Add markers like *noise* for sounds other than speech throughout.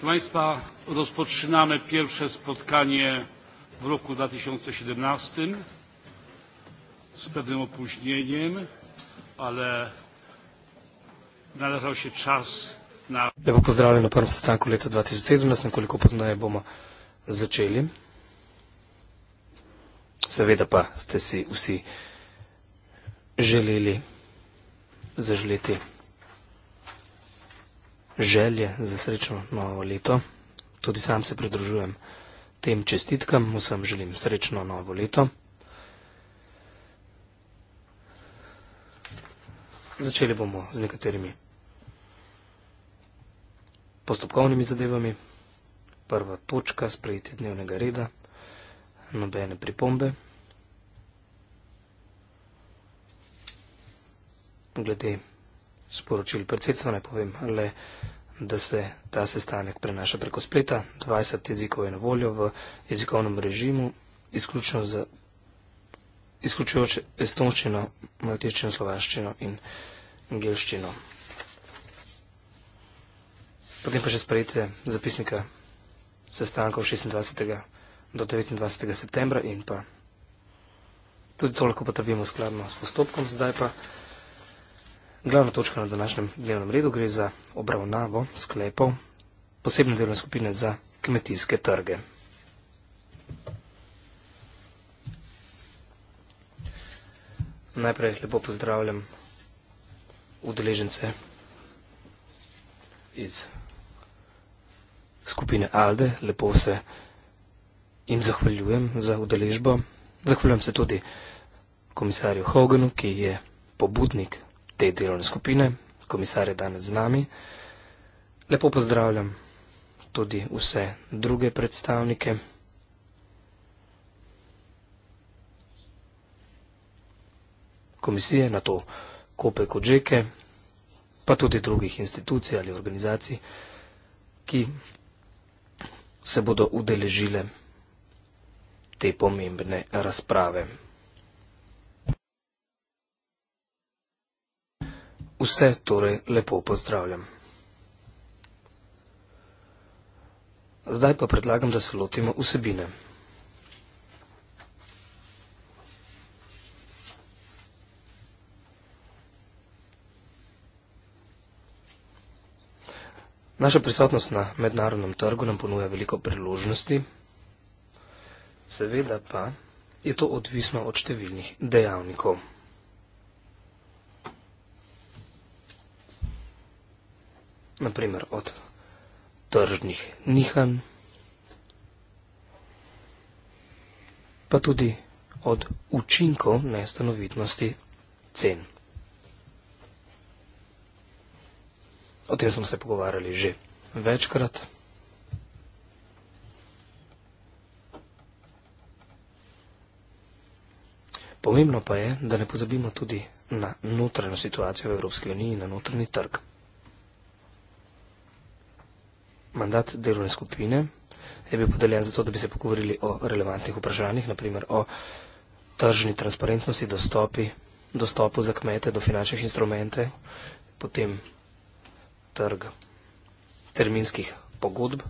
Proszę Państwa, rozpoczynamy pierwsze spotkanie w roku 2017 z pewnym opóźnieniem, ale należał się czas na... Ja pozdrawiam na pierwszym spotkaniu leta 2017, koliko poznaję, bo ma zaczęli. Seveda pa ste si vsi želeli zaželeti želje za srečno novo leto. Tudi sam se pridružujem tem čestitkam, vsem želim srečno novo leto. Začeli bomo z nekaterimi postopkovnimi zadevami. Prva točka sprejeti dnevnega reda, nobene pripombe. Glede sporočil predsedstva, ne povem le, da se ta sestanek prenaša preko spleta. 20 jezikov je na voljo v jezikovnem režimu, izključno z izključujoč estonščino, maltečino, slovaščino in gelščino. Potem pa še sprejete zapisnika sestankov 26. do 29. septembra in pa tudi toliko potrebimo skladno s postopkom. Zdaj pa Glavna točka na današnjem dnevnem redu gre za obravnavo sklepov posebne delovne skupine za kmetijske trge. Najprej lepo pozdravljam udeležence iz skupine ALDE. Lepo se jim zahvaljujem za udeležbo. Zahvaljujem se tudi komisarju Hoganu, ki je pobudnik te delovne skupine, komisar je danes z nami. Lepo pozdravljam tudi vse druge predstavnike. Komisije na to kope kođeke, pa tudi drugih institucij ali organizacij, ki se bodo udeležile te pomembne razprave. Vse torej lepo pozdravljam. Zdaj pa predlagam, da se lotimo vsebine. Naša prisotnost na mednarodnem trgu nam ponuja veliko priložnosti, seveda pa je to odvisno od številnih dejavnikov. naprimer od tržnih nihanj, pa tudi od učinkov nestanovitnosti cen. O tem smo se pogovarjali že večkrat. Pomembno pa je, da ne pozabimo tudi na notranjo situacijo v Evropski uniji in na notranji trg mandat delovne skupine je bil podeljen zato, da bi se pogovorili o relevantnih vprašanjih, naprimer o tržni transparentnosti, dostopi, dostopu za kmete do finančnih instrumente, potem trg terminskih pogodb,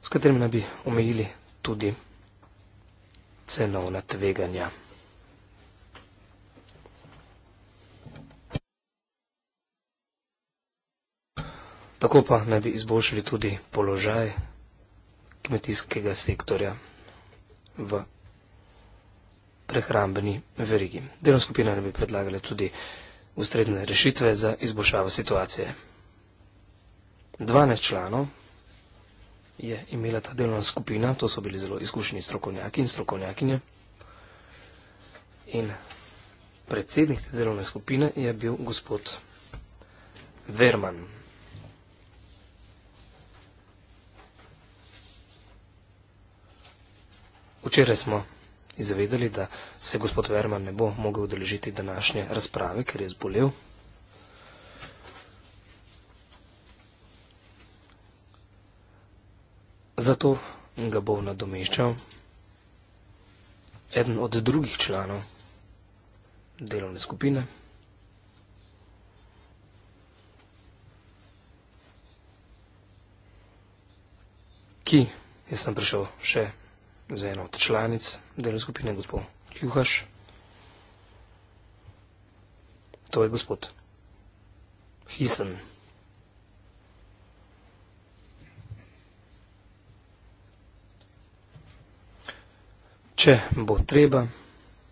s katerimi naj bi omejili tudi cenovna tveganja. Tako pa naj bi izboljšali tudi položaj kmetijskega sektorja v prehrambeni verigi. Delovna skupina naj bi predlagala tudi ustrezne rešitve za izboljšavo situacije. 12 članov je imela ta delovna skupina, to so bili zelo izkušeni strokovnjaki in strokovnjakinje. In predsednik te delovne skupine je bil gospod Verman. Včeraj smo izvedeli, da se gospod Verman ne bo mogel udeležiti današnje razprave, ker je zbolel. Zato ga bo nadomeščal eden od drugih članov delovne skupine. ki je sem prišel še za eno od članic delovne skupine, gospod Kjuhaš. To je gospod Hisen. Če bo treba,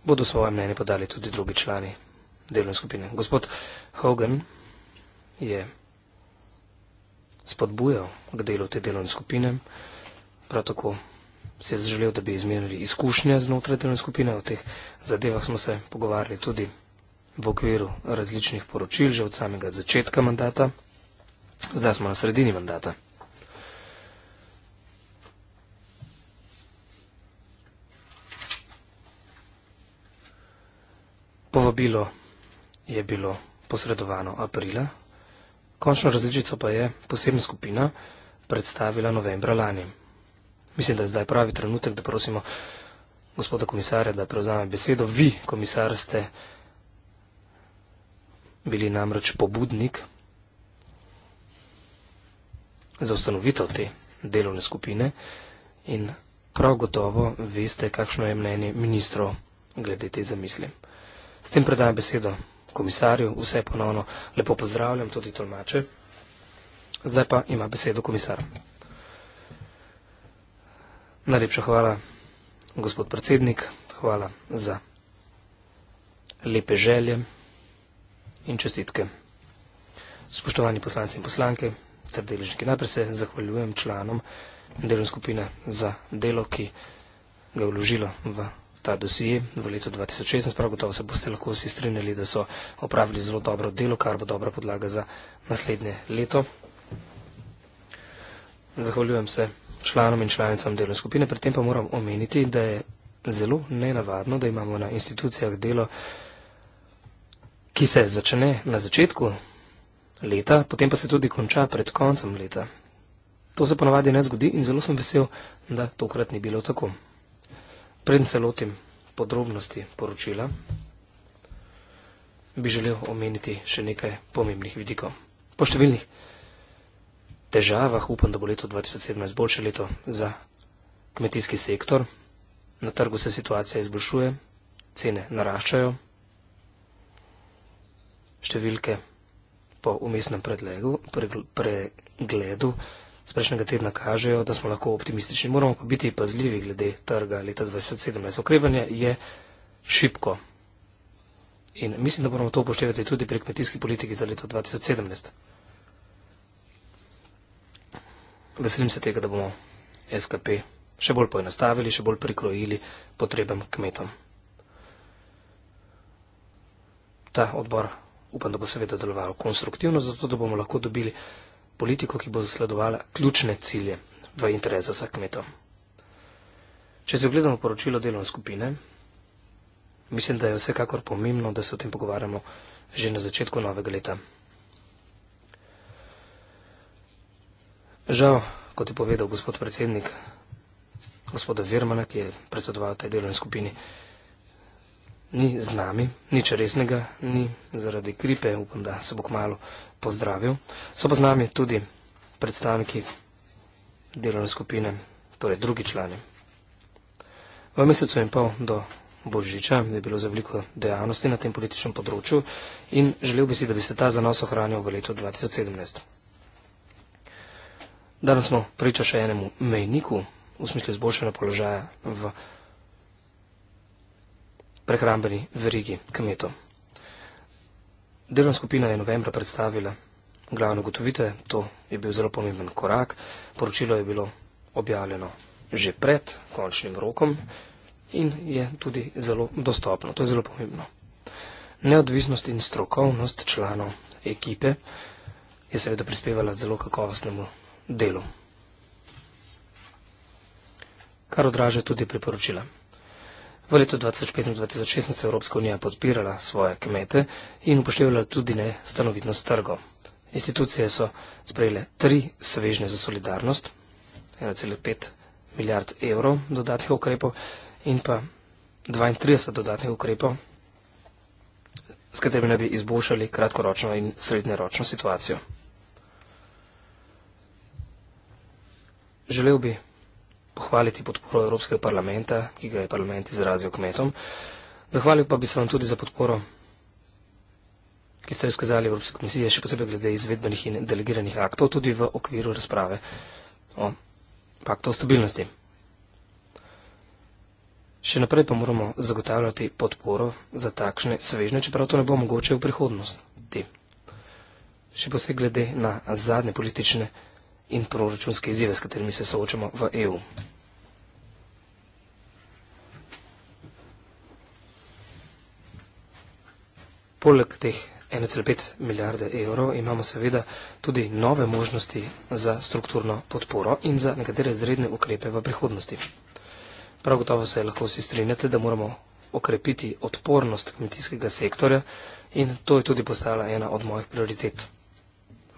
bodo svoje mnenje podali tudi drugi člani delovne skupine. Gospod Hogan je spodbujal k delu te delovne skupine, prav tako si zaželel, da bi izmenili izkušnje znotraj delovne skupine. O teh zadevah smo se pogovarjali tudi v okviru različnih poročil, že od samega začetka mandata. Zdaj smo na sredini mandata. Povabilo je bilo posredovano aprila, končno različico pa je posebna skupina predstavila novembra lani mislim, da je zdaj pravi trenutek, da prosimo gospoda komisarja, da prevzame besedo. Vi, komisar, ste bili namreč pobudnik za ustanovitev te delovne skupine in prav gotovo veste, kakšno je mnenje ministrov glede te zamisli. S tem predajam besedo komisarju, vse ponovno lepo pozdravljam, tudi tolmače. Zdaj pa ima besedo komisar. Najlepša hvala, gospod predsednik, hvala za lepe želje in čestitke. Spoštovani poslanci in poslanke, ter deležniki, najprej se zahvaljujem članom delovne skupine za delo, ki ga je vložilo v ta dosije v letu 2016. Prav gotovo se boste lahko vsi strinjali, da so opravili zelo dobro delo, kar bo dobra podlaga za naslednje leto. Zahvaljujem se članom in članicam delovne skupine. Pri tem pa moram omeniti, da je zelo nenavadno, da imamo na institucijah delo, ki se začne na začetku leta, potem pa se tudi konča pred koncem leta. To se ponavadi ne zgodi in zelo sem vesel, da tokrat ni bilo tako. Preden se lotim podrobnosti poročila, bi želel omeniti še nekaj pomembnih vidikov. Po številnih težavah. Upam, da bo leto 2017 boljše leto za kmetijski sektor. Na trgu se situacija izboljšuje, cene naraščajo, številke po umestnem predlegu, pre, pregledu z prejšnjega tedna kažejo, da smo lahko optimistični. Moramo pa biti pazljivi glede trga leta 2017. Okrevanje je šipko. In mislim, da moramo to upoštevati tudi pri kmetijski politiki za leto 2017 veselim se tega, da bomo SKP še bolj poenostavili, še bolj prikrojili potrebam kmetom. Ta odbor upam, da bo seveda deloval konstruktivno, zato da bomo lahko dobili politiko, ki bo zasledovala ključne cilje v interesu vsak kmetov. Če se ogledamo poročilo delovne skupine, mislim, da je vsekakor pomembno, da se o tem pogovarjamo že na začetku novega leta. Žal, kot je povedal gospod predsednik, gospoda Virmana, ki je predsedoval tej delovni skupini, ni z nami, nič resnega, ni zaradi gripe, upam, da se bo kmalo pozdravil. So pa z nami tudi predstavniki delovne skupine, torej drugi člani. V mesecu in pol do Božiča je bilo za veliko dejavnosti na tem političnem področju in želel bi si, da bi se ta zanos ohranil v letu 2017. Danes smo priča še enemu mejniku v smislu izboljšanja položaja v prehrambeni verigi kmetov. Delovna skupina je novembra predstavila glavno gotovitev, to je bil zelo pomemben korak, poročilo je bilo objavljeno že pred končnim rokom in je tudi zelo dostopno, to je zelo pomembno. Neodvisnost in strokovnost članov ekipe je seveda prispevala zelo kakovostnemu delu. Kar odraža tudi priporočila. V letu 2015-2016 je Evropska unija podpirala svoje kmete in upoštevala tudi nestanovitnost trgov. Institucije so sprejele tri svežne za solidarnost, 1,5 milijard evrov dodatnih ukrepov in pa 32 dodatnih ukrepov, s katerimi naj bi izboljšali kratkoročno in srednjeročno situacijo. Želel bi pohvaliti podporo Evropskega parlamenta, ki ga je parlament izrazil kmetom. Zahvalil pa bi se vam tudi za podporo, ki ste jo skazali Evropske komisije, še posebej glede izvedbenih in delegiranih aktov, tudi v okviru razprave o paktu o stabilnosti. Še naprej pa moramo zagotavljati podporo za takšne svežne, čeprav to ne bo mogoče v prihodnosti. Še posebej glede na zadnje politične vprašanje, in proračunske izzive, s katerimi se soočamo v EU. Poleg teh 1,5 milijarde evrov imamo seveda tudi nove možnosti za strukturno podporo in za nekatere zredne ukrepe v prihodnosti. Prav gotovo se lahko vsi strinjate, da moramo okrepiti odpornost kmetijskega sektorja in to je tudi postala ena od mojih prioritetov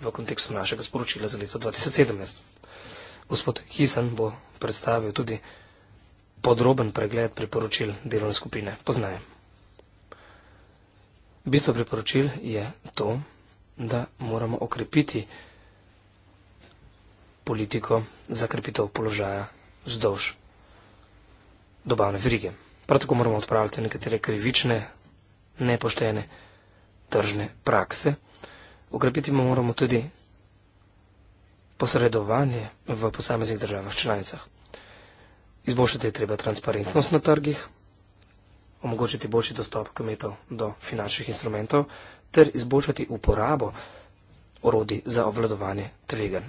v kontekstu našega sporočila za leto 2017. Gospod Hisan bo predstavil tudi podroben pregled priporočil delovne skupine. Poznaje. Bistvo priporočil je to, da moramo okrepiti politiko za krepitev položaja vzdolž dobavne verige. Prav tako moramo odpraviti nekatere krivične, nepoštene tržne prakse. Ukrepiti moramo tudi posredovanje v posameznih državah članicah. Izboljšati je treba transparentnost na trgih, omogočiti boljši dostop kmetov do finančnih instrumentov ter izboljšati uporabo orodi za obvladovanje tvegan.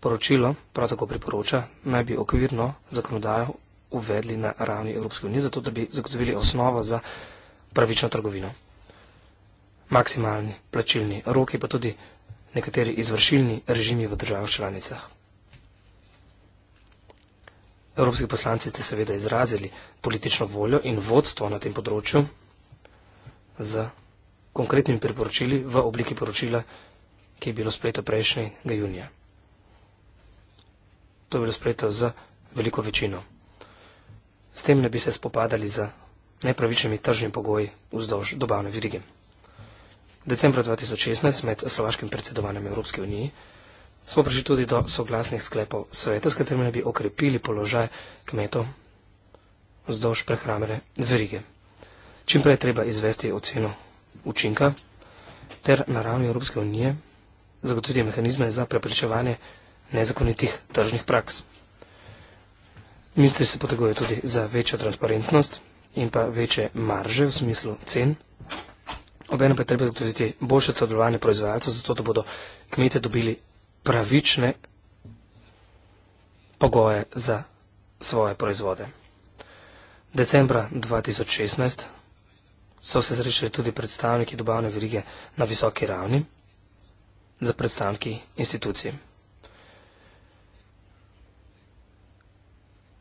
Poročilo prav tako priporoča, naj bi okvirno zakonodajo uvedli na ravni Evropske unije, zato da bi zagotovili osnovo za pravično trgovino maksimalni plačilni roki, pa tudi nekateri izvršilni režimi v državah članicah. Evropski poslanci ste seveda izrazili politično voljo in vodstvo na tem področju z konkretnimi priporočili v obliki poročila, ki je bilo sprejeto prejšnjega junija. To je bilo sprejeto z veliko večino. S tem ne bi se spopadali z nepravičnimi tržnimi pogoji vzdolž dobavne virige. Decembra 2016 med slovaškim predsedovanjem Evropske unije smo prišli tudi do soglasnih sklepov sveta, s katerimi bi okrepili položaj kmetov vzdolž prehramere verige. Čim prej treba izvesti oceno učinka ter na ravni Evropske unije zagotoviti mehanizme za preprečevanje nezakonitih tržnih praks. Ministri se potegujejo tudi za večjo transparentnost in pa večje marže v smislu cen Obenem pa je treba zagotoviti boljše sodelovanje proizvajalcev, zato da bodo kmete dobili pravične pogoje za svoje proizvode. Decembra 2016 so se zrešili tudi predstavniki dobavne verige na visoki ravni za predstavniki institucij.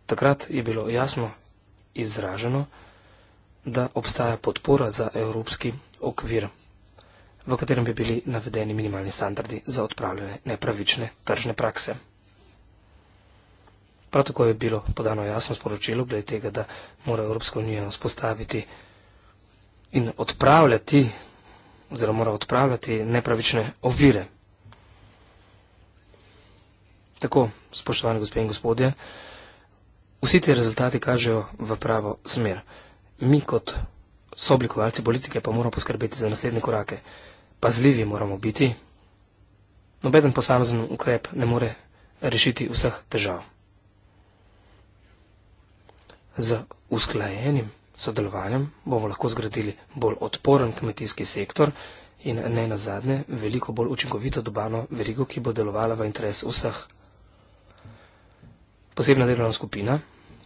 Takrat je bilo jasno izraženo, da obstaja podpora za evropski okvir, v katerem bi bili navedeni minimalni standardi za odpravljanje nepravične tržne prakse. Prav tako je bilo podano jasno sporočilo glede tega, da mora Evropska unija vzpostaviti in odpravljati oziroma mora odpravljati nepravične ovire. Tako, spoštovani gospe in gospodje, vsi ti rezultati kažejo v pravo smer. Mi kot sooblikovalci politike pa moramo poskrbeti za naslednje korake. Pazljivi moramo biti. Nobeden posamezen ukrep ne more rešiti vseh težav. Z usklajenim sodelovanjem bomo lahko zgradili bolj odporen kmetijski sektor in ne na zadnje veliko bolj učinkovito dobano verigo, ki bo delovala v interes vseh. Posebna delovna skupina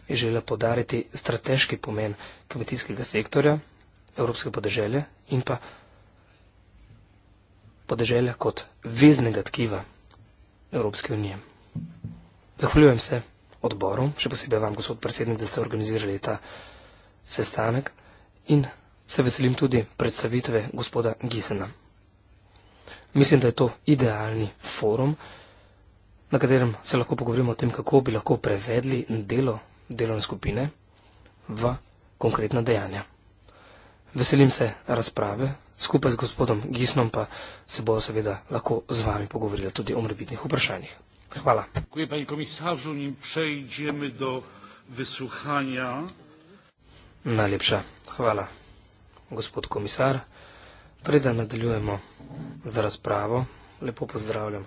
je želela podariti strateški pomen kmetijskega sektorja evropske podeželje in pa podeželje kot veznega tkiva Evropske unije. Zahvaljujem se odboru, še posebej vam, gospod predsednik, da ste organizirali ta sestanek in se veselim tudi predstavitve gospoda Gisena. Mislim, da je to idealni forum, na katerem se lahko pogovorimo o tem, kako bi lahko prevedli delo delovne skupine v konkretna dejanja. Veselim se razprave, skupaj z gospodom Gisnom pa se bo seveda lahko z vami pogovorila tudi o morebitnih vprašanjih. Hvala. Dziękuję panie komisarzu, nim przejdziemy do wysłuchania. Najlepsza. Chwała, gospod komisar. Preda nadaljujemo z rozprawą. Lepo pozdrawiam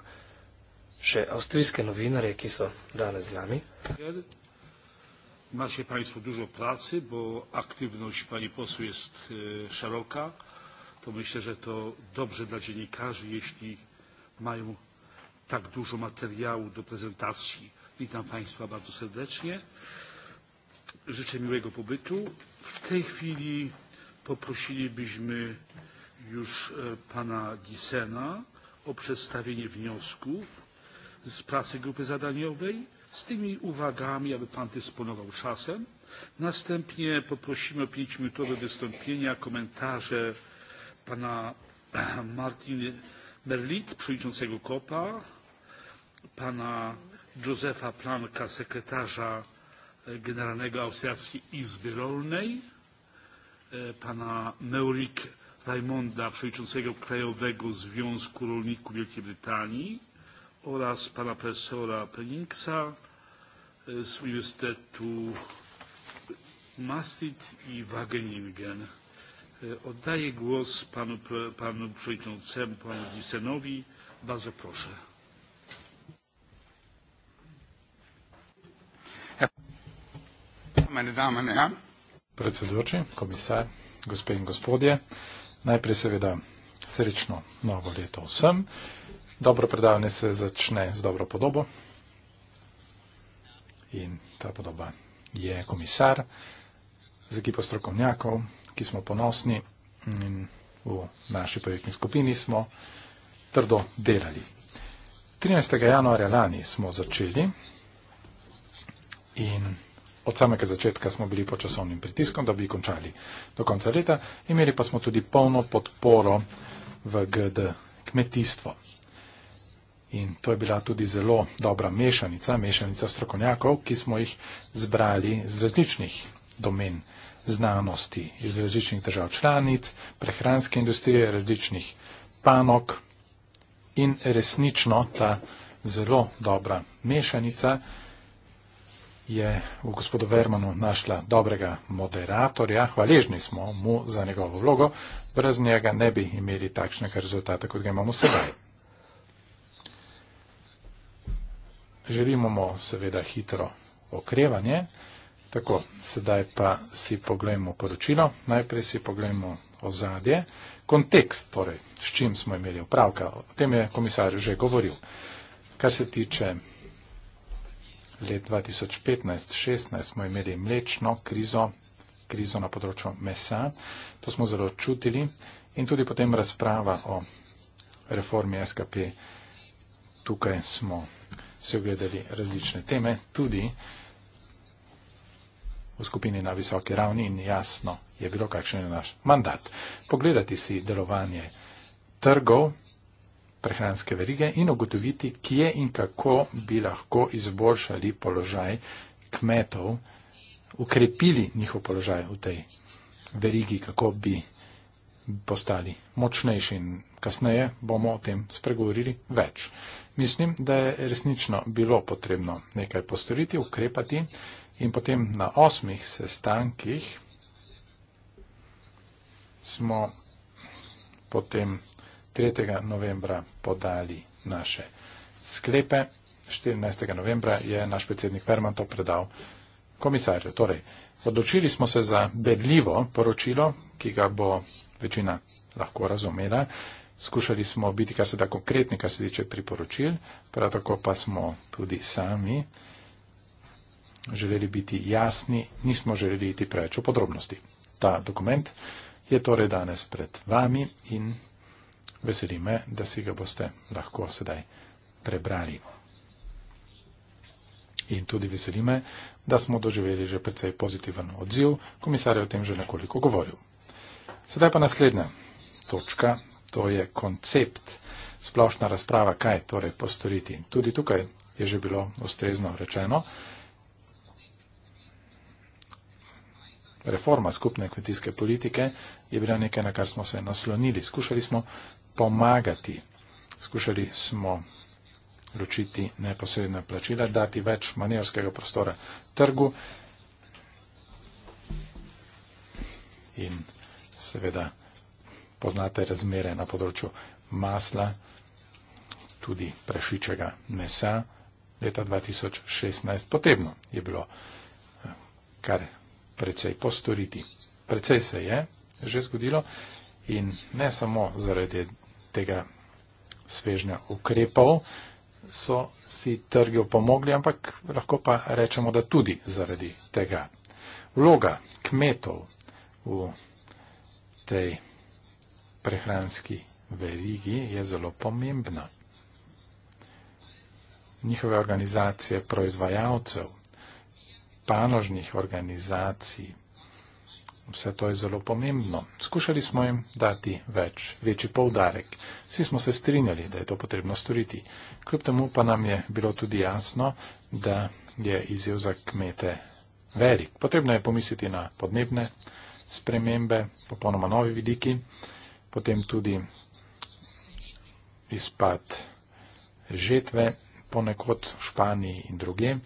jeszcze austrijskie nowinarze, jakie są danes z nami. Dziękuję. Macie Państwo dużo pracy, bo aktywność Pani poseł jest e, szeroka. To myślę, że to dobrze dla dziennikarzy, jeśli mają tak dużo materiału do prezentacji. Witam Państwa bardzo serdecznie. Życzę miłego pobytu. W tej chwili poprosilibyśmy już e, Pana Gisena o przedstawienie wniosku z pracy grupy zadaniowej z tymi uwagami, aby pan dysponował czasem. Następnie poprosimy o pięciominutowe wystąpienia, komentarze pana *clears throat* Martin Merlit, przewodniczącego COPA, pana Josefa Planka, sekretarza e, generalnego Austriackiej Izby Rolnej, e, pana Meurik Raimonda, przewodniczącego Krajowego Związku Rolników Wielkiej Brytanii, oraz pana profesora Peniksa z Uniwersytetu Maastricht i Wageningen. Oddaję głos panu, panu przewodniczącemu, panu Gisenowi. Bardzo proszę. Predsedujoči, komisar, gospe in gospodje, najprej seveda srečno novo leto vsem. Dobro predavanje se začne z dobro podobo. In ta podoba je komisar z ekipo strokovnjakov, ki smo ponosni in v naši projektni skupini smo trdo delali. 13. januarja lani smo začeli in od samega začetka smo bili pod časovnim pritiskom, da bi končali do konca leta. Imeli pa smo tudi polno podporo v GD kmetijstvo. In to je bila tudi zelo dobra mešanica, mešanica strokovnjakov, ki smo jih zbrali z različnih domen znanosti, iz različnih držav članic, prehranske industrije, različnih panok. In resnično ta zelo dobra mešanica je v gospodu Vermanu našla dobrega moderatorja. Hvaležni smo mu za njegovo vlogo. Brez njega ne bi imeli takšnega rezultata, kot ga imamo sedaj. Želimo mu seveda hitro okrevanje. Tako, sedaj pa si poglejmo poročilo. Najprej si poglejmo ozadje. Kontekst, torej, s čim smo imeli opravka, o tem je komisar že govoril. Kar se tiče let 2015-16, smo imeli mlečno krizo, krizo na področju mesa. To smo zelo čutili in tudi potem razprava o reformi SKP. Tukaj smo si ogledali različne teme, tudi v skupini na visoki ravni in jasno je bilo, kakšen je naš mandat. Pogledati si delovanje trgov, prehranske verige in ugotoviti, kje in kako bi lahko izboljšali položaj kmetov, ukrepili njihov položaj v tej verigi, kako bi postali močnejši in kasneje bomo o tem spregovorili več. Mislim, da je resnično bilo potrebno nekaj postoriti, ukrepati in potem na osmih sestankih smo potem 3. novembra podali naše sklepe. 14. novembra je naš predsednik Perman to predal komisarju. Torej, odločili smo se za bedljivo poročilo, ki ga bo večina lahko razumela. Skušali smo biti kar se da konkretni, kar se tiče priporočil, prav tako pa smo tudi sami želeli biti jasni, nismo želeli iti preveč v podrobnosti. Ta dokument je torej danes pred vami in veseli me, da si ga boste lahko sedaj prebrali. In tudi veseli me, da smo doživeli že precej pozitiven odziv, komisar je o tem že nekoliko govoril. Sedaj pa naslednja točka to je koncept, splošna razprava, kaj torej postoriti. Tudi tukaj je že bilo ustrezno rečeno. Reforma skupne kmetijske politike je bila nekaj, na kar smo se naslonili. Skušali smo pomagati, skušali smo ločiti neposredna plačila, dati več manevrskega prostora trgu in seveda poznate razmere na področju masla, tudi prašičega mesa. Leta 2016 potrebno je bilo eh, kar precej postoriti. Precej se je že zgodilo in ne samo zaradi tega svežnja ukrepov so si trge opomogli, ampak lahko pa rečemo, da tudi zaradi tega. Vloga kmetov v tej prehranski verigi je zelo pomembna. Njihove organizacije proizvajalcev, panožnih organizacij, vse to je zelo pomembno. Skušali smo jim dati več, večji poudarek. Vsi smo se strinjali, da je to potrebno storiti. Kljub temu pa nam je bilo tudi jasno, da je izjiv za kmete velik. Potrebno je pomisliti na podnebne spremembe, popolnoma novi vidiki potem tudi izpad žetve ponekod v Španiji in druge.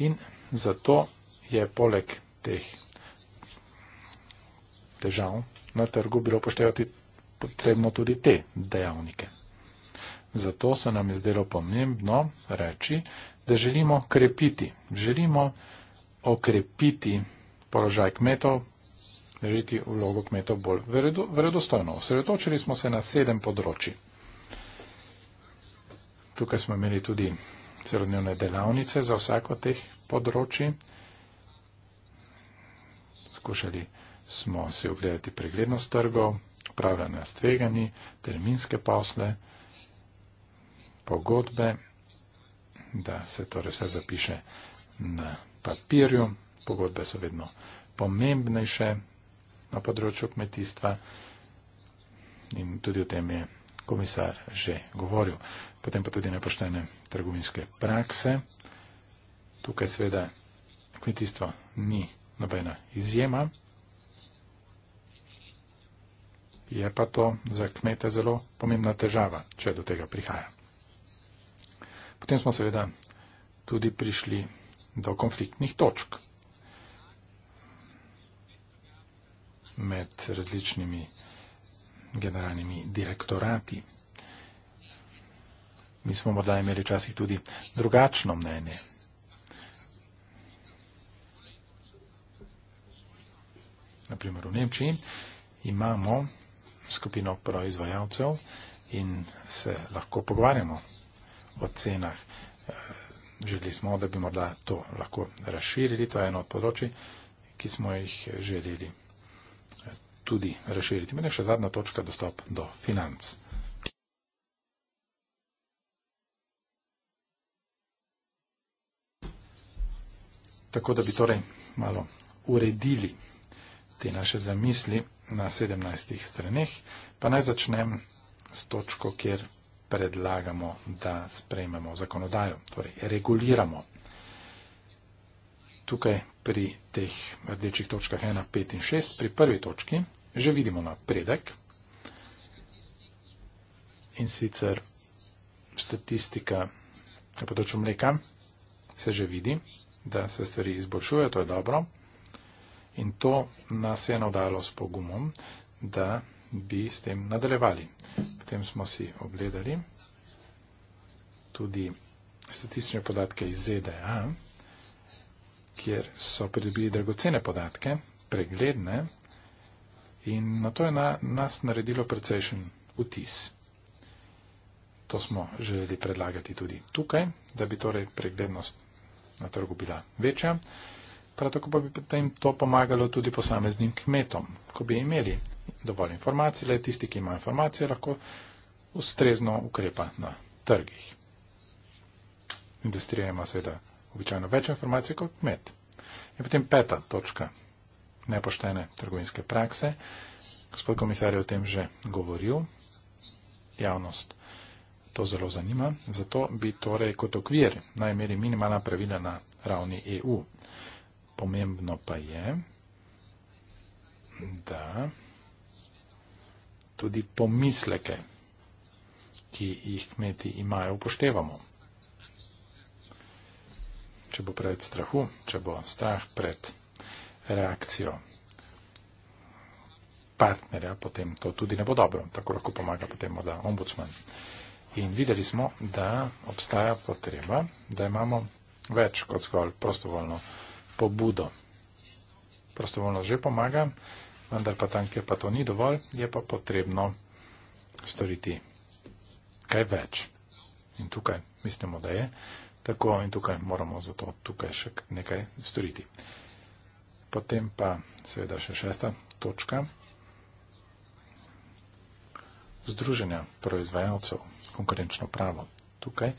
In zato je poleg teh težav na trgu bilo poštevati potrebno tudi te dejavnike. Zato se nam je zdelo pomembno reči, da želimo krepiti, želimo okrepiti položaj kmetov, narediti vlogo kmetov bolj verodostojno. Osredotočili smo se na sedem področji. Tukaj smo imeli tudi celodnevne delavnice za vsako teh področji. Skušali smo se ogledati preglednost trgov, upravljanje s tvegani, terminske posle, pogodbe, da se torej vse zapiše na papirju. Pogodbe so vedno pomembnejše, na področju kmetijstva in tudi o tem je komisar že govoril. Potem pa tudi nepoštene trgovinske prakse. Tukaj seveda kmetijstvo ni nobena izjema. Je pa to za kmete zelo pomembna težava, če do tega prihaja. Potem smo seveda tudi prišli do konfliktnih točk. med različnimi generalnimi direktorati. Mi smo morda imeli včasih tudi drugačno mnenje. Naprimer v Nemčiji imamo skupino proizvajalcev in se lahko pogovarjamo o cenah. Želeli smo, da bi morda to lahko razširili, to je eno od področji, ki smo jih želeli tudi razširiti. Mene še zadnja točka dostop do financ. Tako da bi torej malo uredili te naše zamisli na 17 straneh, pa naj začnem s točko, kjer predlagamo, da sprejmemo zakonodajo, torej reguliramo. Tukaj pri teh rdečih točkah 1, 5 in 6, pri prvi točki že vidimo napredek. In sicer statistika na področju mleka se že vidi, da se stvari izboljšuje, to je dobro. In to nas je navdalo s pogumom, da bi s tem nadaljevali. Potem smo si ogledali tudi statistične podatke iz ZDA, kjer so pridobili dragocene podatke, pregledne, In na to je na, nas naredilo precejšen vtis. To smo želeli predlagati tudi tukaj, da bi torej preglednost na trgu bila večja. Prav tako pa bi potem to pomagalo tudi posameznim kmetom, ko bi imeli dovolj informacij, le tisti, ki ima informacije, lahko ustrezno ukrepa na trgih. Industrija ima seveda običajno več informacij kot kmet. In potem peta točka nepoštene trgovinske prakse. Gospod komisar je o tem že govoril, javnost to zelo zanima, zato bi torej kot okvir naj imeli minimalna pravila na ravni EU. Pomembno pa je, da tudi pomisleke, ki jih kmeti imajo, upoštevamo. Če bo pred strahu, če bo strah pred reakcijo partnerja, potem to tudi ne bo dobro. Tako lahko pomaga potem morda ombudsman. In videli smo, da obstaja potreba, da imamo več kot zgolj prostovoljno pobudo. Prostovoljno že pomaga, vendar pa tam, kjer pa to ni dovolj, je pa potrebno storiti kaj več. In tukaj mislimo, da je tako in tukaj moramo zato tukaj še nekaj storiti. Potem pa seveda še šesta točka. Združenja proizvajalcev, konkurenčno pravo. Tukaj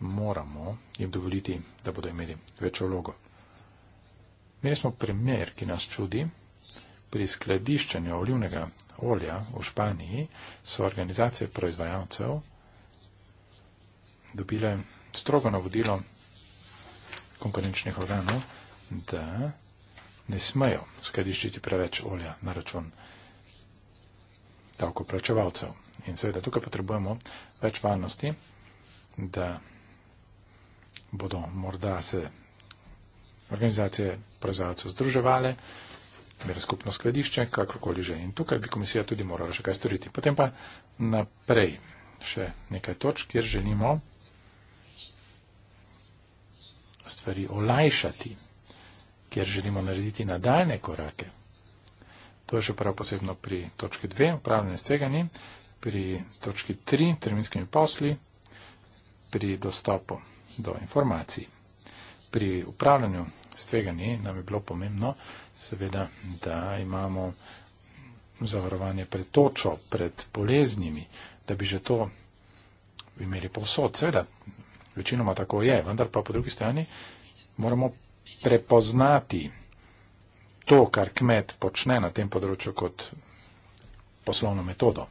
moramo jim dovoliti, da bodo imeli večjo vlogo. Imeli smo primer, ki nas čudi. Pri skladiščenju olivnega olja v Španiji so organizacije proizvajalcev dobile strogo navodilo konkurenčnih organov, da ne smejo skladiščiti preveč olja na račun davkoplačevalcev. In seveda tukaj potrebujemo več varnosti, da bodo morda se organizacije proizvajalcev združevale, imeli skupno skladišče, kakorkoli že. In tukaj bi komisija tudi morala še kaj storiti. Potem pa naprej še nekaj točk, kjer želimo stvari olajšati kjer želimo narediti nadaljne korake. To je še prav posebno pri točki 2, upravljanje s tveganji, pri točki 3, terminskimi posli, pri dostopu do informacij. Pri upravljanju s tveganji nam je bilo pomembno, seveda, da imamo zavarovanje pred točo, pred boleznimi, da bi že to imeli povsod. Seveda, večinoma tako je, vendar pa po drugi strani moramo prepoznati to, kar kmet počne na tem področju kot poslovno metodo.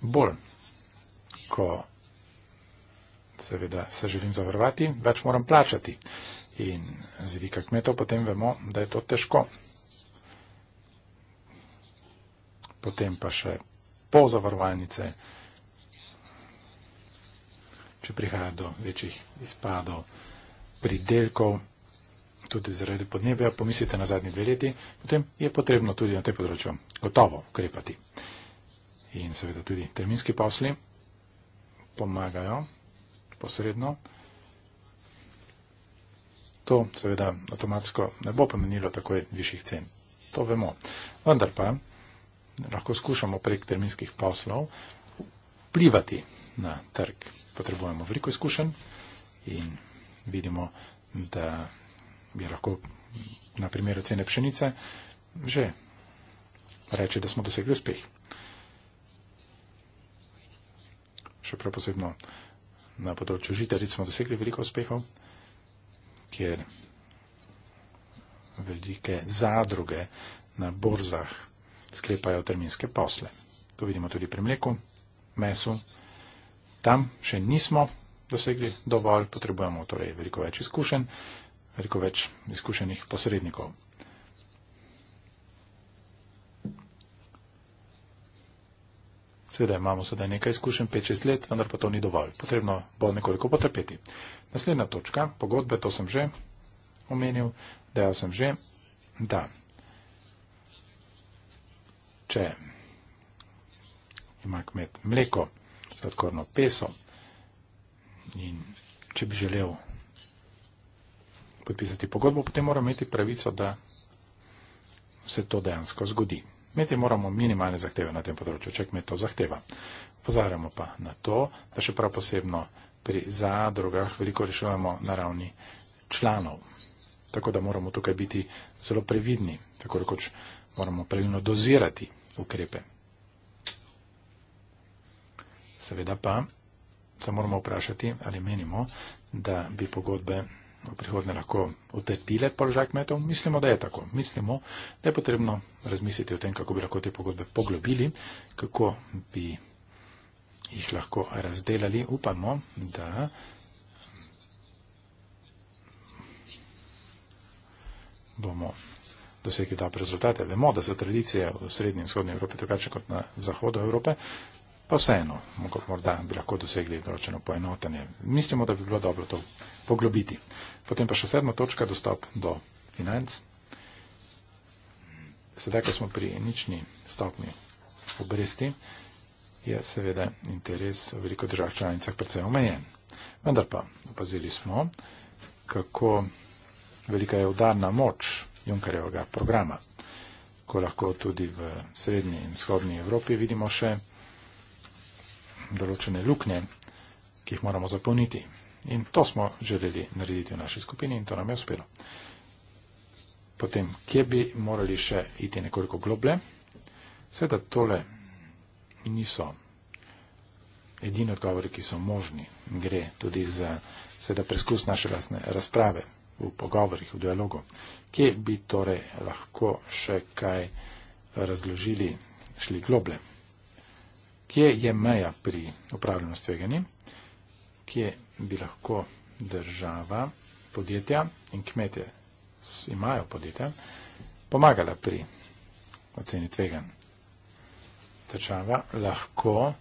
Bolj, ko seveda se želim zavarovati, več moram plačati. In z vidika kmetov potem vemo, da je to težko. Potem pa še pol zavarovalnice, če prihaja do večjih izpadov pridelkov, tudi zaradi podnebja, pomislite na zadnji dve leti, potem je potrebno tudi na tem področju gotovo ukrepati. In seveda tudi terminski posli pomagajo posredno. To seveda avtomatsko ne bo pomenilo takoj višjih cen. To vemo. Vendar pa lahko skušamo prek terminskih poslov vplivati na trg potrebujemo veliko izkušenj in vidimo, da je lahko na primeru cene pšenice že reči, da smo dosegli uspeh. Še prav posebno na področju žitaric smo dosegli veliko uspehov, kjer velike zadruge na borzah sklepajo terminske posle. To vidimo tudi pri mleku, mesu tam še nismo dosegli dovolj, potrebujemo torej veliko več izkušenj, veliko več izkušenih posrednikov. Seveda imamo sedaj nekaj izkušenj, 5-6 let, vendar pa to ni dovolj. Potrebno bo nekoliko potrpeti. Naslednja točka, pogodbe, to sem že omenil, dejal sem že, da če ima kmet mleko, sladkorno peso. In če bi želel podpisati pogodbo, potem mora imeti pravico, da se to dejansko zgodi. Imeti moramo minimalne zahteve na tem področju, če kmet to zahteva. Pozarjamo pa na to, da še prav posebno pri zadrugah veliko rešujemo na ravni članov. Tako da moramo tukaj biti zelo previdni, tako rekoč moramo pravilno dozirati ukrepe. Seveda pa se moramo vprašati, ali menimo, da bi pogodbe v prihodnje lahko utrdile položaj kmetov. Mislimo, da je tako. Mislimo, da je potrebno razmisliti o tem, kako bi lahko te pogodbe poglobili, kako bi jih lahko razdelali. Upamo, da. bomo dosegli dobre rezultate. Vemo, da so tradicije v srednji in vzhodnji Evropi drugače kot na zahodu Evrope, pa vseeno, morda bi lahko dosegli določeno poenotenje. Mislimo, da bi bilo dobro to poglobiti. Potem pa še sedma točka, dostop do financ. Sedaj, ko smo pri nični stopni obresti, je seveda interes v veliko držav članicah predvsej omejen. Vendar pa opazili smo, kako velika je udarna moč Junkarjevega programa, ko lahko tudi v srednji in vzhodni Evropi vidimo še določene luknje, ki jih moramo zapolniti. In to smo želeli narediti v naši skupini in to nam je uspelo. Potem, kje bi morali še iti nekoliko globlje? Sveda tole niso edini odgovori, ki so možni. Gre tudi za sveda preskus naše lastne razprave v pogovorih, v dialogu. Kje bi torej lahko še kaj razložili, šli globlje? kje je meja pri upravljanju s tveganji, kje bi lahko država, podjetja in kmetje imajo podjetja, pomagala pri oceni tvegan. Država lahko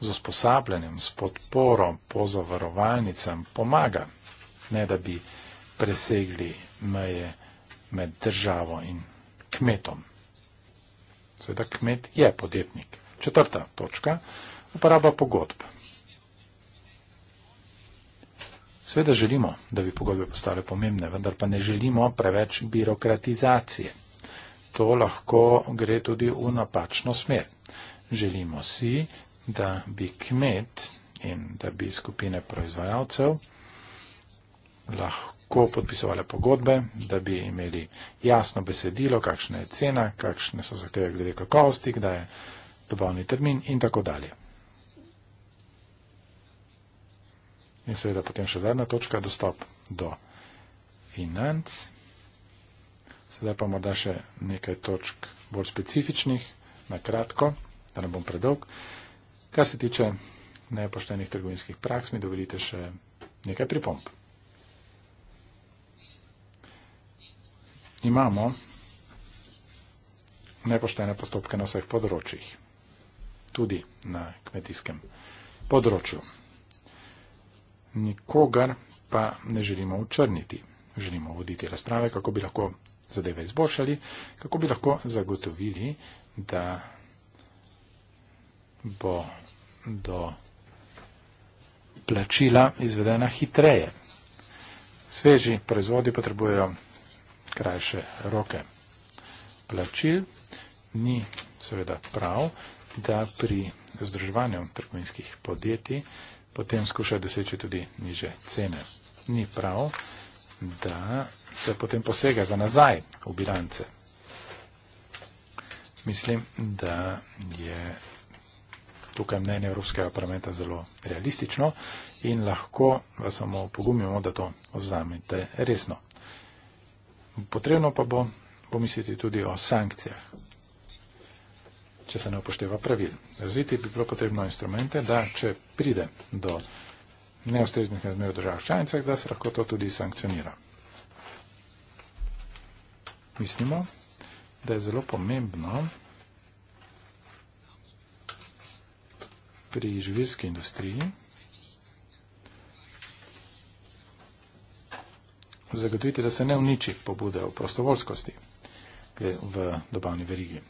z usposabljanjem, s podporo po zavarovalnicam pomaga, ne da bi presegli meje med državo in kmetom. Seveda kmet je podjetnik. Četrta točka, uporaba pogodb. Sveda želimo, da bi pogodbe postale pomembne, vendar pa ne želimo preveč birokratizacije. To lahko gre tudi v napačno smer. Želimo si, da bi kmet in da bi skupine proizvajalcev lahko podpisovali pogodbe, da bi imeli jasno besedilo, kakšna je cena, kakšne so zahteve glede kakovosti, kdaj je potovalni termin in tako dalje. In seveda potem še zadnja točka, dostop do financ. Sedaj pa morda še nekaj točk bolj specifičnih, na kratko, da ne bom predolg. Kar se tiče nepoštenih trgovinskih praks, mi dovolite še nekaj pripomp. Imamo nepoštene postopke na vseh področjih tudi na kmetijskem področju. Nikogar pa ne želimo učrniti. Želimo voditi razprave, kako bi lahko zadeve izboljšali, kako bi lahko zagotovili, da bo do plačila izvedena hitreje. Sveži proizvodi potrebujejo krajše roke. Plačil ni seveda prav, da pri združevanju trgovinskih podjetij potem skušajo doseči tudi niže cene. Ni prav, da se potem posega za nazaj v bilance. Mislim, da je tukaj mnenje Evropskega parlamenta zelo realistično in lahko vas samo pogumimo, da to vzamete resno. Potrebno pa bo pomisliti tudi o sankcijah če se ne upošteva pravil. Razviti bi bilo potrebno instrumente, da če pride do neustreznih razmer v državah članicah, da se lahko to tudi sankcionira. Mislimo, da je zelo pomembno pri živilski industriji zagotoviti, da se ne uniči pobude o prostovoljskosti v dobavni verigi.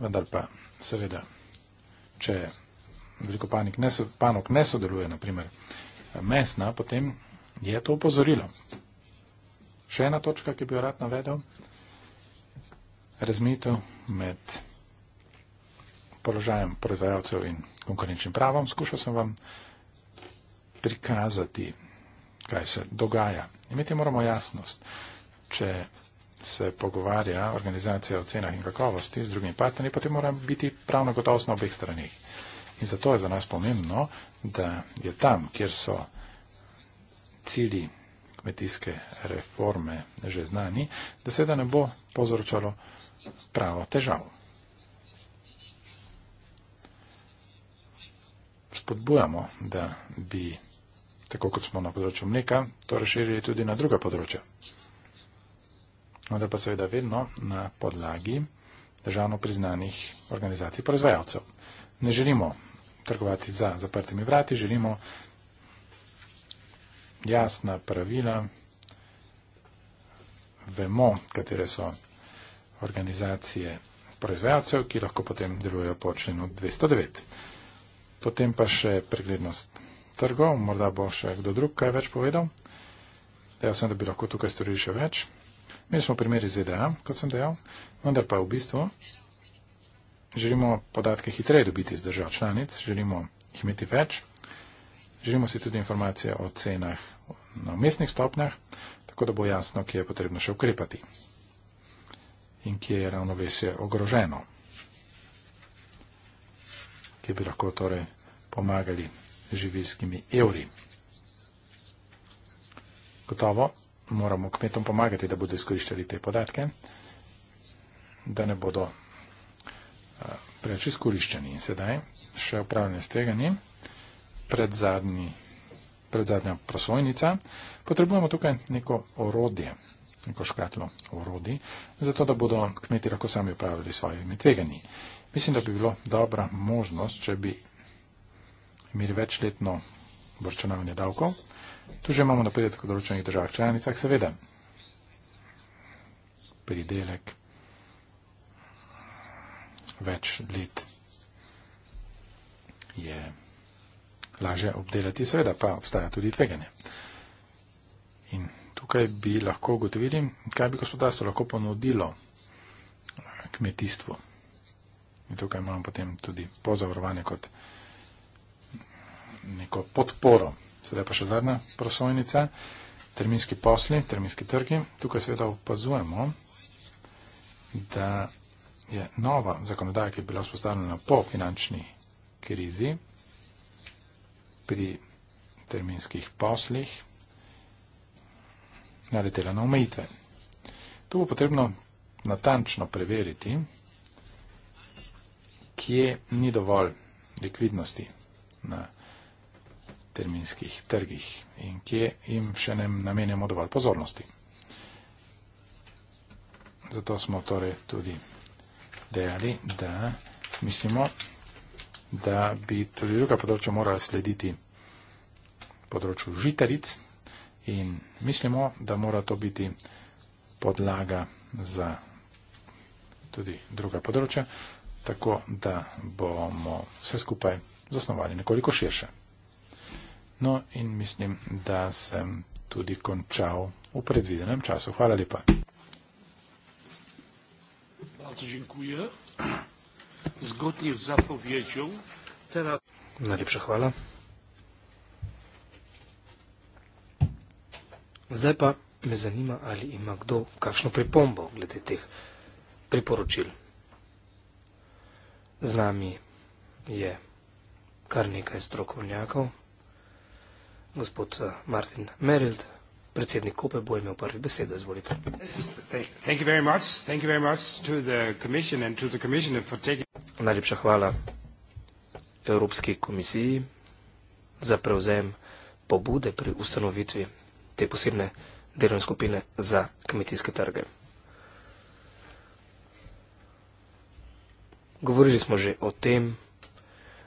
Vendar pa seveda, če veliko panik ne so, panok ne sodeluje, naprimer mesna, potem je to upozorilo. Še ena točka, ki bi jo rad navedel, razmito med položajem proizvajalcev in konkurenčnim pravom. Skušal sem vam prikazati, kaj se dogaja. Imeti moramo jasnost, če se pogovarja organizacija o cenah in kakovosti z drugimi partnerji, potem mora biti pravna gotovost na obeh stranih. In zato je za nas pomembno, da je tam, kjer so cilji kmetijske reforme že znani, da se da ne bo povzročalo pravo težav. Spodbujamo, da bi, tako kot smo na področju mleka, to razširili tudi na druga področja vendar pa seveda vedno na podlagi državno priznanih organizacij proizvajalcev. Ne želimo trgovati za zaprtimi vrati, želimo jasna pravila, vemo, katere so organizacije proizvajalcev, ki lahko potem delujejo po členu 209. Potem pa še preglednost trgov, morda bo še kdo drug kaj več povedal. Dejal sem, da bi lahko tukaj storili še več. Imeli smo primer iz ZDA, kot sem dejal, vendar pa v bistvu želimo podatke hitreje dobiti iz držav članic, želimo jih imeti več, želimo si tudi informacije o cenah na mestnih stopnjah, tako da bo jasno, kje je potrebno še ukrepati in kje je ravnovesje ogroženo, kje bi lahko torej pomagali živilskimi evri. Gotovo, moramo kmetom pomagati, da bodo izkoriščali te podatke, da ne bodo eh, preveč izkoriščeni. In sedaj še upravljanje s tveganjem, predzadnja prosojnica. Potrebujemo tukaj neko orodje, neko škatlo orodij, zato da bodo kmeti lahko sami upravljali svojimi tveganji. Mislim, da bi bilo dobra možnost, če bi imeli večletno vrčanovanje davkov. Tu že imamo napredek v določenih državah članicah, seveda. Pridelek več let je lažje obdelati, seveda pa obstaja tudi tveganje. In tukaj bi lahko ugotovili, kaj bi gospodarstvo lahko ponudilo kmetijstvu. In tukaj imamo potem tudi pozavarovanje kot neko podporo. Sedaj pa še zadnja prosojnica. Terminski posli, terminski trgi. Tukaj seveda opazujemo, da je nova zakonodaja, ki je bila vzpostavljena po finančni krizi, pri terminskih poslih naletela na omejitve. To bo potrebno natančno preveriti, kje ni dovolj likvidnosti na trgu terminskih trgih in kje jim še ne namenjamo dovolj pozornosti. Zato smo torej tudi dejali, da mislimo, da bi tudi druga področja morala slediti področju žitaric in mislimo, da mora to biti podlaga za tudi druga področja, tako da bomo vse skupaj zasnovali nekoliko širše. No in mislim, da sem tudi končal v predvidenem času. Hvala lepa. Bardzo dziękuję. Zgodnie z zapowiedzią teraz... Najlepsza chwala. Zdaj pa me zanima, ali ima kdo kakšno pripombo glede teh priporočil. Z nami je kar nekaj strokovnjakov, Gospod eh, Martin Merild, predsednik Kope, bo imel prvi besedo. Izvolite. Najlepša hvala Evropski komisiji za prevzem pobude pri ustanovitvi te posebne delovne skupine za kmetijske trge. Govorili smo že o tem,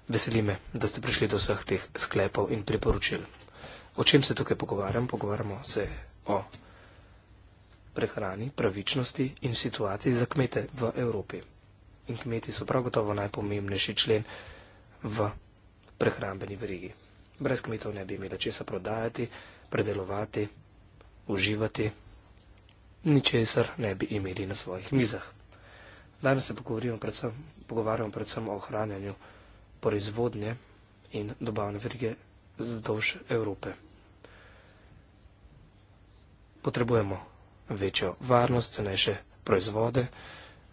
veseli me, da ste prišli do vseh teh sklepov in priporočil. O čem se tukaj pogovarjam? Pogovarjamo se o prehrani, pravičnosti in situaciji za kmete v Evropi. In kmeti so prav gotovo najpomembnejši člen v prehrambeni verigi. Brez kmetov ne bi imela česa prodajati, predelovati, uživati, ničesar ne bi imeli na svojih mizah. Danes se pogovarjamo predvsem, pogovarjamo predvsem o ohranjanju proizvodnje in dobavne verige vzdolž Evrope. Potrebujemo večjo varnost, cenejše proizvode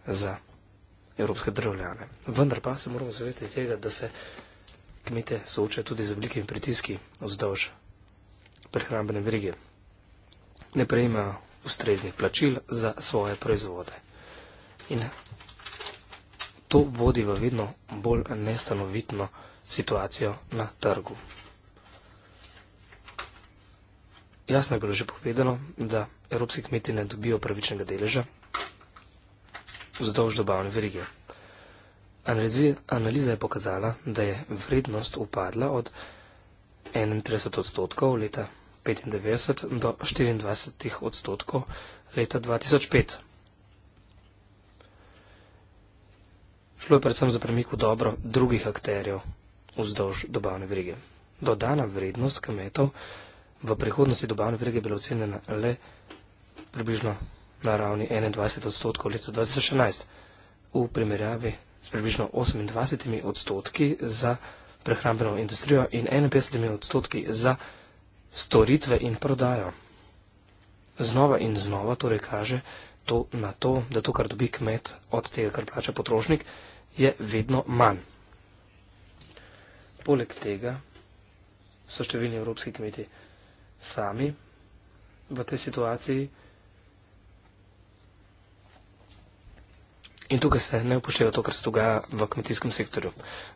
za evropske državljane. Vendar pa se moramo zavedati tega, da se kmete soočajo tudi z velikimi pritiski vzdolž prehrambene verige. Ne prejmejo ustreznih plačil za svoje proizvode. In to vodi v vedno bolj nestanovitno situacijo na trgu. Jasno je bilo že povedano, da evropski kmeti ne dobijo pravičnega deleža vzdolž dobavne verige. Analiza je pokazala, da je vrednost upadla od 31 odstotkov leta 1995 do 24 odstotkov leta 2005. Šlo je predvsem za premik v dobro drugih akterjev vzdolž dobavne verige. Dodana vrednost kmetov je v prihodnosti dobavne prege bila ocenjena le približno na ravni 21 odstotkov leta 2016 v primerjavi s približno 28 odstotki za prehrambeno industrijo in 51 odstotki za storitve in prodajo. Znova in znova torej kaže to na to, da to, kar dobi kmet od tega, kar plača potrošnik, je vedno manj. Poleg tega so številni evropski kmeti sami v tej situaciji. In tukaj se ne upošteva to, kar se dogaja v kmetijskem sektorju.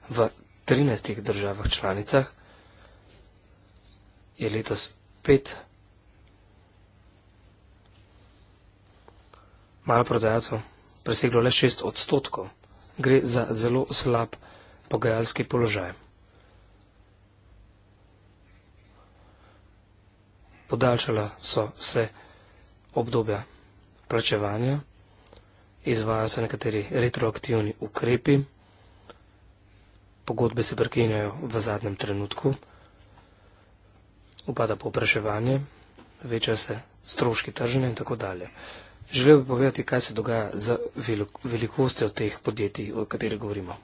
V 13 državah članicah je letos pet malo prodajalcev preseglo le 6 odstotkov. Gre za zelo slab pogajalski položaj. podaljšala so se obdobja plačevanja, izvajajo se nekateri retroaktivni ukrepi, pogodbe se prekinjajo v zadnjem trenutku, upada povpraševanje, večajo se stroški tržne in tako dalje. Želel bi povedati, kaj se dogaja z velikostjo teh podjetij, o katerih govorimo.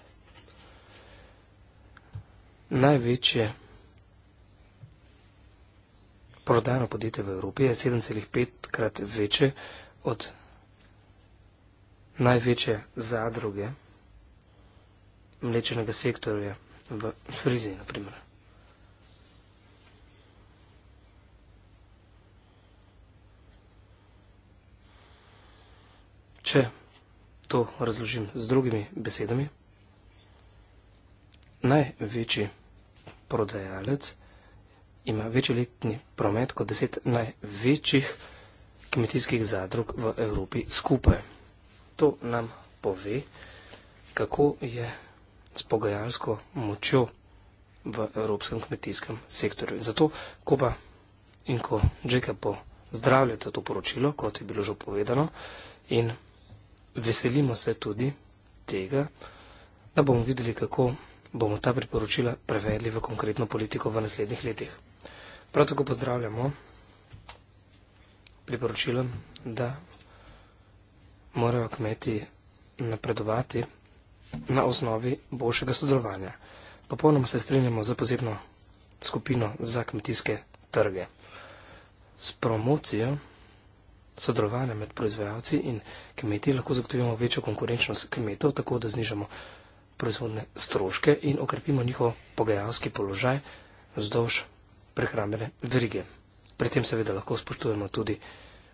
Največje prodajno podjetje v Evropi je 7,5 krat večje od največje zadruge mlečenega sektorja v Friziji, na primer. Če to razložim z drugimi besedami, največji prodajalec je ima večji letni promet kot deset največjih kmetijskih zadrug v Evropi skupaj. To nam pove, kako je s pogajalsko močjo v evropskem kmetijskem sektorju. Zato, ko pa in ko Džeka pozdravljate to poročilo, kot je bilo že povedano, in veselimo se tudi tega, da bomo videli, kako bomo ta priporočila prevedli v konkretno politiko v naslednjih letih. Prav tako pozdravljamo priporočilo, da morajo kmeti napredovati na osnovi boljšega sodelovanja. Popolnoma se strinjamo za posebno skupino za kmetijske trge. S promocijo sodelovanja med proizvajalci in kmeti lahko zagotovimo večjo konkurenčnost kmetov, tako da znižamo proizvodne stroške in okrepimo njihov pogajalski položaj vzdolž prehrambene verige. Pri tem seveda lahko spoštujemo tudi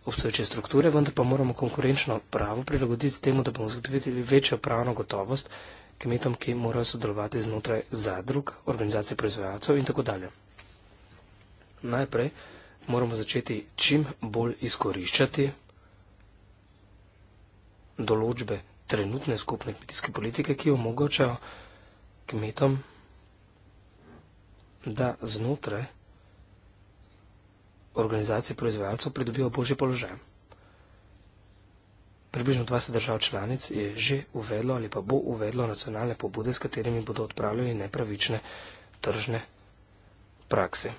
obstoječe strukture, vendar pa moramo konkurenčno pravo prilagoditi temu, da bomo zagotovili večjo pravno gotovost kmetom, ki morajo sodelovati znotraj zadrug, organizacij proizvajalcev in tako dalje. Najprej moramo začeti čim bolj izkoriščati določbe trenutne skupne kmetijske politike, ki omogočajo kmetom, da znotraj organizacije proizvajalcev pridobijo božji položaj. Približno 20 držav članic je že uvedlo ali pa bo uvedlo nacionalne pobude, s katerimi bodo odpravljali nepravične tržne prakse.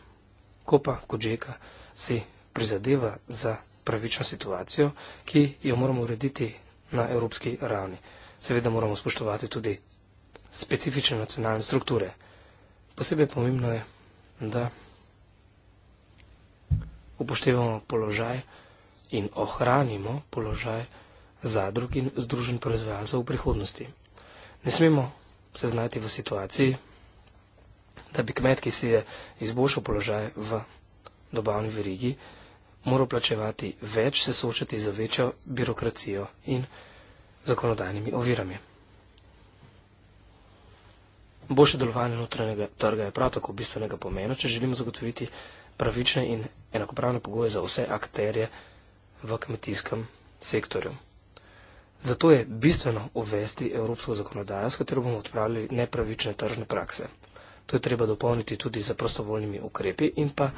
Kopa Kodžeka si prizadeva za pravično situacijo, ki jo moramo urediti na evropski ravni. Seveda moramo spoštovati tudi specifične nacionalne strukture. Posebej pomembno je, da upoštevamo položaj in ohranimo položaj zadrug in združen proizvajalcev v prihodnosti. Ne smemo se znati v situaciji, da bi kmet, ki si je izboljšal položaj v dobavni verigi, moral plačevati več, se soočati za večjo birokracijo in zakonodajnimi ovirami. Boljše delovanje notranjega trga je prav tako bistvenega pomena, če želimo zagotoviti pravične in enakopravne pogoje za vse akterje v kmetijskem sektorju. Zato je bistveno uvesti evropsko zakonodajo, s katero bomo odpravili nepravične tržne prakse. To je treba dopolniti tudi za prostovoljnimi ukrepi in pa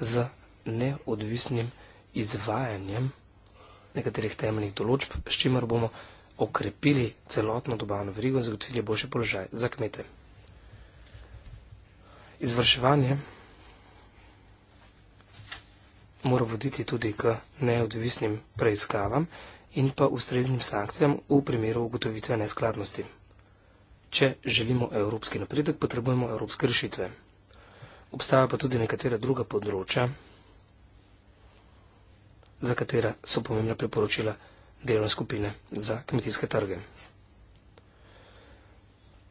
z neodvisnim izvajanjem nekaterih temeljnih določb, s čimer bomo okrepili celotno dobavno verigo in zagotovili boljši položaj za kmete. Izvrševanje mora voditi tudi k neodvisnim preiskavam in pa ustreznim sankcijam v primeru ugotovitve neskladnosti. Če želimo evropski napredek, potrebujemo evropske rešitve. Obstaja pa tudi nekatera druga področja, za katera so pomembna priporočila delovne skupine za kmetijske trge.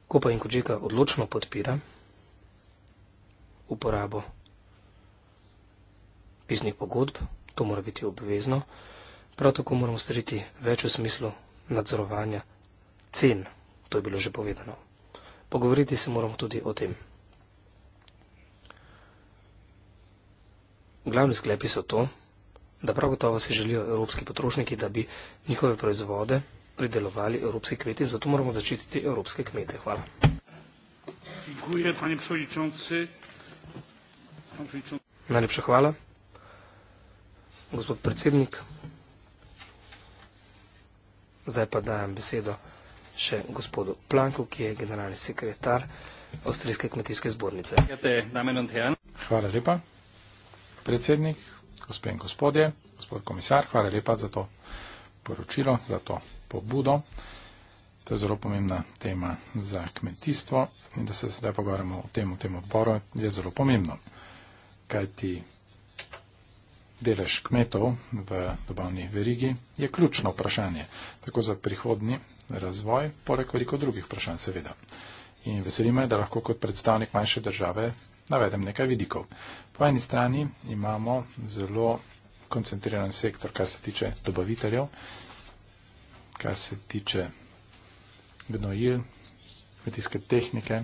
Kopa in Kočeka odločno podpira uporabo podpisnih pogodb, to mora biti obvezno. Prav tako moramo stariti več v smislu nadzorovanja cen, to je bilo že povedano. Pogovoriti se moramo tudi o tem. Glavni sklepi so to, da prav gotovo si želijo evropski potrošniki, da bi njihove proizvode pridelovali evropski kmeti in zato moramo začititi evropske kmete. Hvala. Najlepša hvala gospod predsednik. Zdaj pa dajem besedo še gospodu Planku, ki je generalni sekretar Avstrijske kmetijske zbornice. Hvala lepa, predsednik, gospe in gospodje, gospod komisar, hvala lepa za to poročilo, za to pobudo. To je zelo pomembna tema za kmetijstvo in da se sedaj pogovarjamo o tem, o tem odboru, je zelo pomembno. Kaj ti delež kmetov v dobavni verigi je ključno vprašanje, tako za prihodni razvoj, poleg veliko drugih vprašanj seveda. In veselime, da lahko kot predstavnik manjše države navedem nekaj vidikov. Po eni strani imamo zelo koncentriran sektor, kar se tiče dobaviteljev, kar se tiče gnojil, kmetijske tehnike,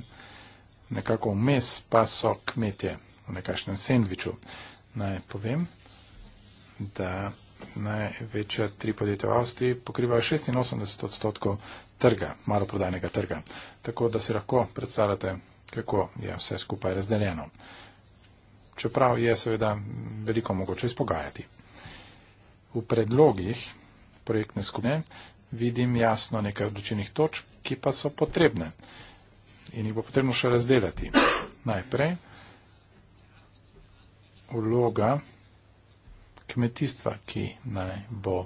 nekako vmes pa so kmetje v nekašnem sendviču. Naj povem, da največja tri podjetja v Avstriji pokrivajo 86 odstotkov trga, maloprodajnega trga. Tako da si lahko predstavljate, kako je vse skupaj razdeljeno. Čeprav je seveda veliko mogoče izpogajati. V predlogih projektne skupine vidim jasno nekaj odločenih točk, ki pa so potrebne in jih bo potrebno še razdeljati. Najprej vloga kmetijstva, ki naj bo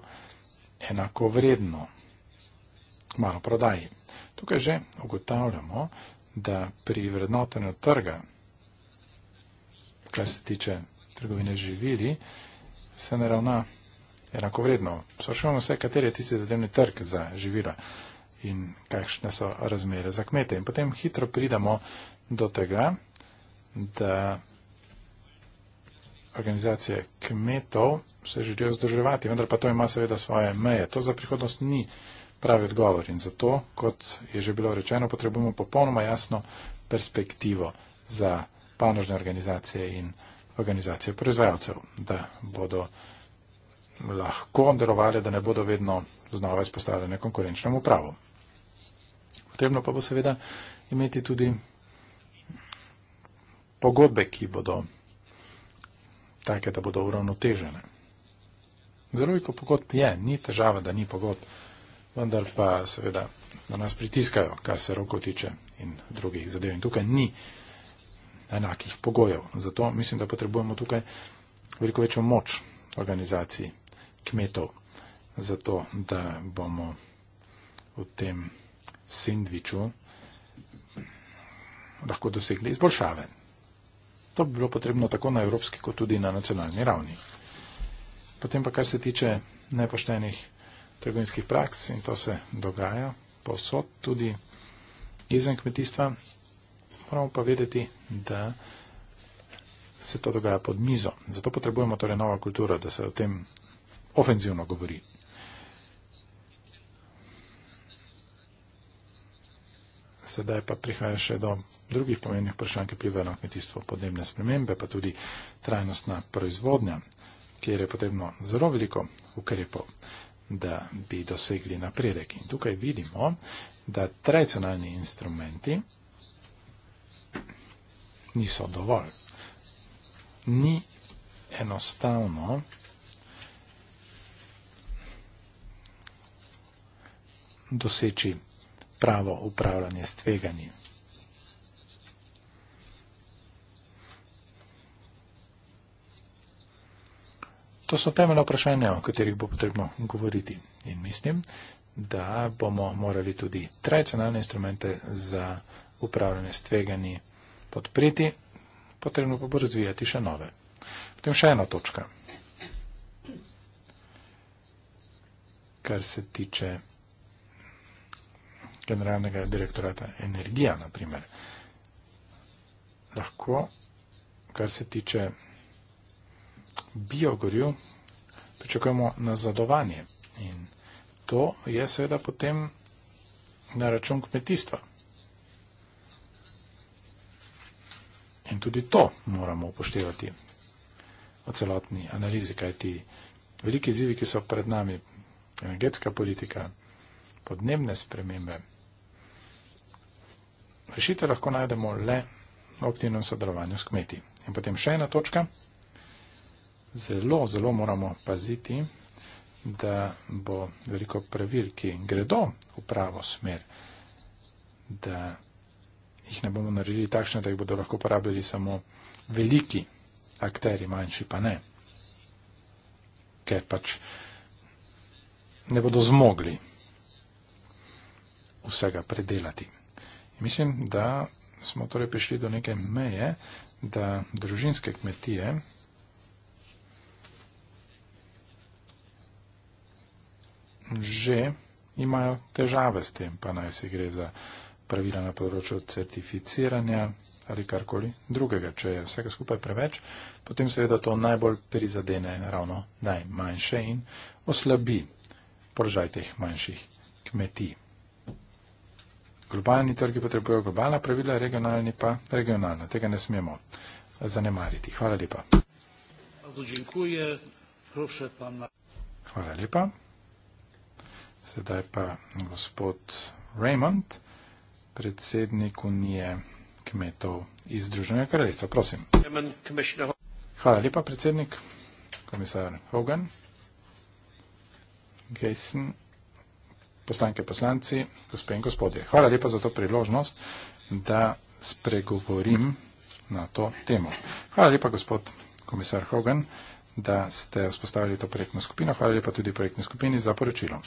enako vredno malo prodaji. Tukaj že ugotavljamo, da pri vrednotenju trga, kar se tiče trgovine živili, se ne ravna enako vredno. Sprašujemo se, kater je tisti zadevni trg za živila in kakšne so razmere za kmete. In potem hitro pridemo do tega, da organizacije kmetov se želijo združevati, vendar pa to ima seveda svoje meje. To za prihodnost ni pravi odgovor in zato, kot je že bilo rečeno, potrebujemo popolnoma jasno perspektivo za panožne organizacije in organizacije proizvajalcev, da bodo lahko delovali, da ne bodo vedno znova izpostavljene konkurenčnemu pravu. Potrebno pa bo seveda imeti tudi pogodbe, ki bodo take, da bodo uravnotežene. Zelo veliko pogodb je, ni težava, da ni pogodb, vendar pa seveda na nas pritiskajo, kar se roko tiče in drugih zadev. In tukaj ni enakih pogojev. Zato mislim, da potrebujemo tukaj veliko večjo moč organizacij kmetov, zato da bomo v tem sendviču lahko dosegli izboljšave. To bi bilo potrebno tako na evropski, kot tudi na nacionalni ravni. Potem pa, kar se tiče nepoštenih trgovinskih praks, in to se dogaja posod, tudi izven kmetijstva, moramo pa vedeti, da se to dogaja pod mizo. Zato potrebujemo torej novo kulturo, da se o tem ofenzivno govori. Sedaj pa prihaja še do drugih pomembnih vprašanj, ki vplivajo na kmetijstvo, podnebne spremembe, pa tudi trajnostna proizvodnja, kjer je potrebno zelo veliko ukrepov, da bi dosegli napredek. In tukaj vidimo, da tradicionalni instrumenti niso dovolj. Ni enostavno doseči pravo upravljanje s tveganjem. To so temeljna vprašanja, o katerih bo potrebno govoriti. In mislim, da bomo morali tudi tradicionalne instrumente za upravljanje s tveganji podpreti, potrebno pa bo razvijati še nove. Potem še ena točka, kar se tiče generalnega direktorata energija, naprimer. Lahko, kar se tiče biogorju pričakujemo nazadovanje. In to je seveda potem na račun kmetijstva. In tudi to moramo upoštevati v celotni analizi, kaj ti veliki zivi, ki so pred nami, energetska politika, podnebne spremembe. Rešitev lahko najdemo le v aktivnem sodelovanju s kmeti. In potem še ena točka zelo, zelo moramo paziti, da bo veliko pravil, ki gredo v pravo smer, da jih ne bomo naredili takšne, da jih bodo lahko uporabljali samo veliki akteri, manjši pa ne, ker pač ne bodo zmogli vsega predelati. In mislim, da smo torej prišli do neke meje, da družinske kmetije, že imajo težave s tem, pa naj se gre za pravila na področju certificiranja ali karkoli drugega. Če je vsega skupaj preveč, potem seveda to najbolj prizadene ravno najmanjše in oslabi položaj teh manjših kmetij. Globalni trgi potrebujejo globalna pravila, regionalni pa regionalna. Tega ne smemo zanemariti. Hvala lepa. Hvala lepa. Sedaj pa gospod Raymond, predsednik Unije kmetov iz Združenega kraljestva. Prosim. Hvala lepa, predsednik, komisar Hogan, Gessen, poslanke, poslanci, gospe in gospodje. Hvala lepa za to priložnost, da spregovorim na to temo. Hvala lepa, gospod komisar Hogan, da ste vzpostavili to projektno skupino. Hvala lepa tudi projektni skupini za poročilo.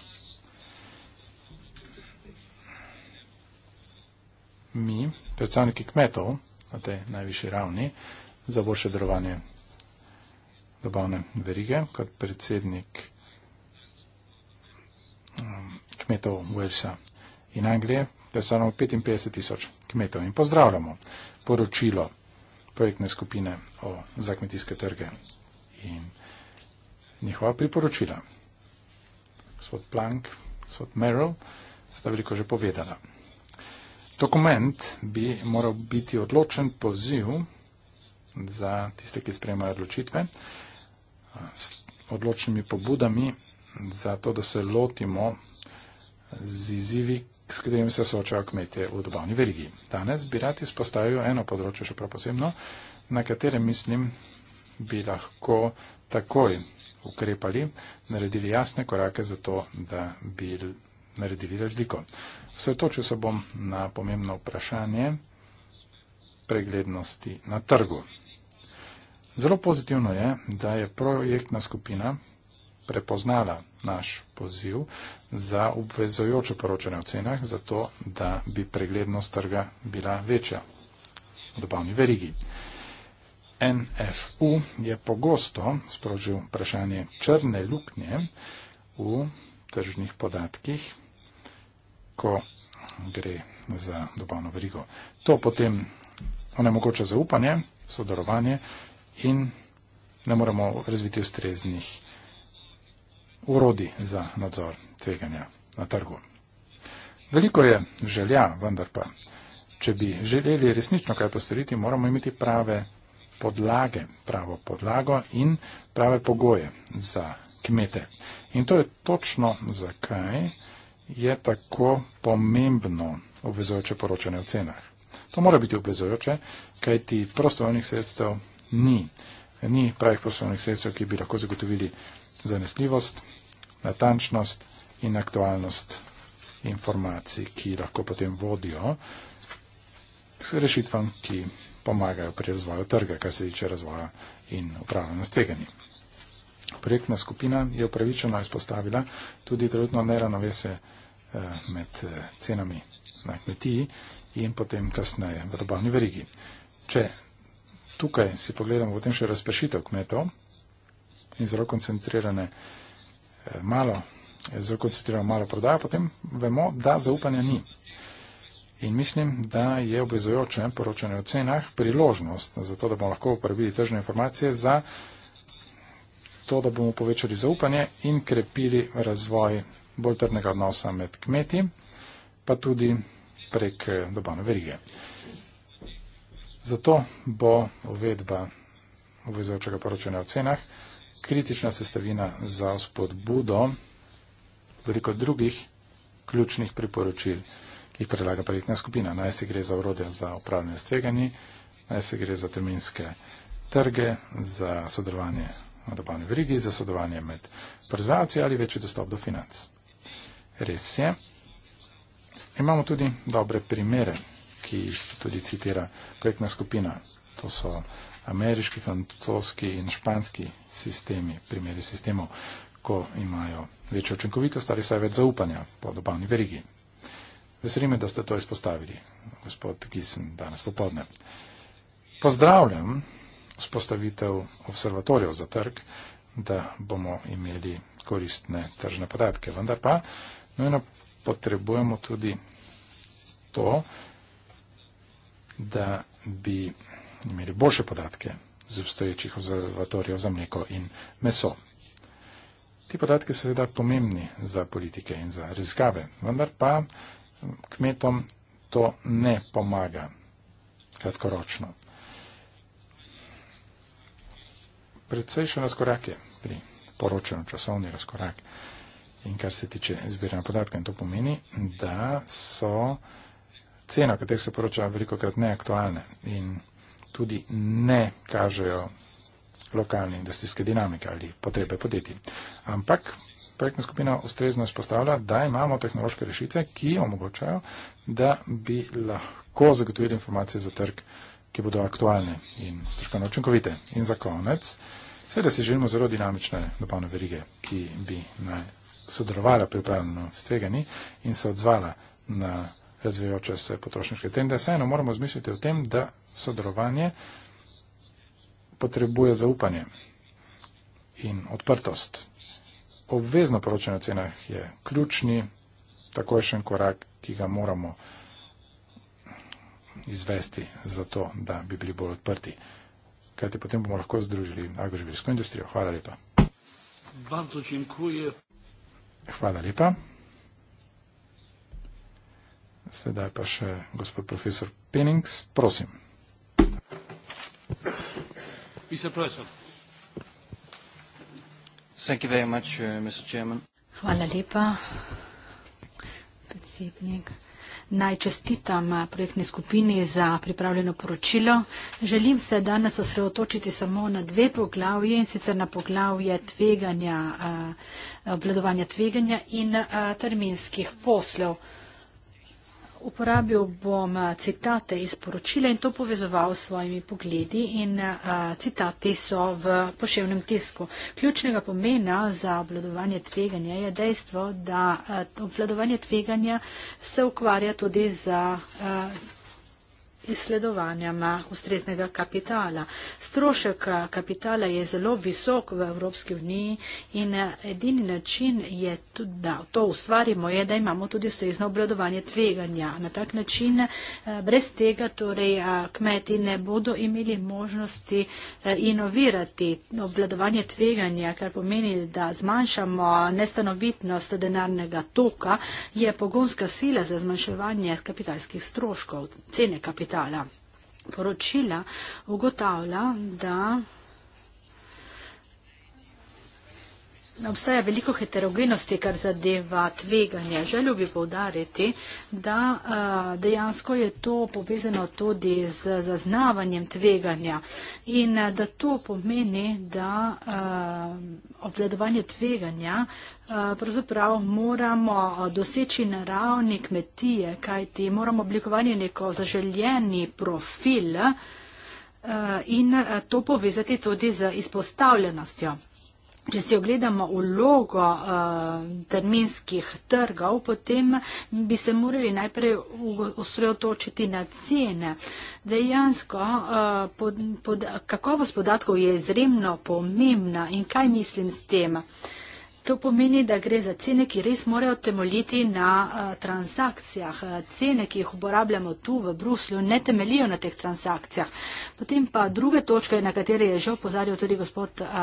mi, predstavniki kmetov na tej najvišji ravni, za boljše drovanje dobavne verige, kot predsednik um, kmetov Walesa in Anglije, da so nam 55 tisoč kmetov. In pozdravljamo poročilo projektne skupine o za kmetijske trge in njihova priporočila. Gospod Plank, gospod Merrill, sta veliko že povedala. Dokument bi moral biti odločen poziv za tiste, ki spremajo odločitve, s odločnimi pobudami za to, da se lotimo z izzivi, s katerimi se soočajo kmetje v dobavni verigi. Danes bi rad izpostavil eno področje še proposebno, na katerem mislim, bi lahko takoj ukrepali, naredili jasne korake za to, da bi naredili razliko. Vsetočil se bom na pomembno vprašanje preglednosti na trgu. Zelo pozitivno je, da je projektna skupina prepoznala naš poziv za obvezojoče poročanje o cenah, zato da bi preglednost trga bila večja v dobavni verigi. NFU je pogosto sprožil vprašanje črne luknje v tržnih podatkih ko gre za dobavno verigo. To potem onemogoča zaupanje, sodelovanje in ne moremo razviti ustreznih urodi za nadzor tveganja na trgu. Veliko je želja, vendar pa, če bi želeli resnično kaj postoriti, moramo imeti prave podlage, pravo podlago in prave pogoje za kmete. In to je točno zakaj je tako pomembno obvezojoče poročanje o cenah. To mora biti obvezojoče, kajti prostovoljnih sredstev ni. Ni pravih prostovoljnih sredstev, ki bi lahko zagotovili zanesljivost, natančnost in aktualnost informacij, ki lahko potem vodijo s rešitvam, ki pomagajo pri razvoju trga, kar se tiče razvoja in upravljanja s tveganji. Projektna skupina je upravičeno izpostavila tudi trenutno neravnovesje Eh, med eh, cenami na kmetiji in potem kasneje v dobavni verigi. Če tukaj si pogledamo potem še razpršitev kmetov in zelo koncentrirane eh, malo, zelo koncentrirano malo prodajo, potem vemo, da zaupanja ni. In mislim, da je obvezujoče poročanje o cenah priložnost za to, da bomo lahko uporabili tržne informacije za to, da bomo povečali zaupanje in krepili razvoj bolj trdnega odnosa med kmeti, pa tudi prek eh, dobavne verige. Zato bo uvedba uvezajočega poročanja o cenah kritična sestavina za spodbudo veliko drugih ključnih priporočil, ki jih predlaga projektna skupina. Naj se gre za urodja za upravljanje s tveganji, naj se gre za terminske trge, za sodelovanje na dobavni verigi, za sodelovanje med proizvajalci ali večji dostop do financ. Res je. Imamo tudi dobre primere, ki jih tudi citira projektna skupina. To so ameriški, francoski in španski sistemi, primeri sistemov, ko imajo večjo učinkovitost ali vsaj več zaupanja po dobavni verigi. Veselime, da ste to izpostavili, gospod Gisen, danes popodne. Pozdravljam spostavitev observatorijev za trg, da bomo imeli koristne tržne podatke, vendar pa Nujno potrebujemo tudi to, da bi imeli boljše podatke z obstoječih observatorijev za mleko in meso. Ti podatki so seveda pomembni za politike in za raziskave, vendar pa kmetom to ne pomaga kratkoročno. Predvsejšen razkorak je pri poročanju časovni razkorak in kar se tiče zbiranja podatkov. In to pomeni, da so cene, o katerih se poroča, veliko krat neaktualne in tudi ne kažejo lokalne industrijske dinamike ali potrebe podjetij. Ampak projektna skupina ustrezno izpostavlja, da imamo tehnološke rešitve, ki omogočajo, da bi lahko zagotovili informacije za trg, ki bodo aktualne in stroškovno učinkovite. In za konec, seveda si želimo zelo dinamične dobavne verige, ki bi naj sodelovala pri upravljanju s tveganji in se odzvala na razvijajoče se potrošniške trende. Vseeno moramo zmisliti o tem, da sodelovanje potrebuje zaupanje in odprtost. Obvezno poročanje o cenah je ključni takojšen korak, ki ga moramo izvesti za to, da bi bili bolj odprti. Kajte potem bomo lahko združili agroživilsko industrijo. Hvala lepa. Bardzo dziękuję. Hvala lepa. Sedaj pa še gospod profesor Penings, prosim. Uh, Hvala lepa, predsednik. Naj čestitam eh, projektni skupini za pripravljeno poročilo. Želim se danes osredotočiti samo na dve poglavje in sicer na poglavje tveganja, eh, obladovanja tveganja in eh, terminskih poslov. Uporabil bom eh, citate iz poročila in to povezoval s svojimi pogledi in a, eh, citati so v poševnem tisku. Ključnega pomena za obvladovanje tveganja je dejstvo, da a, eh, obvladovanje tveganja se ukvarja tudi za. A, izsledovanjama ustreznega kapitala. Strošek eh, kapitala je zelo visok v Evropski uniji in eh, edini način je, tudi, da to ustvarimo, je, da imamo tudi ustrezno obladovanje tveganja. Na tak način, eh, brez tega, torej kmeti ne bodo imeli možnosti inovirati obladovanje tveganja, kar pomeni, da zmanjšamo nestanovitnost denarnega toka, je pogonska sila za zmanjševanje kapitalskih stroškov, cene kapitala spitala. Poročila ugotavlja, da obstaja veliko heterogenosti, kar zadeva tveganje. Želel bi povdariti, da dejansko je to povezano tudi z zaznavanjem tveganja in da to pomeni, da obvladovanje tveganja pravzaprav moramo doseči na ravni kmetije, kajti moramo oblikovati neko zaželjeni profil in to povezati tudi z izpostavljenostjo. Če si ogledamo vlogo uh, terminskih trgov, potem bi se morali najprej osredotočiti na cene. Dejansko, uh, pod, pod, kakovost podatkov je izremno pomembna in kaj mislim s tem? Uh, to pomeni, da gre za cene, ki res morajo temeljiti na uh, transakcijah. Uh, cene, ki jih uporabljamo tu v Bruslju, ne temelijo na teh transakcijah. Potem pa druge točke, na katere je že opozarjal tudi gospod uh,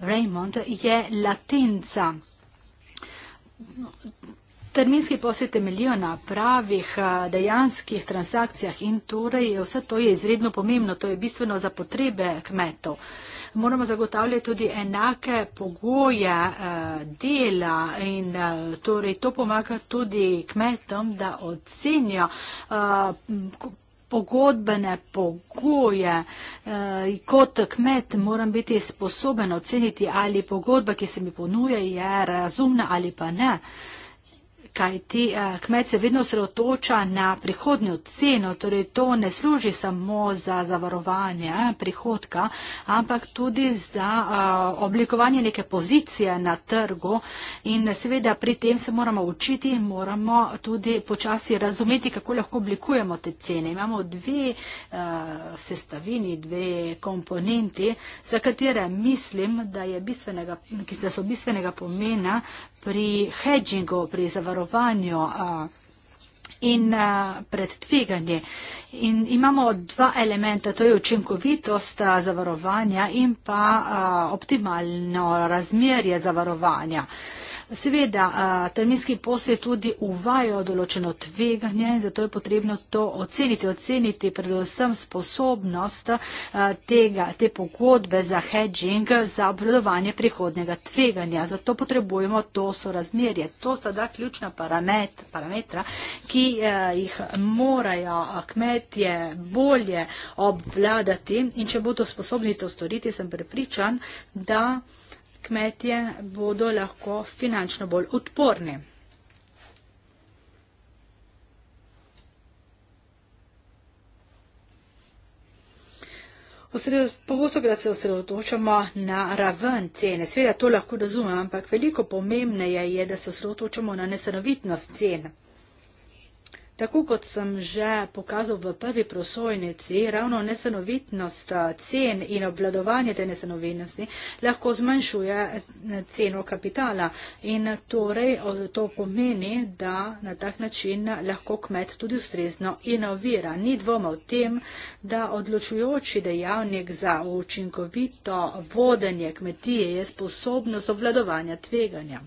Raymond, je latenca. Terminski posli temeljijo na pravih eh, dejanskih transakcijah in torej vse to je izredno pomembno, to je bistveno za potrebe kmetov. Uh, moramo zagotavljati tudi enake pogoje eh, dela in eh, torej to pomaga tudi kmetom, da ocenijo eh, pogodbene pogoje. Kot kmet moram biti sposoben oceniti, ali pogodba, ki se mi ponuja, je razumna ali pa ne kajti eh, kmet se vedno sredotoča na prihodnjo ceno, torej to ne služi samo za zavarovanje eh, prihodka, ampak tudi za eh, oblikovanje neke pozicije na trgu in seveda pri tem se moramo učiti in moramo tudi počasi razumeti, kako lahko oblikujemo te cene. Imamo dve sestavini, dve komponenti, za katere mislim, da, bistvenega, da so bistvenega pomena pri hedžingu, pri zavarovanju in pred tveganje. In imamo dva elementa, to je učinkovitost zavarovanja in pa optimalno razmerje zavarovanja. Seveda, terminski posli tudi uvajajo določeno tveganje in zato je potrebno to oceniti. Oceniti predvsem sposobnost tega, te pogodbe za hedging, za obvladovanje prihodnega tveganja. Zato potrebujemo to sorazmerje. To sta da ključna paramet, parametra, ki jih morajo kmetje bolje obvladati in če bodo sposobni to storiti, sem prepričan, da kmetje bodo lahko finančno bolj odporni. Pogostokrat se osredotočamo na raven cene. Sveda to lahko razumem, ampak veliko pomembneje je, da se osredotočamo na nesanovitnost cen. Tako kot sem že pokazal v prvi prosojnici, ravno nesenovitnost eh, cen in obvladovanje te nesenovitnosti lahko zmanjšuje eh, ceno kapitala. In torej to pomeni, da na tak način lahko kmet tudi ustrezno inovira. Ni dvoma v tem, da odločujoči dejavnik za učinkovito vodenje kmetije je sposobnost obvladovanja tveganja.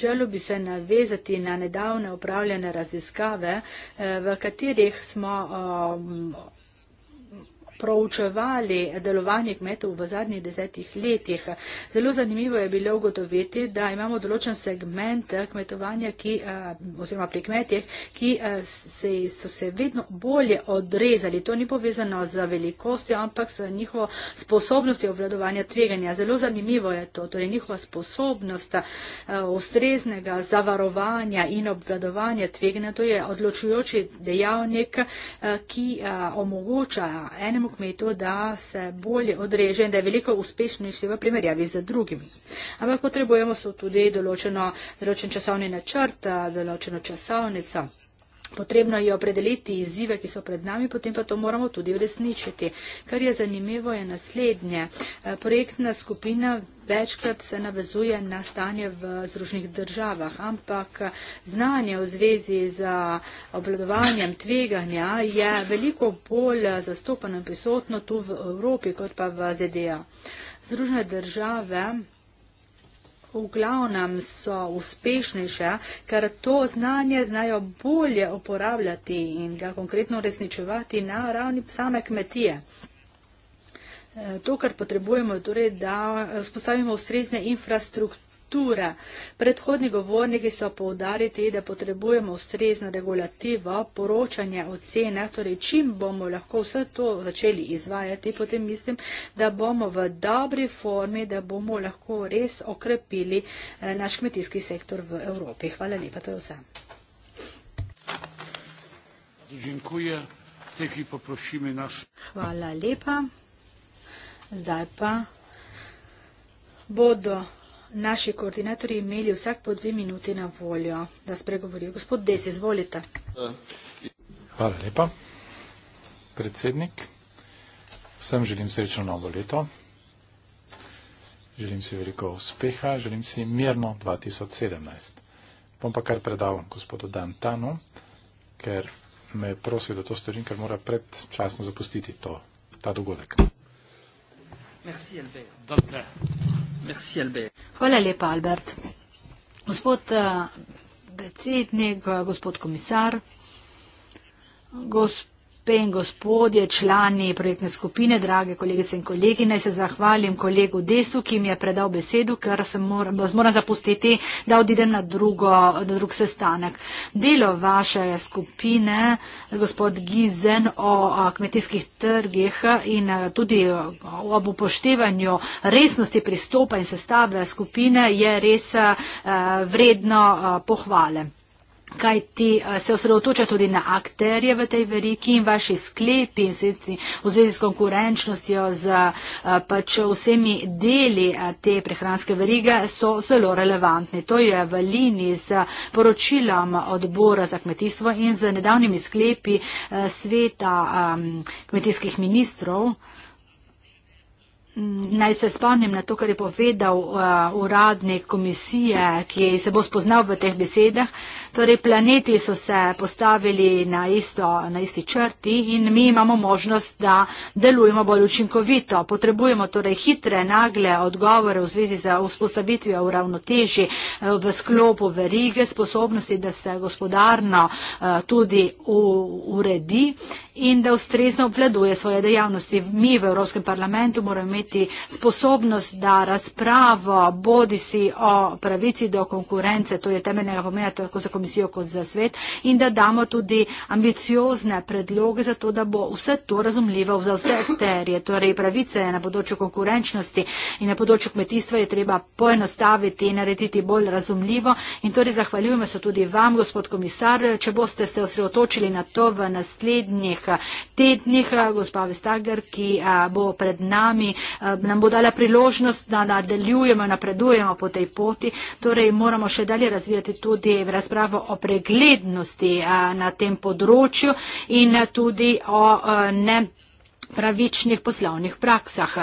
Želel bi se navezati na nedavne upravljene raziskave, eh, v katerih smo. Um, proučevali delovanje kmetov v zadnjih desetih letih. Zelo zanimivo je bilo ugotoviti, da imamo določen segment eh, kmetovanja, ki, eh, oziroma pri kmetih, ki eh, se, so se vedno bolje odrezali. To ni povezano z velikostjo, ampak z njihovo sposobnostjo obvladovanja tveganja. Zelo zanimivo je to, torej njihova sposobnost ustreznega zavarovanja in obvladovanja tveganja. To je odločujoči dejavnik, ki omogoča enemu kmetu, da se bolje odreže in da je veliko uspešnejši v primerjavi z drugimi. Ampak potrebujemo so tudi določeno, določen časovni načrt, določeno časovnico. Potrebno je opredeliti izzive, ki so pred nami, potem pa to moramo tudi uresničiti. Kar je zanimivo je naslednje. Eh, projektna skupina večkrat se navezuje na stanje v združnih državah, ampak znanje v zvezi z obladovanjem tveganja je veliko bolj zastopano in prisotno tu v Evropi kot pa v ZDA. Združene države v glavnem so uspešnejše, ker to znanje znajo bolje uporabljati in ga konkretno uresničevati na ravni same kmetije. Eh, to, kar potrebujemo, je torej, da vzpostavimo ustrezne infrastrukture kultura. Predhodni govorniki so povdariti, da potrebujemo ustrezno regulativo, poročanje o cenah, torej čim bomo lahko vse to začeli izvajati, potem mislim, da bomo v dobri formi, da bomo lahko res okrepili eh, naš kmetijski sektor v Evropi. Hvala lepa, to je vse. Hvala lepa. Zdaj pa bodo naši koordinatori imeli vsak po dve minuti na voljo, da spregovorijo. Gospod Des, izvolite. Hvala lepa. Predsednik, vsem želim srečno novo leto. Želim si veliko uspeha, želim si mirno 2017. Bom pa kar predal gospodu Dantanu, ker me je prosil, da to storim, ker mora predčasno zapustiti to, ta dogodek. Merci, Albert. Dante. Merci, Albert. Hvala lepa, Albert. Gospod eh, predsednik, eh, gospod komisar, gospod Gospe in gospodje, člani projektne skupine, drage kolegice in kolegi, naj se zahvalim kolegu Desu, ki mi je predal besedo, ker se moram, moram zapustiti, da odidem na, drugo, na drug sestanek. Delo vaše skupine, gospod Gizen, o kmetijskih trgih in tudi ob upoštevanju resnosti pristopa in sestave skupine je res eh, vredno eh, pohvale kaj ti eh, se osredotoča tudi na akterje v tej veriki in vaši sklepi v zvezi s konkurenčnostjo z eh, pač vsemi deli eh, te prehranske verige so zelo relevantni. To je v liniji z poročilom odbora za kmetijstvo in z nedavnimi sklepi sveta kmetijskih ministrov. Mm, naj se spomnim na to, kar je povedal uh, uradnik komisije, ki se bo spoznal v teh besedah. Torej, planeti so se postavili na, isto, na isti črti in mi imamo možnost, da delujemo bolj učinkovito. Potrebujemo torej hitre, nagle odgovore v zvezi z vzpostavitvijo v ravnoteži uh, v sklopu verige, sposobnosti, da se gospodarno uh, tudi u, uredi. Uh, in da ustrezno obvladuje svoje dejavnosti. Mi v Evropskem parlamentu moramo imeti sposobnost, da razpravo bodi si o pravici do konkurence, to je temeljnega pomena tako za komisijo kot za svet, in da damo tudi ambiciozne predloge za to, da bo vse to razumljivo za vse akterje. Torej, pravice na področju konkurenčnosti in na področju kmetijstva je treba poenostaviti in narediti bolj razumljivo. In torej, zahvaljujemo se tudi vam, gospod komisar, če boste se osredotočili na to v naslednjih Eh, tednih. Eh, gospa Vestager, ki eh, bo pred nami, nam bo dala priložnost, da nadaljujemo in napredujemo po tej poti. Torej, moramo še dalje razvijati tudi razpravo o preglednosti na tem področju in tudi o ne pravičnih poslovnih praksah.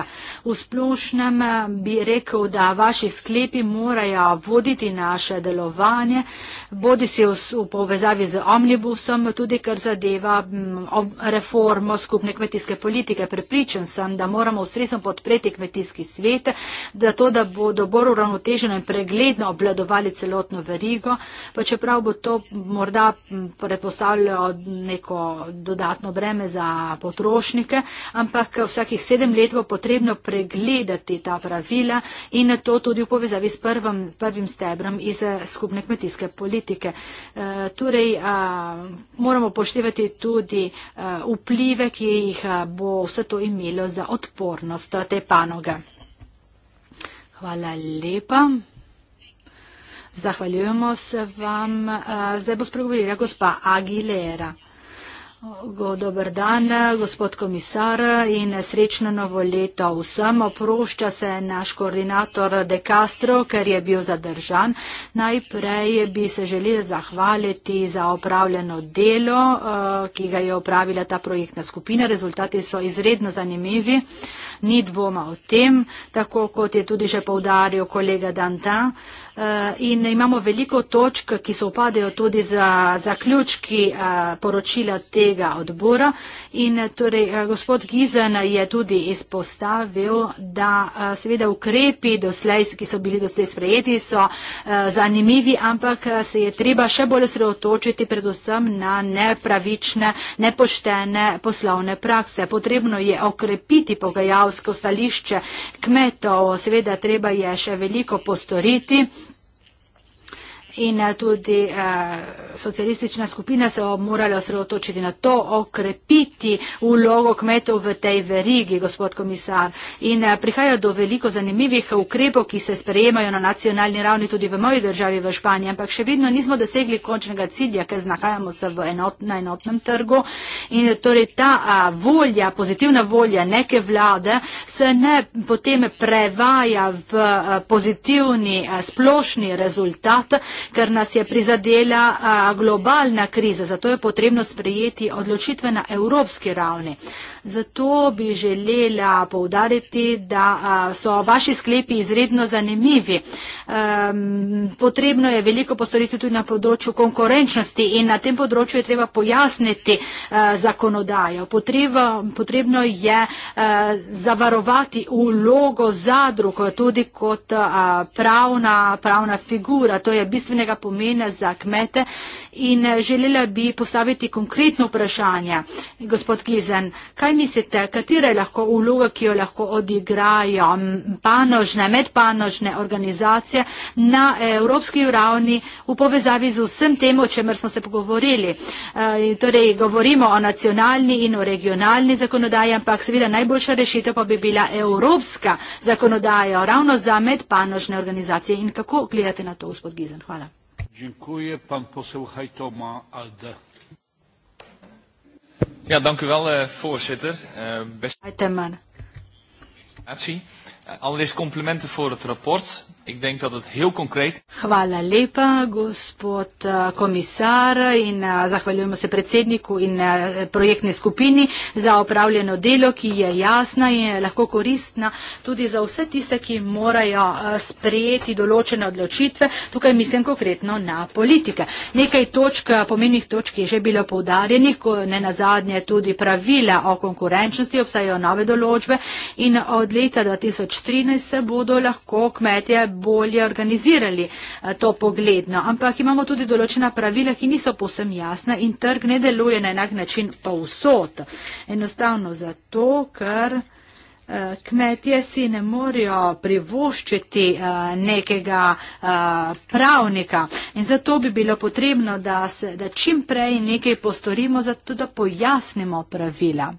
V splošnem bi rekel, da vaši sklepi morajo voditi naše delovanje. Uh, bodi si v, v povezavi z omnibusom, tudi kar zadeva m, reformo skupne kmetijske politike. Pripričan sem, da moramo ustrezno podpreti kmetijski svet, da to, da bodo bolj uravnoteženo in pregledno obladovali celotno verigo, pa čeprav bo to morda predpostavljalo neko dodatno breme za potrošnike, ampak vsakih sedem let bo potrebno pregledati ta pravila in to tudi v povezavi s prvim, prvim stebrom iz eh, skupne kmetijske politike politike. Eh, torej, eh, moramo poštevati tudi eh, vplive, ki jih bo vse to imelo za odpornost te panoge. Hvala lepa. Zahvaljujemo se vam. Zdaj bo spregovorila gospa Aguilera. Dober dan, gospod komisar in srečno novo leto vsem. Oprošča se naš koordinator De Castro, ker je bil zadržan. Najprej bi se želela zahvaliti za opravljeno delo, eh, ki ga je opravila ta projektna skupina. Rezultati so izredno zanimivi, ni dvoma o tem, tako kot je tudi že povdaril kolega Danta. Eh, in imamo veliko točk, ki se upadajo tudi za zaključki eh, poročila te tega odbora. In eh, torej eh, gospod Gizan je tudi izpostavil, da eh, seveda ukrepi, doslej, ki so bili doslej sprejeti, so zanimivi, ampak se je treba še bolj sreotočiti predvsem na nepravične, nepoštene poslovne prakse. Potrebno je okrepiti pogajalsko stališče kmetov, seveda treba je še veliko postoriti in eh, tudi eh, socialistična skupina se bo morala osredotočiti na to, okrepiti vlogo kmetov v tej verigi, gospod komisar. In eh, prihaja do veliko zanimivih ukrepov, ki se sprejemajo na nacionalni ravni tudi v moji državi v Španiji, ampak še vedno nismo dosegli končnega cilja, ker znahajamo se enot, na enotnem trgu. In eh, torej ta eh, volja, pozitivna volja neke vlade se ne potem prevaja v eh, pozitivni eh, splošni rezultat ker nas je prizadela globalna kriza. Zato je potrebno sprejeti odločitve na evropski ravni. Zato bi želela poudariti, da so vaši sklepi izredno zanimivi potrebno je veliko postoriti tudi na področju konkurenčnosti in na tem področju je treba pojasniti eh, zakonodajo. Potreba, potrebno je eh, zavarovati ulogo zadrug tudi kot eh, pravna, pravna figura. To je bistvenega pomena za kmete in želela bi postaviti konkretno vprašanje. Gospod Gizen, kaj mislite, katera je lahko uloga, ki jo lahko odigrajo panožne, medpanožne organizacije na Evropi? evropski ravni v povezavi z vsem tem, o čemer smo se pogovorili. Eh, torej, govorimo o nacionalni in o regionalni zakonodaji, ampak seveda najboljša rešitev pa bi bila evropska zakonodaja ravno za medpanožne organizacije. In kako gledate na to, gospod Gizan? Hvala. Dziękuję. Pan poseł Hajtoma Alde. Ja, dank u wel, eh, voorzitter. Uh, eh, beste... Allereerst complimenten voor het rapport. Ik denk dat het heel concreet. Hvala lepa, gospod uh, komisar in uh, zahvaljujemo se predsedniku in uh, projektni skupini za opravljeno delo, ki je jasna in lahko koristna tudi za vse tiste, ki morajo uh, sprejeti določene odločitve. Tukaj mislim konkretno na politike. Nekaj točk, pomenih točk je že bilo povdarjenih, ko ne nazadnje tudi pravila o konkurenčnosti obsajajo nove določbe in od leta 2013 bodo lahko kmetje bolje organizirali eh, to pogledno. Ampak imamo tudi določena pravila, ki niso posem jasna in trg ne deluje na enak način pa vsot. Enostavno zato, ker. Eh, kmetje si ne morejo privoščiti uh, nekega uh, pravnika in zato bi bilo potrebno, da, se, da čim prej nekaj postorimo, zato da pojasnimo pravila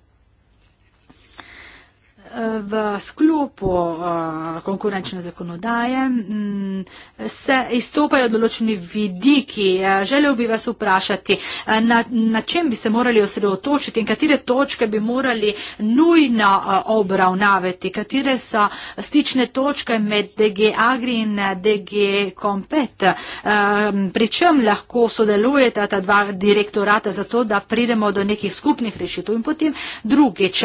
v sklopu eh, konkurenčne zakonodaje mm, se izstopajo določeni vidiki. Eh, Želel bi vas vprašati, eh, na, na čem bi se morali osredotočiti in katere točke bi morali nujno obravnavati, katere so stične točke med DG Agri in DG Kompet, pri čem lahko sodelujeta ta dva direktorata za to, da pridemo do nekih skupnih rešitev in potem drugič.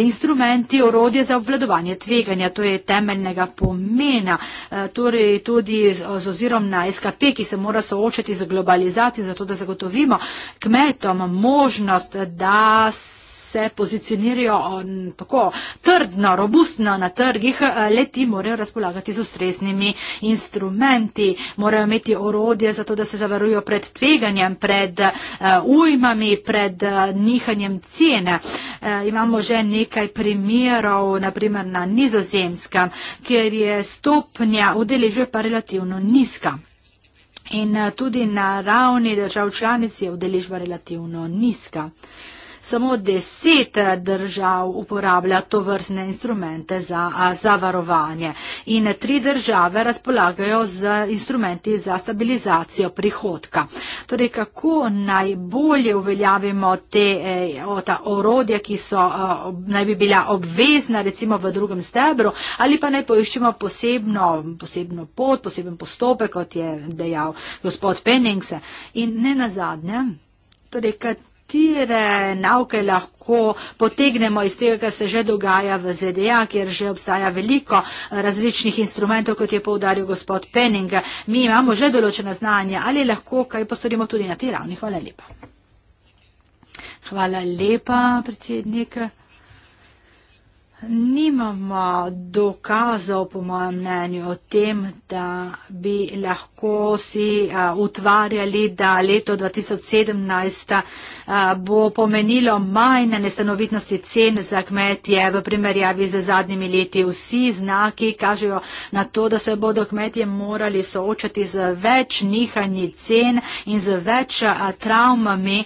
Instrumenti orodje za obvladovanje tveganja, to je temeljnega pomena, e, torej tudi z ozirom na SKP, ki se mora soočati z globalizacijo, zato da zagotovimo kmetom možnost, da se se pozicionirajo um, tako trdno, robustno na trgih, eh, le ti morajo razpolagati z ustreznimi instrumenti, morajo imeti orodje za to, da se zavarujo pred tveganjem, pred eh, ujmami, pred eh, nihanjem cene. Imamo že nekaj primerov, naprimer na nizozemskem, kjer je stopnja udeležbe pa relativno nizka. In tudi na ravni držav članic je udeležba relativno nizka samo deset eh, držav uporablja to vrstne instrumente za eh, zavarovanje in tri države razpolagajo z instrumenti za stabilizacijo prihodka. Torej, kako najbolje uveljavimo te, eh, ta orodja, ki so, naj bi bila obvezna recimo v drugem stebru ali pa naj poiščemo posebno, posebno pot, poseben postopek, kot je dejal gospod Penningse. In ne nazadnje, torej, katere navke lahko potegnemo iz tega, kar se že dogaja v ZDA, kjer že obstaja veliko eh, različnih instrumentov, kot je povdaril gospod Penning. Mi imamo že določena znanja, ali lahko kaj postorimo tudi na tej ravni. Hvala lepa. Hvala lepa, predsednik. Nimamo dokazov, po mojem mnenju, o tem, da bi lahko si eh, utvarjali, da leto 2017 eh, bo pomenilo manj nestanovitnosti cen za kmetje v primerjavi z zadnjimi leti. Vsi znaki kažejo na to, da se bodo kmetje morali soočati z več nihanji cen in z več eh, travmami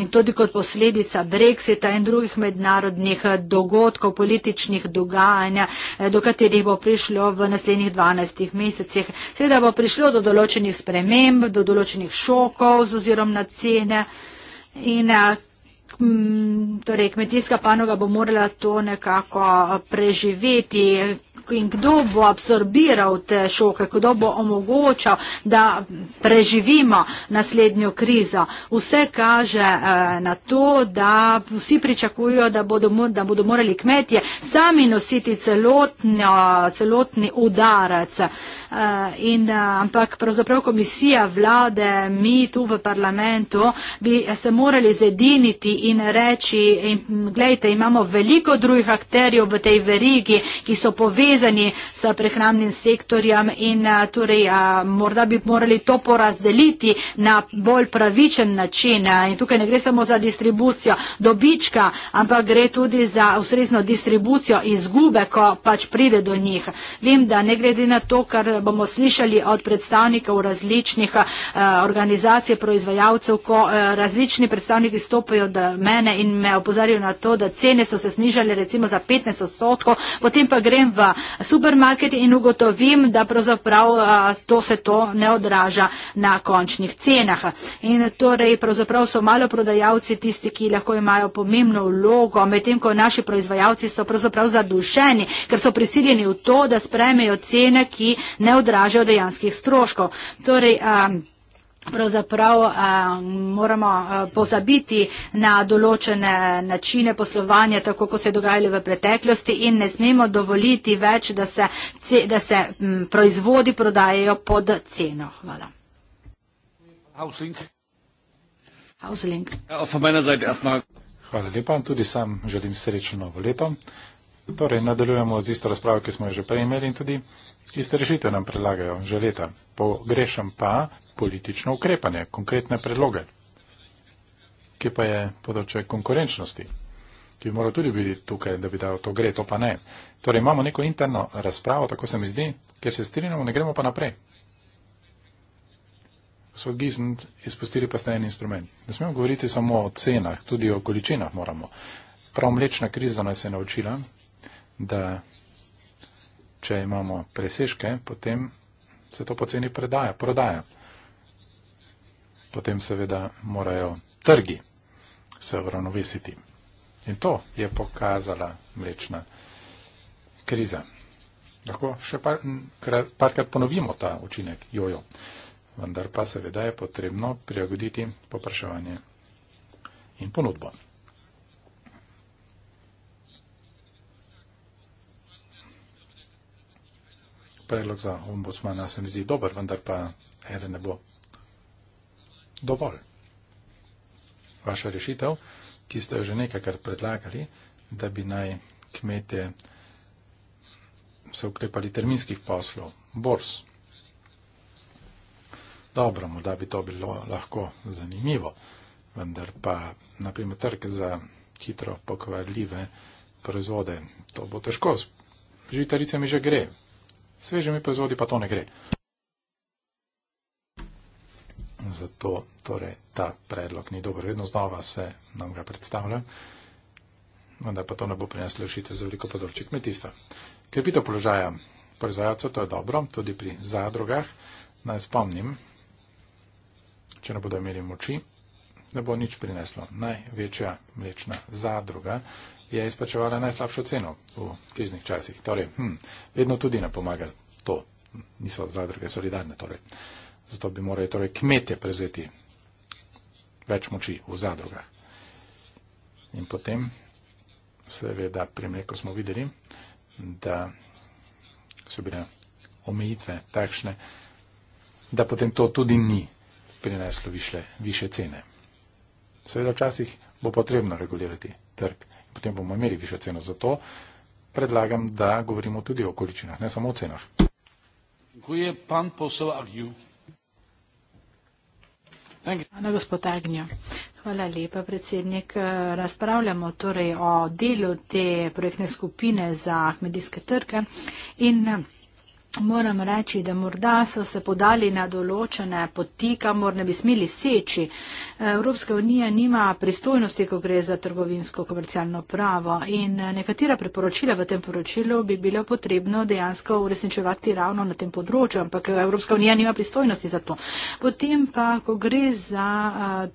in tudi kot posledica Brexita in drugih mednarodnih dogodkov političnih dogajanja, eh, do katerih bo prišlo v naslednjih 12 mesecih. Seveda bo prišlo do določenih sprememb, do določenih šokov z ozirom na cene in eh, torej, kmetijska panoga bo morala to nekako eh, preživeti, in kdo bo absorbiral te šoke, kdo bo omogočal, da preživimo naslednjo krizo. Vse kaže eh, na to, da vsi pričakujo, da bodo, da bodo morali kmetje sami nositi celotno, celotni udarec. Eh, in, eh, ampak pravzaprav komisija vlade, mi tu v parlamentu bi se morali zediniti in reči, in, gledajte, imamo veliko drugih akterjev v tej verigi, ki so povezani povezani s prehrambnim sektorjem in torej morda bi morali to porazdeliti na bolj pravičen način. In tukaj ne gre samo za distribucijo dobička, ampak gre tudi za ustrezno distribucijo izgube, ko pač pride do njih. Vem, da ne glede na to, kar bomo slišali od predstavnikov različnih organizacij proizvajalcev, ko različni predstavniki stopijo do mene in me opozarjajo na to, da cene so se znižale recimo za 15 odstotkov, potem pa grem v supermarkete in ugotovim, da pravzaprav to se to ne odraža na končnih cenah. In torej pravzaprav so malo prodajalci tisti, ki lahko imajo pomembno vlogo, medtem ko naši proizvajalci so pravzaprav zadušeni, ker so prisiljeni v to, da spremejo cene, ki ne odražajo dejanskih stroškov. Torej, um, pravzaprav uh, moramo uh, pozabiti na določene načine poslovanja, tako kot se je dogajalo v preteklosti in ne smemo dovoliti več, da se, da se um, proizvodi prodajajo pod ceno. Hvala. Hausling. Hausling. Ja, Hvala lepa, tudi sam želim srečno novo leto. Torej, nadaljujemo z isto razpravo, ki smo jo že prej imeli in tudi iste rešitev nam predlagajo že leta. Pogrešam pa politično ukrepanje, konkretne predloge, ki pa je področje konkurenčnosti, ki bi moralo tudi biti tukaj, da bi dal to gre, to pa ne. Torej imamo neko interno razpravo, tako se mi zdi, ker se strinjamo, ne gremo pa naprej. So gizend izpustili pa ste en instrument. Ne smemo govoriti samo o cenah, tudi o količinah moramo. Prav mlečna kriza nas je naučila, da če imamo presežke, potem se to poceni predaja, prodaja potem seveda morajo trgi se uravnovesiti. In to je pokazala mlečna kriza. Lahko še parkrat par ponovimo ta učinek jojo, vendar pa seveda je potrebno prilagoditi popraševanje in ponudbo. Predlog za ombudsmana se mi zdi dober, vendar pa ere ne bo dovolj. Vaša rešitev, ki ste jo že nekajkrat predlagali, da bi naj kmete se ukrepali terminskih poslov, bors. Dobro, morda bi to bilo lahko zanimivo, vendar pa, naprimer, trg za hitro pokvarljive proizvode, to bo težko. Žitarice mi že gre, svežimi proizvodi pa to ne gre zato torej ta predlog ni dober. Vedno znova se nam ga predstavlja, vendar pa to ne bo prineslo rešite za veliko področje kmetijstva. Krepitev položaja proizvajalcev, to je dobro, tudi pri zadrugah. Naj spomnim, če ne bodo imeli moči, ne bo nič prineslo. Največja mlečna zadruga je izplačevala najslabšo ceno v kriznih časih. Torej, hm, vedno tudi ne pomaga to. Niso zadruge solidarne. Torej. Zato bi morali torej kmetje prevzeti več moči v zadrugah. In potem, seveda, pri mleku smo videli, da so bile omejitve takšne, da potem to tudi ni prineslo višle, više cene. Seveda, včasih bo potrebno regulirati trg in potem bomo imeli višjo ceno. Zato predlagam, da govorimo tudi o količinah, ne samo o cenah. Kako je pan posel Agiju? Hvala, gospod Agnjo. Hvala lepa, predsednik. Razpravljamo torej o delu te projektne skupine za medijske trge in Moram reči, da morda so se podali na določene poti, kamor ne bi smeli seči. Evropska unija nima pristojnosti, ko gre za trgovinsko komercialno pravo in nekatera priporočila v tem poročilu bi bilo potrebno dejansko uresničevati ravno na tem področju, ampak Evropska unija nima pristojnosti za to. Potem pa, ko gre za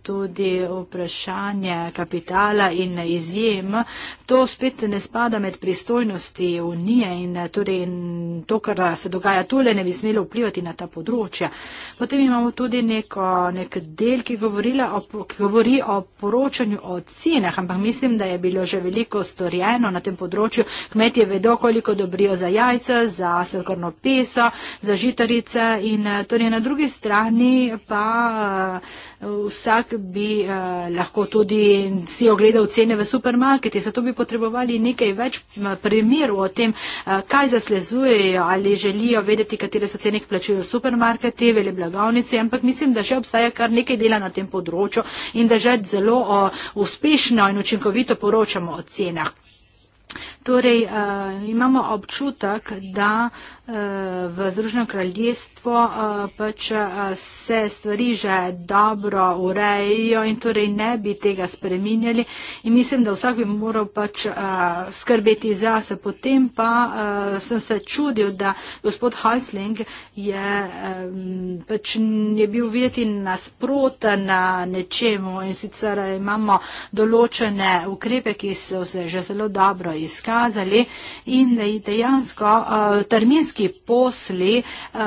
tudi vprašanje kapitala in izjem, to spet ne spada med pristojnosti unije in torej to, kar se se dogaja tole, ne bi smelo vplivati na ta področja. Potem imamo tudi neko, nek del, ki, o, ki govori o poročanju o cenah, ampak mislim, da je bilo že veliko storjeno na tem področju. Kmetje vedo, koliko dobrijo za jajca, za sladkorno peso, za žitarice in eh, torej na drugi strani pa eh, vsak bi eh, lahko tudi si ogledal cene v supermarketi, zato bi potrebovali nekaj več primerov o tem, kaj zaslezujejo ali želijo želijo vedeti, katere so cene, ki plačujejo supermarkete, vele blagovnice, ampak mislim, da že obstaja kar nekaj dela na tem področju in da že zelo o, uspešno in učinkovito poročamo o cenah. Torej, uh, imamo občutek, da uh, v Združeno kraljestvo uh, pač uh, se stvari že dobro urejajo in torej ne bi tega spreminjali. In mislim, da vsak bi moral pač uh, skrbeti za se. Potem pa uh, sem se čudil, da gospod Heisling je, um, pač je bil videti nasprota na nečemu in sicer imamo določene ukrepe, ki so se že zelo dobro iskali izkazali in da jih dejansko uh, terminski posli uh,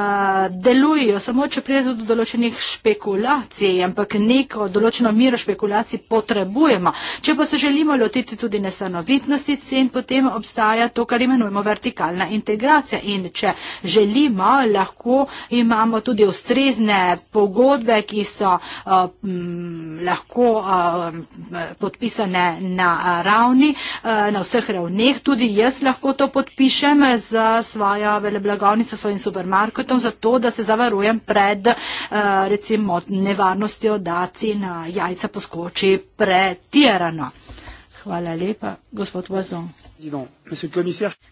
delujejo, samo če pride do določenih špekulacij, ampak neko določeno miro špekulacij potrebujemo. Če pa se želimo lotiti tudi nestanovitnosti cen, potem obstaja to, kar imenujemo vertikalna integracija in če želimo, lahko imamo tudi ustrezne pogodbe, ki so uh, lahko uh, podpisane na ravni, uh, na vseh ravneh njih tudi jaz lahko to podpišem za svojo veleblagovnico, svojim supermarketom, zato da se zavarujem pred eh, recimo nevarnostjo, da cena jajca poskoči pretirano. Hvala lepa, gospod Vazon.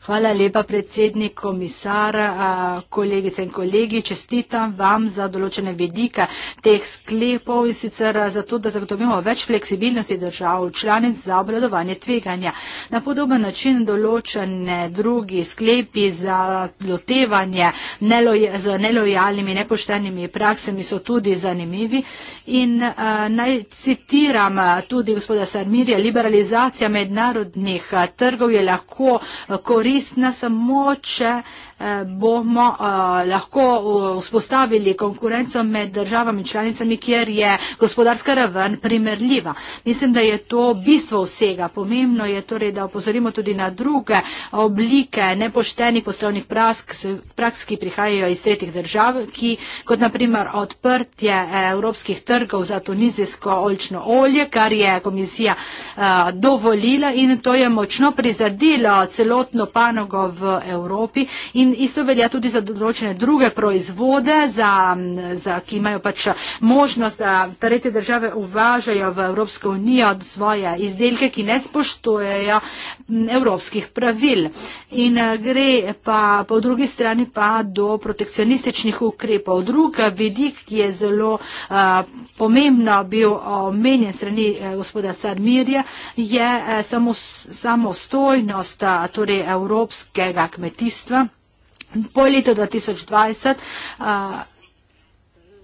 Hvala lepa, predsednik komisara, kolegice in kolegi. Čestitam vam za določene vedika teh sklepov in sicer za to, da zagotovimo več fleksibilnosti držav članic za obladovanje tveganja. Na podoben način določene drugi sklepi za lotevanje neloj, z nelojalnimi, nepoštenimi praksami so tudi zanimivi. In uh, naj citiram tudi gospoda Sarmirja, liberalizacija mednarodnih trgov je lahko lahko eh, koristna samo, če eh, bomo uh, lahko eh, vzpostavili konkurenco med državami članicami, kjer je gospodarska raven primerljiva. Mislim, da je to bistvo vsega. Pomembno je torej, da opozorimo tudi na druge oblike nepoštenih poslovnih praks, praks, ki prihajajo iz tretjih držav, ki kot naprimer odprtje eh, evropskih trgov za tunizijsko olčno olje, kar je komisija uh, dovolila in to je močno prizadelo celotno panogo v Evropi. In isto velja tudi za določene druge proizvode, za, za, ki imajo pač možnost, da tretje države uvažajo v Evropsko unijo svoje izdelke, ki ne spoštujejo evropskih pravil. In eh, gre pa po drugi strani pa do protekcionističnih ukrepov. Drug vidik, ki je zelo uh, pomembno bil omenjen strani eh, gospoda Sadmirja, je uh, samo, samostojnost uh, torej evropskega kmetijstva. Po letu 2020 a,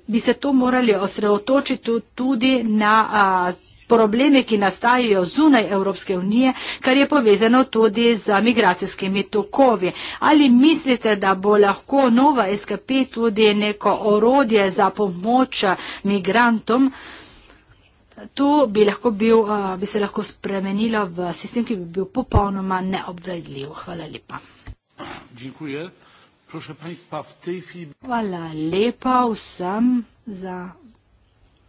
bi se to morali osredotočiti tudi na a, probleme, ki nastajajo zunaj Evropske unije, kar je povezano tudi z migracijskimi tokovi. Ali mislite, da bo lahko nova SKP tudi neko orodje za pomoč migrantom? To bi, lahko bil, a, bi se lahko spremenilo v sistem, ki bi bil popolnoma neobvredljiv. Hvala lepa. Dziękuję. Proszę Państwa, w tej chwili... Hvala lepa vsem za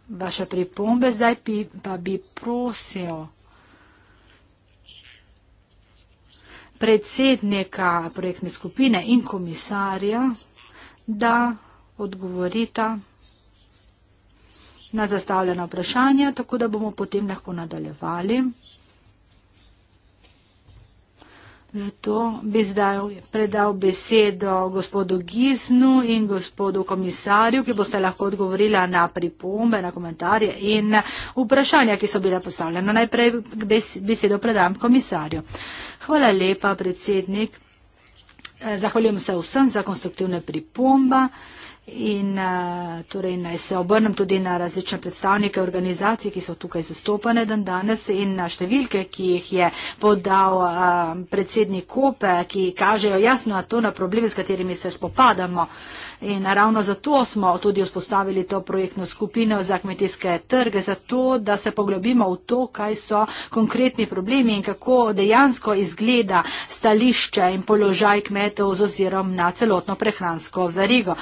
vaše pripombe. Zdaj pa bi prosil predsednika projektne skupine in komisarja, da odgovorita na zastavljena vprašanja, tako da bomo potem lahko nadaljevali. Zato bi zdaj predal besedo gospodu Giznu in gospodu komisarju, ki boste lahko odgovorila na pripombe, na komentarje in vprašanja, ki so bile postavljene. Najprej besedo predam komisarju. Hvala lepa, predsednik. Zahvaljujem se vsem za konstruktivne pripomba. In eh, torej naj se obrnem tudi na različne predstavnike organizacij, ki so tukaj zastopane dan danes in na številke, ki jih je podal eh, predsednik Kope, ki kažejo jasno to na probleme, s katerimi se spopadamo. In ravno zato smo tudi vzpostavili to projektno skupino za kmetijske trge, zato da se poglobimo v to, kaj so konkretni problemi in kako dejansko izgleda stališče in položaj kmetov z ozirom na celotno prehransko verigo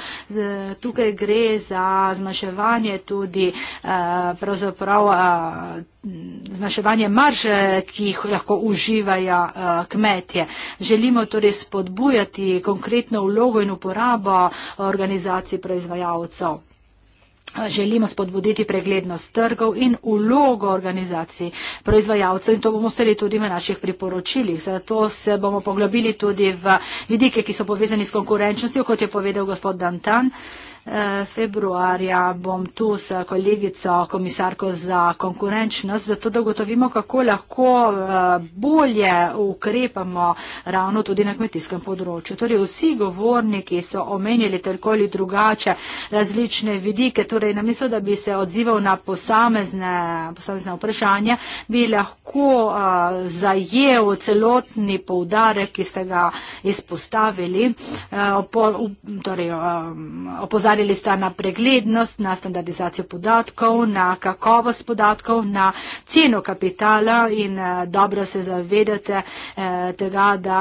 tukaj gre za zmaševanje tudi eh, pravzaprav eh, zmaševanje marž, eh, ki jih lahko uživajo kmetje. Želimo torej spodbujati konkretno vlogo in uporabo organizacij proizvajalcev. Želimo spodbuditi preglednost trgov in ulogo organizacij proizvajalcev in to bomo storili tudi v naših priporočilih. Zato se bomo poglobili tudi v vidike, ki so povezani s konkurenčnostjo, kot je povedal gospod Dantan. Uh, februarja bom tu s kolegico komisarko za konkurenčnost, zato da gotovimo, kako lahko eh, bolje ukrepamo ravno tudi na kmetijskem področju. Torej, vsi govorniki so omenjali tako ali drugače različne vidike, torej namesto, da bi se odzival na posamezne, posamezne vprašanje, bi lahko eh, zajel celotni poudarek, ki ste ga izpostavili. Eh, opo, torej, poudarili sta na preglednost, na standardizacijo podatkov, na kakovost podatkov, na ceno kapitala in eh, dobro se zavedate eh, tega, da.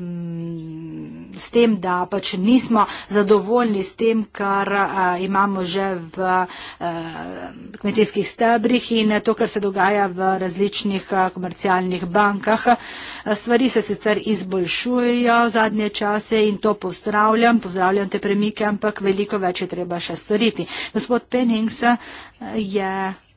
Mm, s tem, da pač nismo zadovoljni s tem, kar uh, imamo že v uh, kmetijskih stebrih in to, kar se dogaja v različnih uh, komercialnih bankah. Stvari se sicer izboljšujejo v zadnje čase in to pozdravljam, pozdravljam te premike, ampak veliko več je treba še storiti. Gospod Penings je. Uh,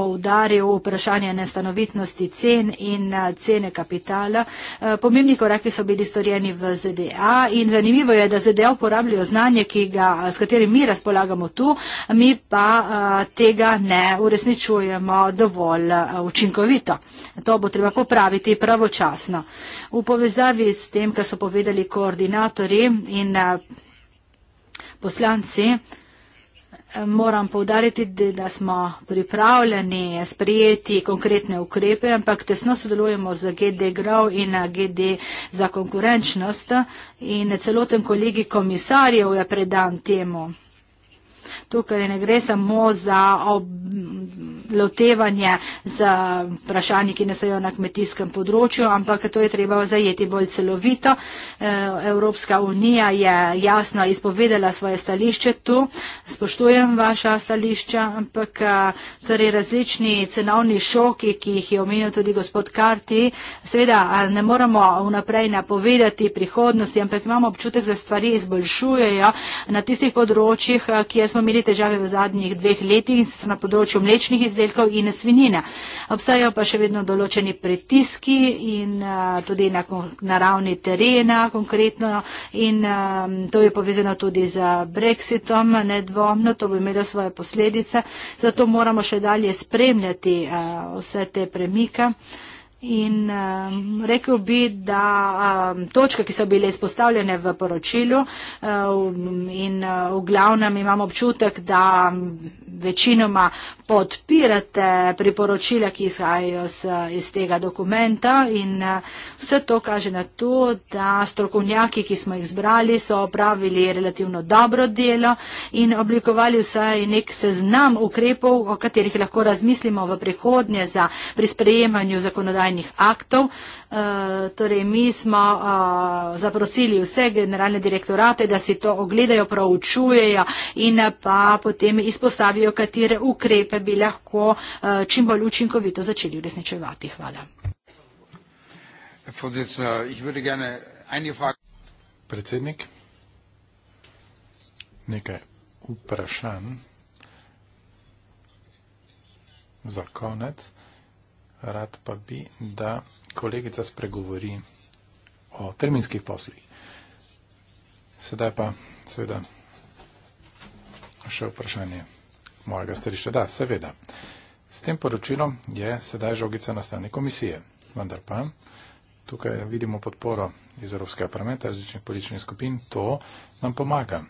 poudaril vprašanje nestanovitnosti cen in eh, cene kapitala. Eh, pomembni koraki so bili storjeni v ZDA in zanimivo je, da ZDA uporabljajo znanje, ga, s katerim mi razpolagamo tu, mi pa eh, tega ne uresničujemo dovolj učinkovito. To bo treba popraviti pravočasno. V povezavi s tem, kar so povedali koordinatorji in poslanci, Moram povdariti, da smo pripravljeni sprejeti konkretne ukrepe, ampak tesno sodelujemo z GD Grau in eh, GD za konkurenčnost in celoten kolegi komisarjev je predan temu tukaj ne gre samo za lotevanje z vprašanji, ki nasajo na kmetijskem področju, ampak to je treba zajeti bolj celovito. E, Evropska unija je jasno izpovedala svoje stališče tu, spoštujem vaša stališča, ampak e, torej različni cenovni šoki, ki jih je omenil tudi gospod Karti, seveda e, ne moramo vnaprej napovedati prihodnosti, ampak imamo občutek, da stvari izboljšujejo na tistih področjih, kjer smo imeli imeli težave v zadnjih dveh letih in sicer na področju mlečnih izdelkov in svinjina. Obstajajo pa še vedno določeni pritiski in uh, tudi na, na ravni terena konkretno in um, to je povezano tudi z Brexitom, nedvomno, to bo imelo svoje posledice, zato moramo še dalje spremljati uh, vse te premike. In um, rekel bi, da um, točke, ki so bile izpostavljene v poročilu um, in uh, v glavnem imam občutek, da večinoma podpirate priporočila, ki izhajajo z, iz tega dokumenta in uh, vse to kaže na to, da strokovnjaki, ki smo jih zbrali, so opravili relativno dobro delo in oblikovali vsaj nek seznam ukrepov, o katerih lahko razmislimo v prihodnje za pri sprejemanju zakonodajnih zakonodajnih aktov. Eh, torej, mi smo eh, zaprosili vse generalne direktorate, da si to ogledajo, proučujejo in eh, pa potem izpostavijo, katere ukrepe bi lahko čim bolj učinkovito začeli uresničevati. Hvala. Predsednik, nekaj vprašanj za konec rad pa bi, da kolegica spregovori o terminskih poslih. Sedaj pa seveda še vprašanje mojega starišča. Da, seveda. S tem poročilom je sedaj žogica na strani komisije. Vendar pa tukaj vidimo podporo iz Evropskega parlamenta, različnih političnih skupin. To nam pomaga.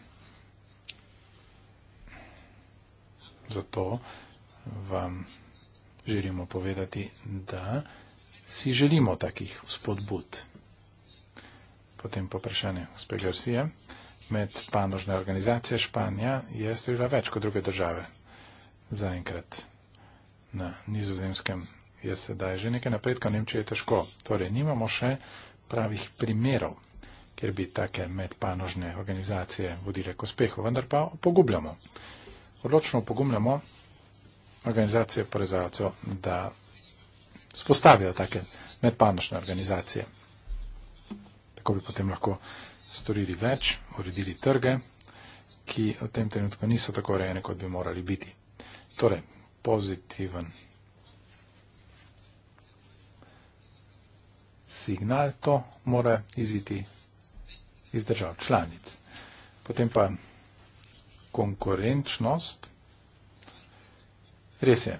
Zato vam želimo povedati, da si želimo takih spodbud. Potem po vprašanju gospe Garcije. Med panožne organizacije Španija je strila več kot druge države. Zaenkrat na nizozemskem je sedaj že nekaj napredka, v Nemčiji je težko. Torej, nimamo še pravih primerov, ker bi take medpanožne organizacije vodile k uspehu, vendar pa pogubljamo. Odločno pogubljamo, organizacije proizvajalcev, da spostavijo take medpanočne organizacije. Tako bi potem lahko storili več, uredili trge, ki v tem trenutku niso tako urejene, kot bi morali biti. Torej, pozitiven signal to mora iziti iz držav članic. Potem pa konkurenčnost. Res je,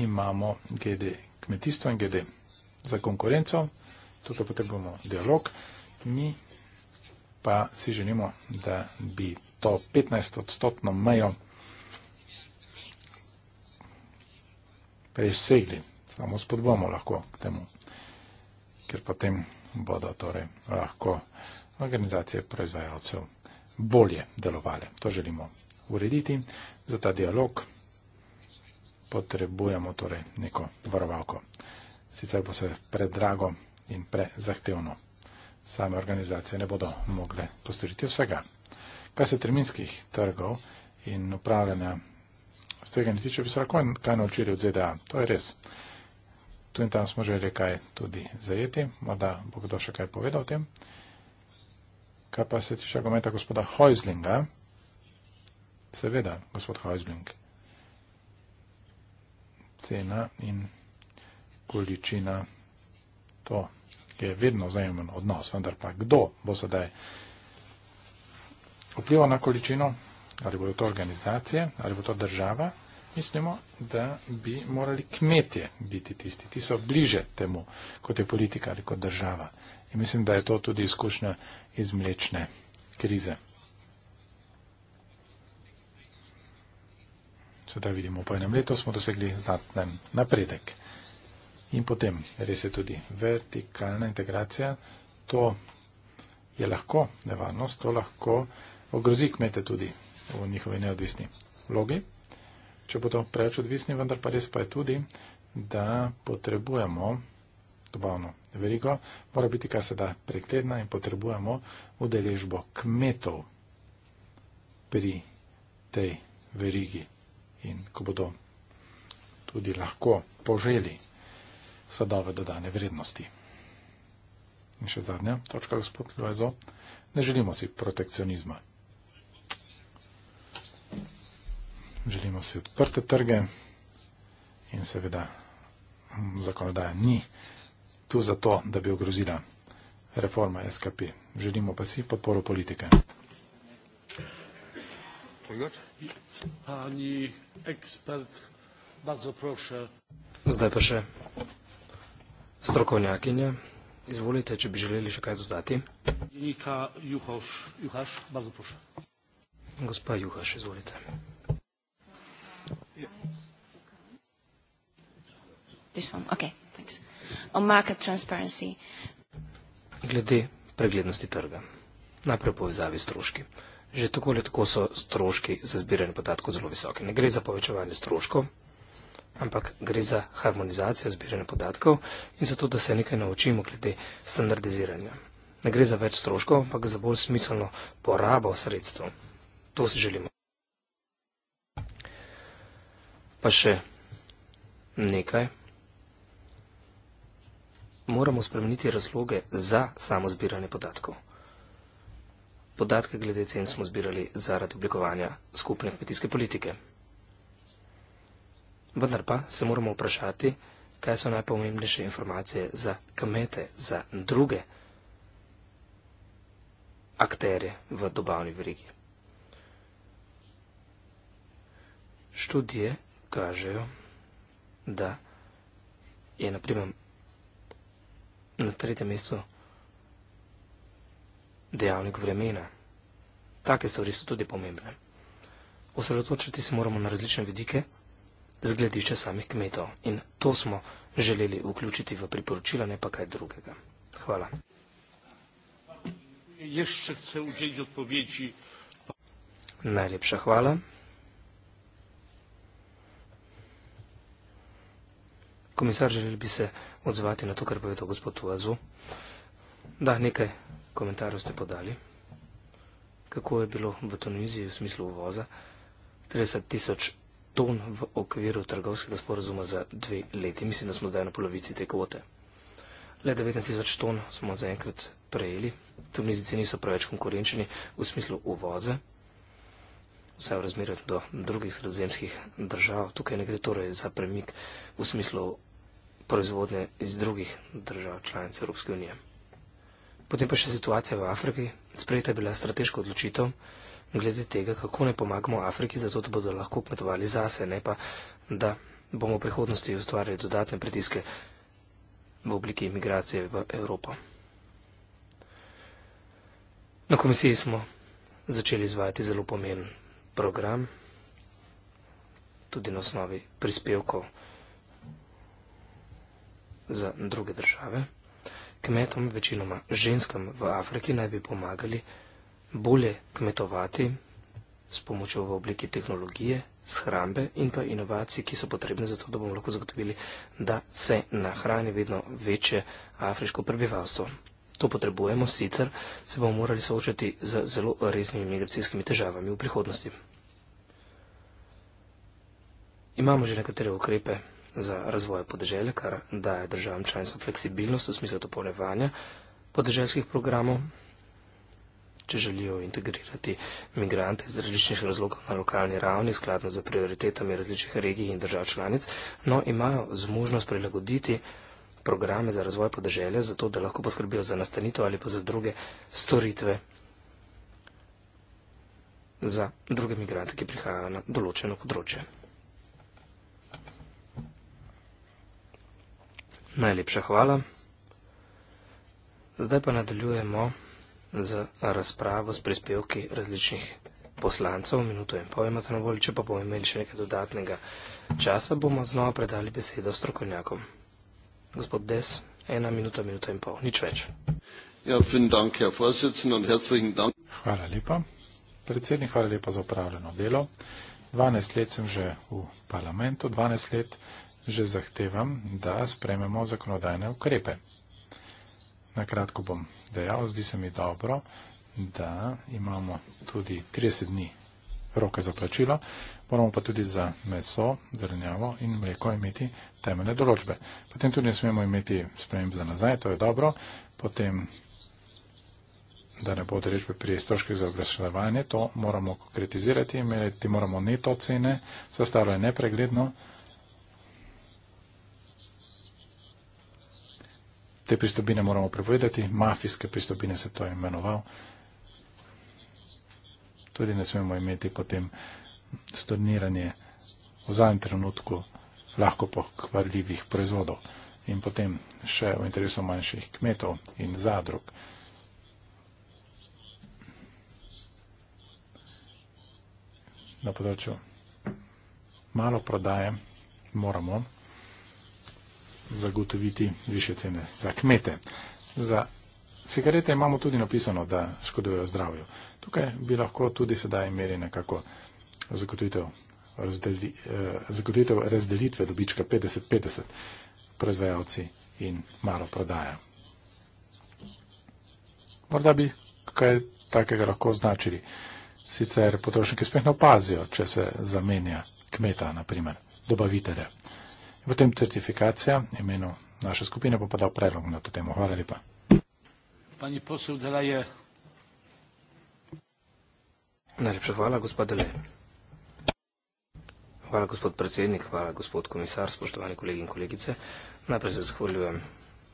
imamo glede kmetijstva in glede za konkurenco, zato potrebujemo dialog. Mi pa si želimo, da bi to 15 odstotno mejo presegli. Samo spodbujamo lahko k temu, ker potem bodo torej lahko organizacije proizvajalcev bolje delovale. To želimo urediti za ta dialog potrebujemo torej neko varovalko. Sicer bo se predrago in prezahtevno. Same organizacije ne bodo mogle postoriti vsega. Kaj se terminskih trgov in upravljanja z tega ne tiče, bi se lahko kaj naučili od ZDA. To je res. Tu in tam smo želeli kaj tudi zajeti, morda bo kdo še kaj povedal o tem. Kaj pa se tiče argumenta gospoda Hojzlinga? Seveda, gospod Hojzling cena in količina, to je vedno vzajemen odnos, vendar pa kdo bo sedaj vplival na količino, ali bodo to organizacije, ali bo to država, mislimo, da bi morali kmetje biti tisti, ti so bliže temu, kot je politika ali kot država. In mislim, da je to tudi izkušnja iz mlečne krize. sedaj vidimo, po enem letu smo dosegli znaten napredek. In potem res je tudi vertikalna integracija. To je lahko nevarnost, to lahko ogrozi kmete tudi v njihovi neodvisni vlogi, če bodo preveč odvisni, vendar pa res pa je tudi, da potrebujemo dobavno verigo, mora biti kar se da pregledna in potrebujemo udeležbo kmetov pri tej verigi in ko bodo tudi lahko poželi sadove dodane vrednosti. In še zadnja točka, gospod Ljuezo, ne želimo si protekcionizma. Želimo si odprte trge in seveda hm, zakonodaja ni tu zato, da bi ogrozila reforma SKP. Želimo pa si podporo politike. Pani ekspert, bardzo proszę. Zdaj pa še strokovnjakinje. Izvolite, če bi želeli še kaj dodati. Nika Juhoš, Juhaš, bardzo proszę. Gospa Juhaš, izvolite. This one, okay, thanks. On market transparency. Glede preglednosti trga. Najprej povezavi stroški. stroški. Že tako ali tako so stroški za zbiranje podatkov zelo visoki. Ne gre za povečevanje stroškov, ampak gre za harmonizacijo zbiranja podatkov in zato, da se nekaj naučimo glede standardiziranja. Ne gre za več stroškov, ampak za bolj smiselno porabo sredstev. To si želimo. Pa še nekaj. Moramo spremeniti razloge za samo zbiranje podatkov. Podatke glede cen smo zbirali zaradi oblikovanja skupne kmetijske politike. Vendar pa se moramo vprašati, kaj so najpomembnejše informacije za kmete, za druge akterje v dobavni verigi. Študije kažejo, da je na primer na tretjem mestu dejavnik vremena. Take stvari so tudi pomembne. Osredotočiti se moramo na različne vidike z gledišča samih kmetov in to smo želeli vključiti v priporočila, ne pa kaj drugega. Hvala. Najlepša hvala. Komisar želeli bi se odzvati na to, kar povedal gospod Tuazu. Da, nekaj komentarju ste podali, kako je bilo v Tuniziji v smislu uvoza 30 tisoč ton v okviru trgovskega sporozuma za dve leti. Mislim, da smo zdaj na polovici te kvote. Le 19 tisoč ton smo zaenkrat prejeli. Tunizici niso preveč konkurenčni v smislu uvoza. Vse v razmerju do drugih sredozemskih držav. Tukaj ne gre torej za premik v smislu proizvodnje iz drugih držav članic Evropske unije. Potem pa še situacija v Afriki. Sprejeta je bila strateška odločitev glede tega, kako ne pomagamo Afriki, zato da bodo lahko kmetovali zase, ne pa da bomo v prihodnosti ustvarjali dodatne pritiske v obliki imigracije v Evropo. Na komisiji smo začeli izvajati zelo pomemben program, tudi na osnovi prispevkov za druge države kmetom, večinoma ženskam v Afriki, naj bi pomagali bolje kmetovati s pomočjo v obliki tehnologije, shrambe in pa inovacij, ki so potrebne za to, da bomo lahko zagotovili, da se nahrani vedno večje afriško prebivalstvo. To potrebujemo, sicer se bomo morali soočati z zelo resnimi migracijskimi težavami v prihodnosti. Imamo že nekatere ukrepe, za razvoj podeželja, kar daje državam članicam fleksibilnost v smislu dopolnevanja podeželskih programov, če želijo integrirati migrante iz različnih razlogov na lokalni ravni, skladno z prioritetami različnih regij in držav članic, no imajo zmožnost prilagoditi programe za razvoj podeželja, zato da lahko poskrbijo za nastanitev ali pa za druge storitve za druge migrante, ki prihajajo na določeno področje. Najlepša hvala. Zdaj pa nadaljujemo z razpravo s prispevki različnih poslancev. Minuto in pol imate na voljo, če pa bomo imeli še nekaj dodatnega časa, bomo znova predali besedo strokovnjakom. Gospod Des, ena minuta, minuta in pol, nič več. Ja, dank, hvala lepa. Predsednik, hvala lepa za upravljeno delo. 12 let sem že v parlamentu, 12 let že zahtevam, da sprememo zakonodajne ukrepe. Na kratko bom dejal, zdi se mi dobro, da imamo tudi 30 dni roke za plačilo, moramo pa tudi za meso, zelenjavo in mleko imeti temeljne določbe. Potem tudi ne smemo imeti sprememb za nazaj, to je dobro. Potem, da ne bo odrežbe pri stroških za obrešljevanje, to moramo kritizirati, imeti moramo neto cene, sestavljajo nepregledno. Te pristopine moramo prepovedati, mafijske pristopine se to je imenoval. Tudi ne smemo imeti potem storniranje v zadnjem trenutku lahko pokvarljivih proizvodov in potem še v interesu manjših kmetov in zadrug. Na področju malo prodaje moramo zagotoviti više cene za kmete. Za cigarete imamo tudi napisano, da škodujejo zdravju. Tukaj bi lahko tudi sedaj imeli nekako zagotovitev, razdeli, eh, zagotovitev razdelitve dobička 50-50 proizvajalci in malo prodaja. Morda bi kaj takega lahko označili. Sicer potrošniki spet ne opazijo, če se zamenja kmeta, naprimer, dobavitele. In potem certifikacija imenu naše skupine bo podal predlog na to temo. Hvala lepa. Pani posel Delaje. Najlepša hvala, gospod Delaje. Hvala, gospod predsednik, hvala, gospod komisar, spoštovani kolegi in kolegice. Najprej se zahvaljujem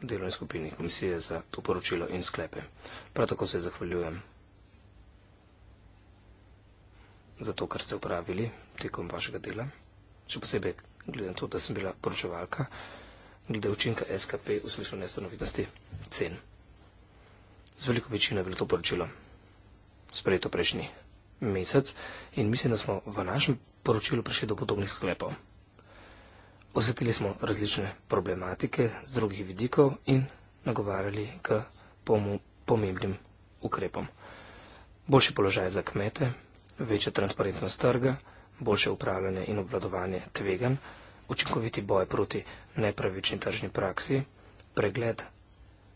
delovni skupini komisije za to poročilo in sklepe. Prav tako se zahvaljujem za to, kar ste upravili tekom vašega dela, še posebej glede na to, da sem bila poročevalka, glede učinka SKP v smislu nestanovitnosti cen. Z veliko večino je bilo to poročilo sprejeto prejšnji mesec in mislim, da smo v našem poročilu prišli do podobnih sklepov. Osvetili smo različne problematike z drugih vidikov in nagovarjali k pomembnim ukrepom. Boljši položaj za kmete, večja transparentnost trga, boljše upravljanje in obvladovanje tvegan, učinkoviti boj proti nepravični tržni praksi, pregled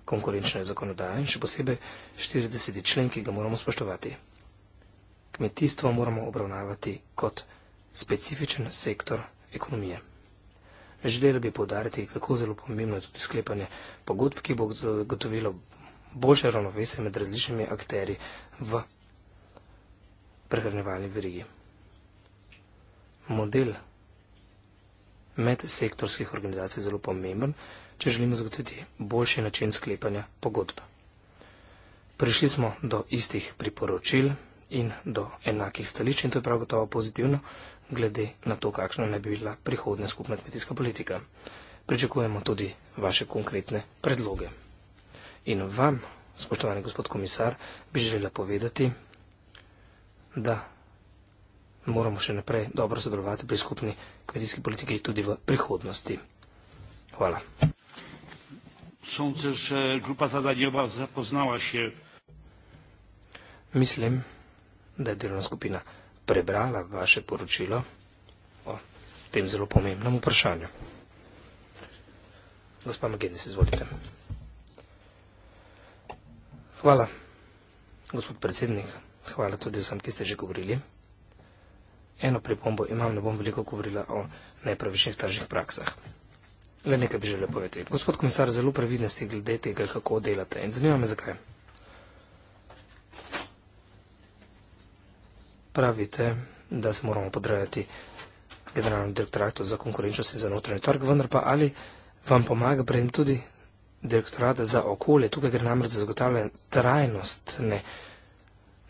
konkurenčne zakonodaje in še posebej 40. člen, ki ga moramo spoštovati. Kmetijstvo moramo obravnavati kot specifičen sektor ekonomije. Želeli bi povdariti, kako zelo pomembno je tudi sklepanje pogodb, ki bo zagotovilo boljše ravnovesje med različnimi akteri v prehranjevalni verigi model medsektorskih organizacij zelo pomemben, če želimo zagotoviti boljši način sklepanja pogodb. Prišli smo do istih priporočil in do enakih stališč in to je prav gotovo pozitivno, glede na to, kakšna naj bi bila prihodna skupna kmetijska politika. Pričakujemo tudi vaše konkretne predloge. In vam, spoštovani gospod komisar, bi želela povedati, da moramo še naprej dobro sodelovati pri skupni kmetijski politiki tudi v prihodnosti. Hvala. Sonce, že grupa zadanjeva zapoznala še. Mislim, da je delovna skupina prebrala vaše poročilo o tem zelo pomembnem vprašanju. Gospa Magedis, izvolite. Hvala, gospod predsednik. Hvala tudi vsem, ki ste že govorili eno pripombo imam, ne bom veliko govorila o nepravičnih tržnih praksah. Le nekaj bi želel povedati. Gospod komisar, zelo previdni ste glede tega, kako delate in zanima me zakaj. Pravite, da se moramo podrejati generalnemu direktoratu za konkurenčnost in za notranji trg, vendar pa ali vam pomaga predtem tudi direktorat za okolje, tukaj gre namreč za zagotavljanje trajnostne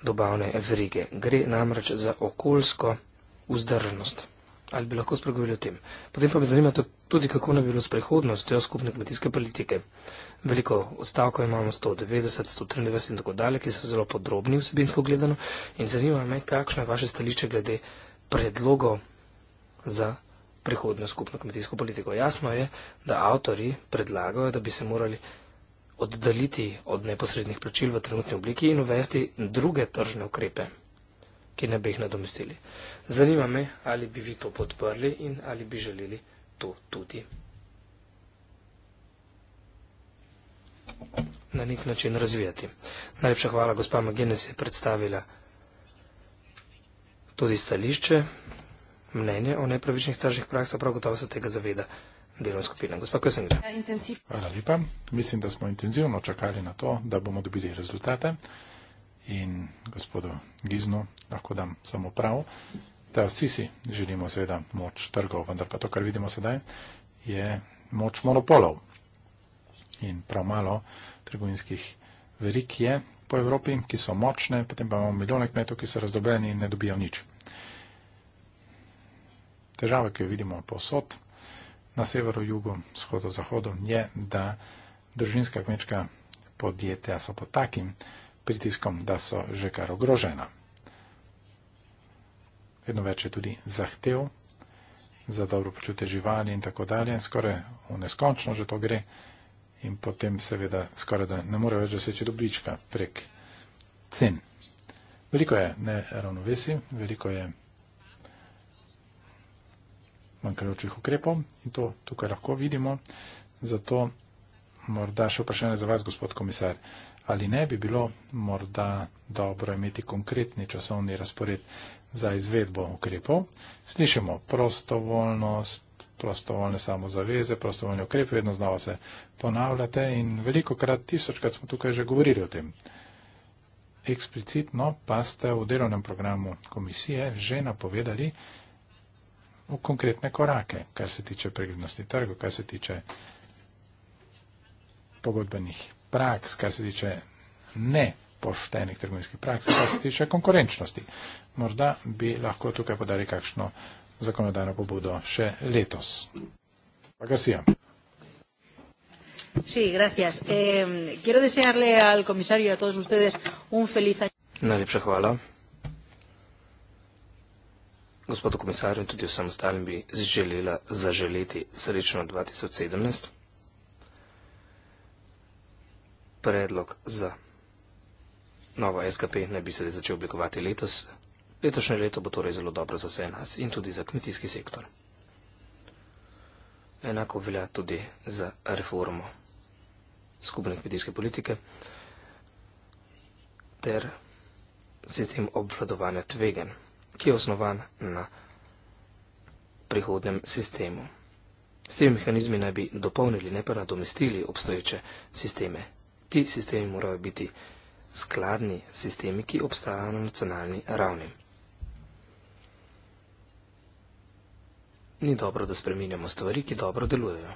dobavne verige. Gre namreč za okoljsko vzdržnost. Ali bi lahko spregovorili o tem? Potem pa me zanima tudi, kako ne bi bilo s prihodnostjo skupne kmetijske politike. Veliko odstavkov imamo 190, 193 in tako dalje, ki so zelo podrobni vsebinsko gledano. In zanima me, kakšno je vaše stališče glede predlogo za prihodnjo skupno kmetijsko politiko. Jasno je, da avtori predlagajo, da bi se morali oddaliti od neposrednih plačil v trenutni obliki in uvesti druge tržne ukrepe ki ne bi jih nadomestili. Zanima me, ali bi vi to podprli in ali bi želeli to tudi. Na nek način razvijati. Najlepša hvala, gospa Magines je predstavila tudi stališče, mnenje o nepravičnih tržnih praksah, prav gotovo se tega zaveda delovna skupina. Gospa Kosengra. Ja, hvala lepa. Mislim, da smo intenzivno čakali na to, da bomo dobili rezultate in gospodu Gizno lahko dam samo prav, da vsi si želimo seveda moč trgov, vendar pa to, kar vidimo sedaj, je moč monopolov. In prav malo trgovinskih verik je po Evropi, ki so močne, potem pa imamo milijone kmetov, ki so razdobljeni in ne dobijo nič. Težava, ki jo vidimo povsod, na severu, jugu, vzhodu, zahodu, je, da družinska kmečka podjetja so pod takim, pritiskom, da so že kar ogrožena. Vedno več je tudi zahtev za dobro počutje živali in tako dalje, skoraj v neskončno že to gre in potem seveda skoraj da ne more več doseči dobička prek cen. Veliko je neravnovesi, veliko je manjkajočih ukrepov in to tukaj lahko vidimo. Zato morda še vprašanje za vas, gospod komisar ali ne bi bilo morda dobro imeti konkretni časovni razpored za izvedbo ukrepov. Slišimo prostovoljnost prostovoljne samozaveze, prostovoljne ukrepe, vedno znova se ponavljate in veliko krat, tisočkrat smo tukaj že govorili o tem. Eksplicitno pa ste v delovnem programu komisije že napovedali v konkretne korake, kar se tiče preglednosti trgov, kar se tiče pogodbenih praks, kar se tiče nepoštenih trgovinskih praks, kar se tiče konkurenčnosti. Morda bi lahko tukaj podali kakšno zakonodajno pobudo še letos. Pa ga sijam. Sí, gracias. Eh, quiero desearle al comisario y a todos ustedes un feliz año. Najlepša hvala. Gospodu komisarju in tudi vsem ostalim bi želela zaželeti srečno 2017 predlog za novo SKP naj bi se začel oblikovati letos. Letošnje leto bo torej zelo dobro za vse nas in tudi za kmetijski sektor. Enako velja tudi za reformo skupne kmetijske politike ter sistem obvladovanja tvegen, ki je osnovan na prihodnem sistemu. S temi mehanizmi naj bi dopolnili, ne pa nadomestili obstoječe sisteme ti sistemi morajo biti skladni s sistemi, ki obstajajo na nacionalni ravni. Ni dobro, da spreminjamo stvari, ki dobro delujejo.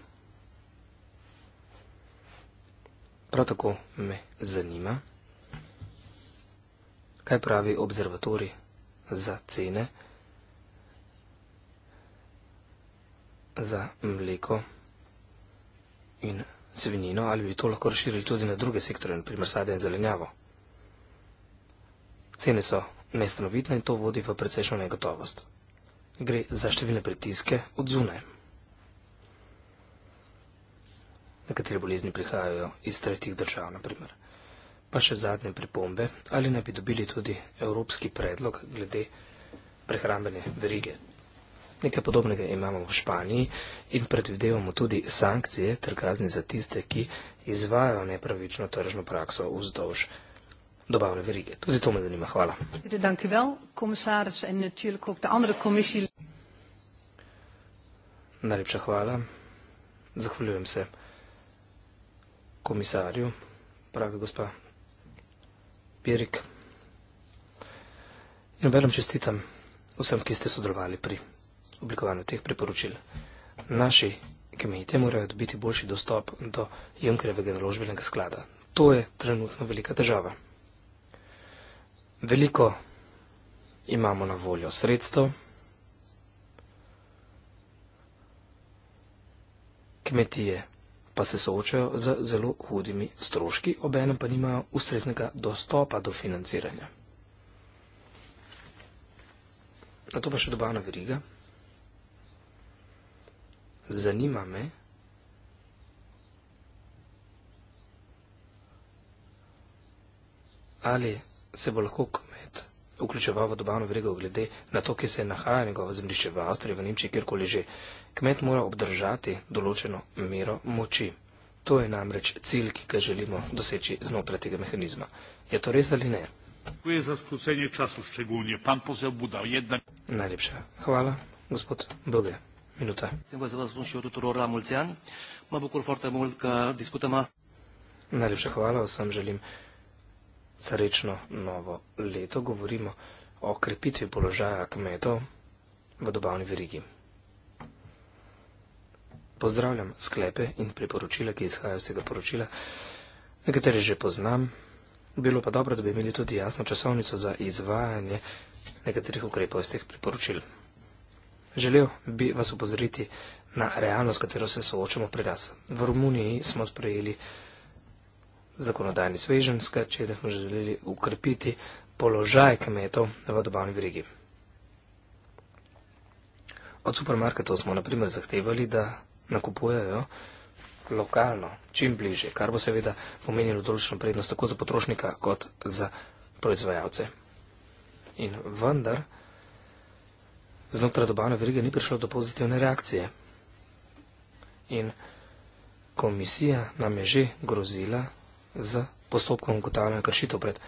Prav tako me zanima, kaj pravi observatori za cene za mleko in mleko svinino ali bi to lahko razširili tudi na druge sektore, naprimer sadje in zelenjavo. Cene so nestanovitne in to vodi v precejšno negotovost. Gre za številne pritiske od zunaj. Nekatere bolezni prihajajo iz tretjih držav, naprimer. Pa še zadnje pripombe, ali naj bi dobili tudi evropski predlog glede prehrambene verige, Nekaj podobnega imamo v Španiji in predvidevamo tudi sankcije ter kazni za tiste, ki izvajo nepravično tržno prakso vzdolž dobavne verige. Tudi to me zanima. Hvala. Najlepša hvala. Zahvaljujem se komisarju, pravi gospa Pirik. In velim čestitam vsem, ki ste sodelovali pri oblikovanju teh priporočil. Naši kmetje morajo dobiti boljši dostop do Junkerjevega naložbenega sklada. To je trenutno velika težava. Veliko imamo na voljo sredstev, kmetije pa se soočajo z zelo hudimi stroški, obenem pa nimajo ustreznega dostopa do financiranja. Na to pa še dobana veriga, Zanima me, ali se bo lahko komet vključeval v dobavno vrego glede na to, ki se nahaja njegovo zemljišče v Avstriji, v Nemčiji, kjerkoli že. Kmet mora obdržati določeno mero moči. To je namreč cilj, ki ga želimo doseči znotraj tega mehanizma. Je to res ali ne? Najlepša hvala, gospod Bogaj minute. Dziękuję za și eu tuturor la mulți ani. Mă bucur foarte mult că discutăm asta. Najlepša hvala vsem želim srečno novo leto. Govorimo o krepitvi položaja kmetov v dobavni verigi. Pozdravljam sklepe in priporočila, ki izhajajo iz tega poročila. Nekatere že poznam. Bilo pa dobro, da bi imeli tudi jasno časovnico za izvajanje nekaterih ukrepov iz teh priporočil. Želel bi vas upozoriti na realnost, katero se soočamo pri nas. V Romuniji smo sprejeli zakonodajni svežen, s katerim smo želeli ukrepiti položaj kmetov v dobavni verigi. Od supermarketov smo naprimer zahtevali, da nakupujejo lokalno, čim bliže, kar bo seveda pomenilo določeno prednost tako za potrošnika kot za proizvajalce. In vendar, znotraj dobavne verige ni prišlo do pozitivne reakcije. In komisija nam je že grozila z postopkom ugotavljanja kršitev pred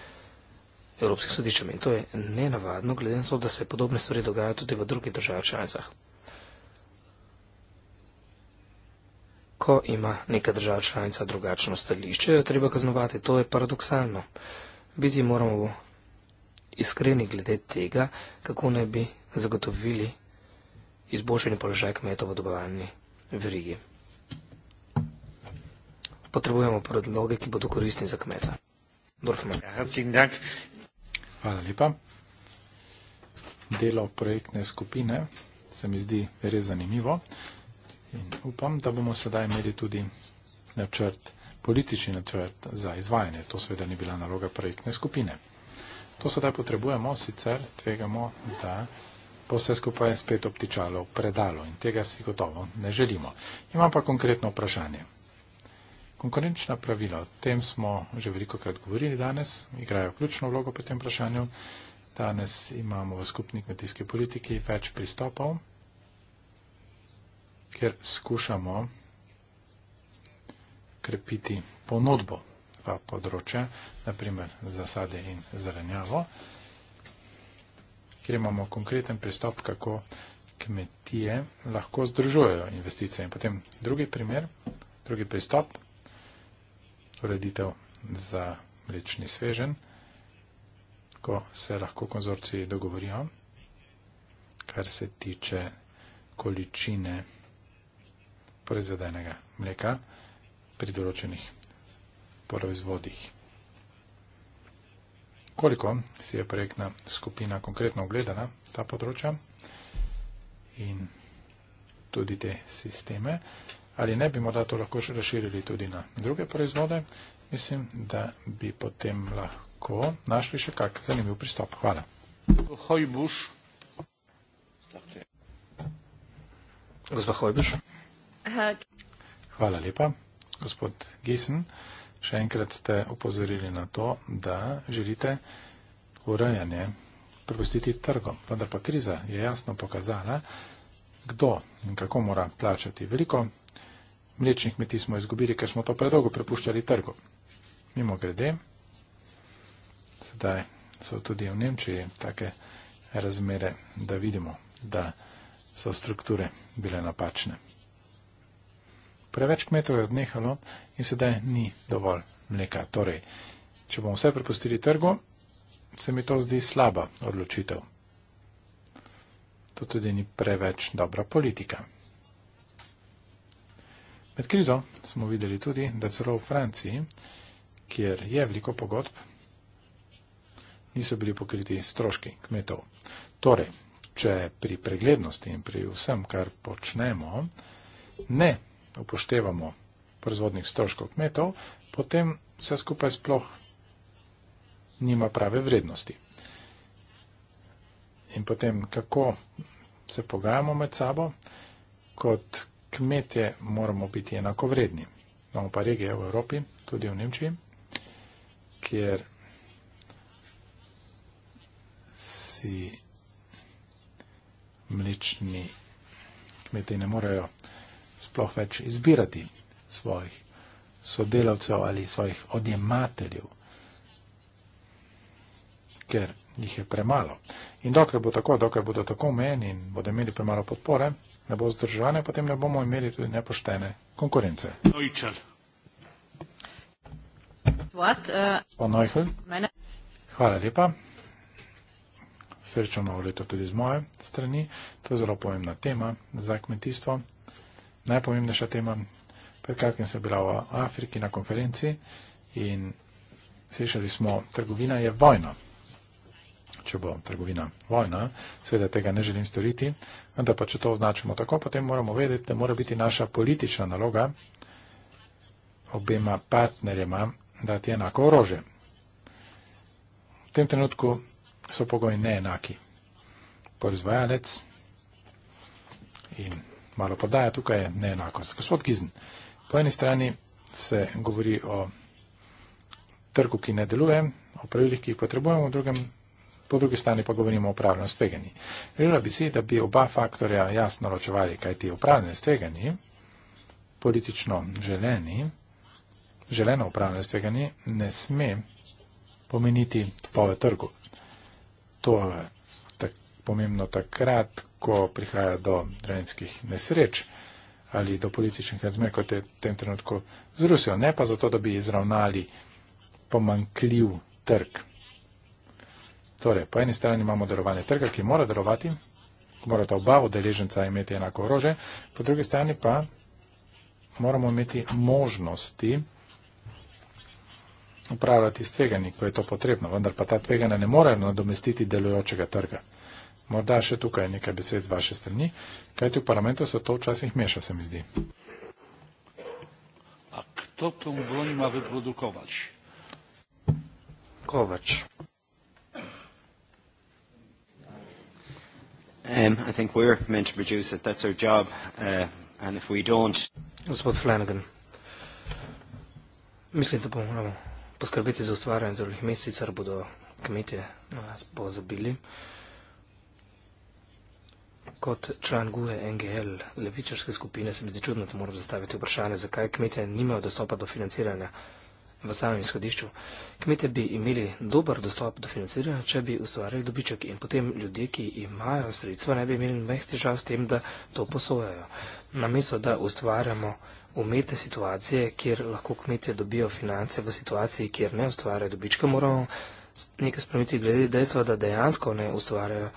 Evropskim sodiščem. In to je nenavadno, glede na to, da se podobne stvari dogajajo tudi v drugih državah članicah. Ko ima neka država članica drugačno stališče, jo treba kaznovati. To je paradoksalno. Biti moramo iskreni glede tega, kako naj bi zagotovili izboljšanje položaja kmetov v dobavljeni vrigi. Potrebujemo predloge, ki bodo koristni za kmeta. Ja, Hvala lepa. Delo projektne skupine se mi zdi res zanimivo in upam, da bomo sedaj imeli tudi načrt, politični načrt za izvajanje. To seveda ni bila naloga projektne skupine. To sedaj potrebujemo, sicer tvegamo, da pa vse skupaj spet obtičalo v predalo in tega si gotovo ne želimo. Imam pa konkretno vprašanje. Konkurenčna pravila, o tem smo že veliko krat govorili danes, igrajo ključno vlogo pri tem vprašanju. Danes imamo v skupni kmetijski politiki več pristopov, ker skušamo krepiti ponudbo v področje, naprimer za sade in zelenjavo kjer imamo konkreten pristop, kako kmetije lahko združujejo investicije. In potem drugi primer, drugi pristop, ureditev za mlečni svežen, ko se lahko konzorci dogovorijo, kar se tiče količine proizvedenega mleka pri določenih proizvodih koliko si je projektna skupina konkretno ogledala ta področja in tudi te sisteme. Ali ne bi morda to lahko razširili tudi na druge proizvode? Mislim, da bi potem lahko našli še kak zanimiv pristop. Hvala. Gospod Hojbuš. Hvala lepa. Gospod Gisen. Še enkrat ste opozorili na to, da želite urejanje prepustiti trgom. Vendar pa kriza je jasno pokazala, kdo in kako mora plačati. Veliko mlečnih kmetij smo izgubili, ker smo to predolgo prepuščali trgu. Mimo grede, sedaj so tudi v Nemčiji take razmere, da vidimo, da so strukture bile napačne. Preveč kmetov je odnehalo in sedaj ni dovolj mleka. Torej, če bomo vse prepustili trgu, se mi to zdi slaba odločitev. To tudi ni preveč dobra politika. Med krizo smo videli tudi, da celo v Franciji, kjer je veliko pogodb, niso bili pokriti stroški kmetov. Torej, če pri preglednosti in pri vsem, kar počnemo, ne upoštevamo proizvodnih stroškov kmetov, potem vse skupaj sploh nima prave vrednosti. In potem, kako se pogajamo med sabo, kot kmetje moramo biti enakovredni. Imamo pa regije v Evropi, tudi v Nemčiji, kjer si mlični kmetje ne morejo sploh več izbirati svojih sodelavcev ali svojih odjemateljev, ker jih je premalo. In dokler bo tako, dokler bodo tako meni in bodo imeli premalo podpore, ne bo zdržane, potem ne bomo imeli tudi nepoštene konkurence. Uh, Neuchel. Ponojhl. Hvala lepa. Srečno novo leto tudi z moje strani. To je zelo pomembna tema za kmetijstvo najpomembnejša tema. Pred kratkim sem bila v Afriki na konferenci in slišali smo, trgovina je vojna. Če bo trgovina vojna, seveda tega ne želim storiti, vendar pa če to označimo tako, potem moramo vedeti, da mora biti naša politična naloga obema partnerjema dati enako orože. V tem trenutku so pogoji neenaki. Porizvajalec in malo podaja, tukaj je neenakost. Gospod Gizn, po eni strani se govori o trgu, ki ne deluje, o pravilih, ki jih potrebujemo, drugem, po drugi strani pa govorimo o upravljanju stveganji. Želela bi si, da bi oba faktorja jasno ločevali, kaj ti upravljanje stveganji, politično želeni, želeno upravljanje stveganji, ne sme pomeniti pove trgu. To, pomembno takrat, ko prihaja do dranskih nesreč ali do političnih razmer, kot je v tem trenutku z Rusijo, ne pa zato, da bi izravnali pomankljiv trg. Torej, po eni strani imamo delovanje trga, ki mora delovati, morata oba udeleženca imeti enako orože, po drugi strani pa moramo imeti možnosti upravljati s tveganji, ko je to potrebno, vendar pa ta tvegana ne morejo nadomestiti delujočega trga. Morda še tukaj nekaj besed z vaše strani, kajti v parlamentu se to včasih meša, se mi zdi. A kdo to broj ima vyprodukovač? Kovač. Um, I think we're meant to produce it. That's our job. Uh, and if we don't... Gospod Flanagan, mislim, da bomo poskrbeti za ustvarjanje drugih mest, sicer bodo kmetje nas pozabili. Uh, kot član GUE NGL levičarske skupine se mi zdi čudno, da moram zastaviti vprašanje, zakaj kmete nimajo dostopa do financiranja v samem izhodišču. Kmete bi imeli dober dostop do financiranja, če bi ustvarjali dobiček in potem ljudje, ki imajo sredstva, ne bi imeli meh težav s tem, da to posojajo. Namesto, da ustvarjamo umete situacije, kjer lahko kmete dobijo finance v situaciji, kjer ne ustvarjajo dobička, moramo nekaj spremeniti glede dejstva, da dejansko ne ustvarjajo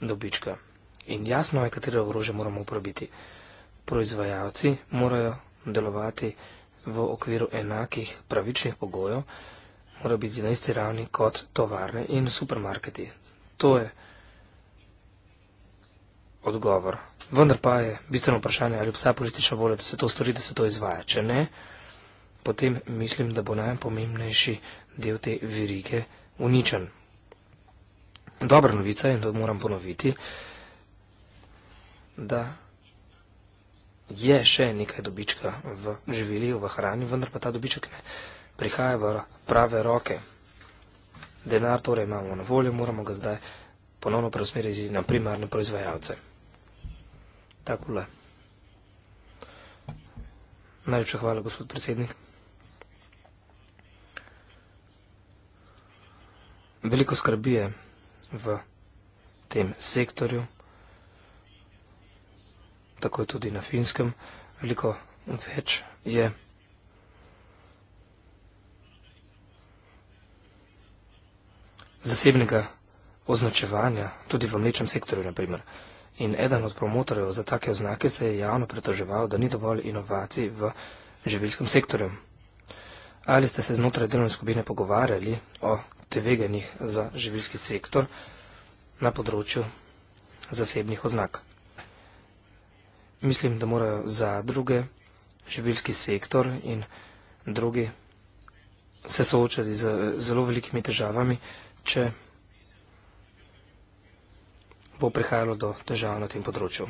dobička in jasno je, katero orožje moramo uporabiti. Proizvajalci morajo delovati v okviru enakih pravičnih pogojev, morajo biti na isti ravni kot tovarne in supermarketi. To je odgovor. Vendar pa je bistveno vprašanje, ali obstaja politična volja, da se to stori, da se to izvaja. Če ne, potem mislim, da bo najpomembnejši del te verige uničen. Dobra novica, in to moram ponoviti, da je še nekaj dobička v živili, v hrani, vendar pa ta dobiček ne prihaja v prave roke. Denar torej imamo na voljo, moramo ga zdaj ponovno preusmeriti na primarne proizvajalce. Tako le. Najlepša hvala, gospod predsednik. Veliko skrbi je v tem sektorju tako je tudi na finskem, veliko več je. zasebnega označevanja, tudi v mlečnem sektorju, naprimer. In eden od promotorjev za take oznake se je javno pretoževal, da ni dovolj inovacij v živilskem sektorju. Ali ste se znotraj delovne skupine pogovarjali o teveganjih za živilski sektor na področju zasebnih oznak? Mislim, da morajo za druge živilski sektor in drugi se soočati z zelo velikimi težavami, če bo prihajalo do težav na tem področju.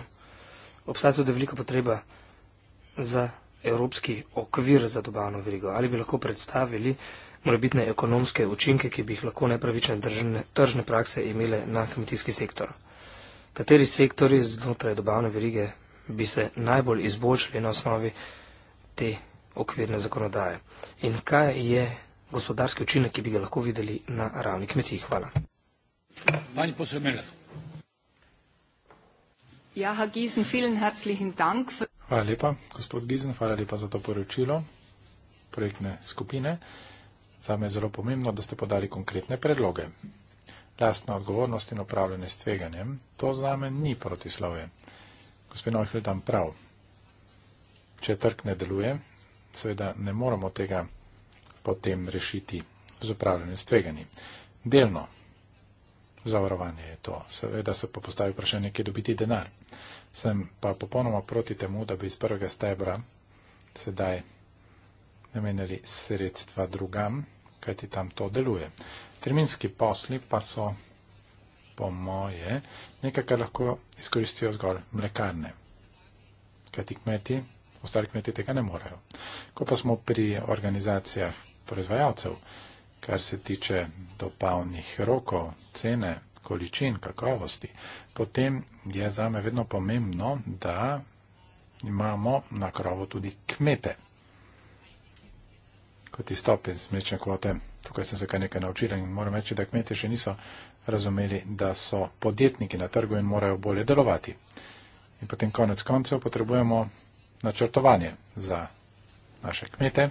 Obstaja tudi velika potreba za evropski okvir za dobavno verigo. Ali bi lahko predstavili morebitne ekonomske učinke, ki bi jih lahko nepravične držne, tržne prakse imele na kmetijski sektor? Kateri sektori znotraj dobavne verige bi se najbolj izboljšali na osnovi te okvirne zakonodaje. In kaj je gospodarski učinek, ki bi ga lahko videli na ravni kmetij? Hvala. Manj Ja, Gizen, vielen herzlichen Dank. Hvala lepa, gospod Gizen, hvala lepa za to poročilo projektne skupine. Za me je zelo pomembno, da ste podali konkretne predloge. Lastna odgovornost in upravljanje s tveganjem, to za me ni protislovje gospod Neufeld tam prav. Če trg ne deluje, seveda ne moramo tega potem rešiti z upravljanjem stvegani. Delno zavarovanje je to. Seveda se pa postavi vprašanje, kje dobiti denar. Sem pa popolnoma proti temu, da bi iz prvega stebra sedaj namenjali sredstva drugam, kajti tam to deluje. Terminski posli pa so, po moje, nekaj, kar lahko izkoristijo zgolj mlekarne. Kajti kmeti, ostali kmeti tega ne morejo. Ko pa smo pri organizacijah proizvajalcev, kar se tiče dopavnih rokov, cene, količin, kakovosti, potem je zame vedno pomembno, da imamo na krovo tudi kmete. Kot izstop iz mlečne kvote, tukaj sem se kar nekaj naučila in moram reči, da kmete še niso razumeli, da so podjetniki na trgu in morajo bolje delovati. In potem konec koncev potrebujemo načrtovanje za naše kmete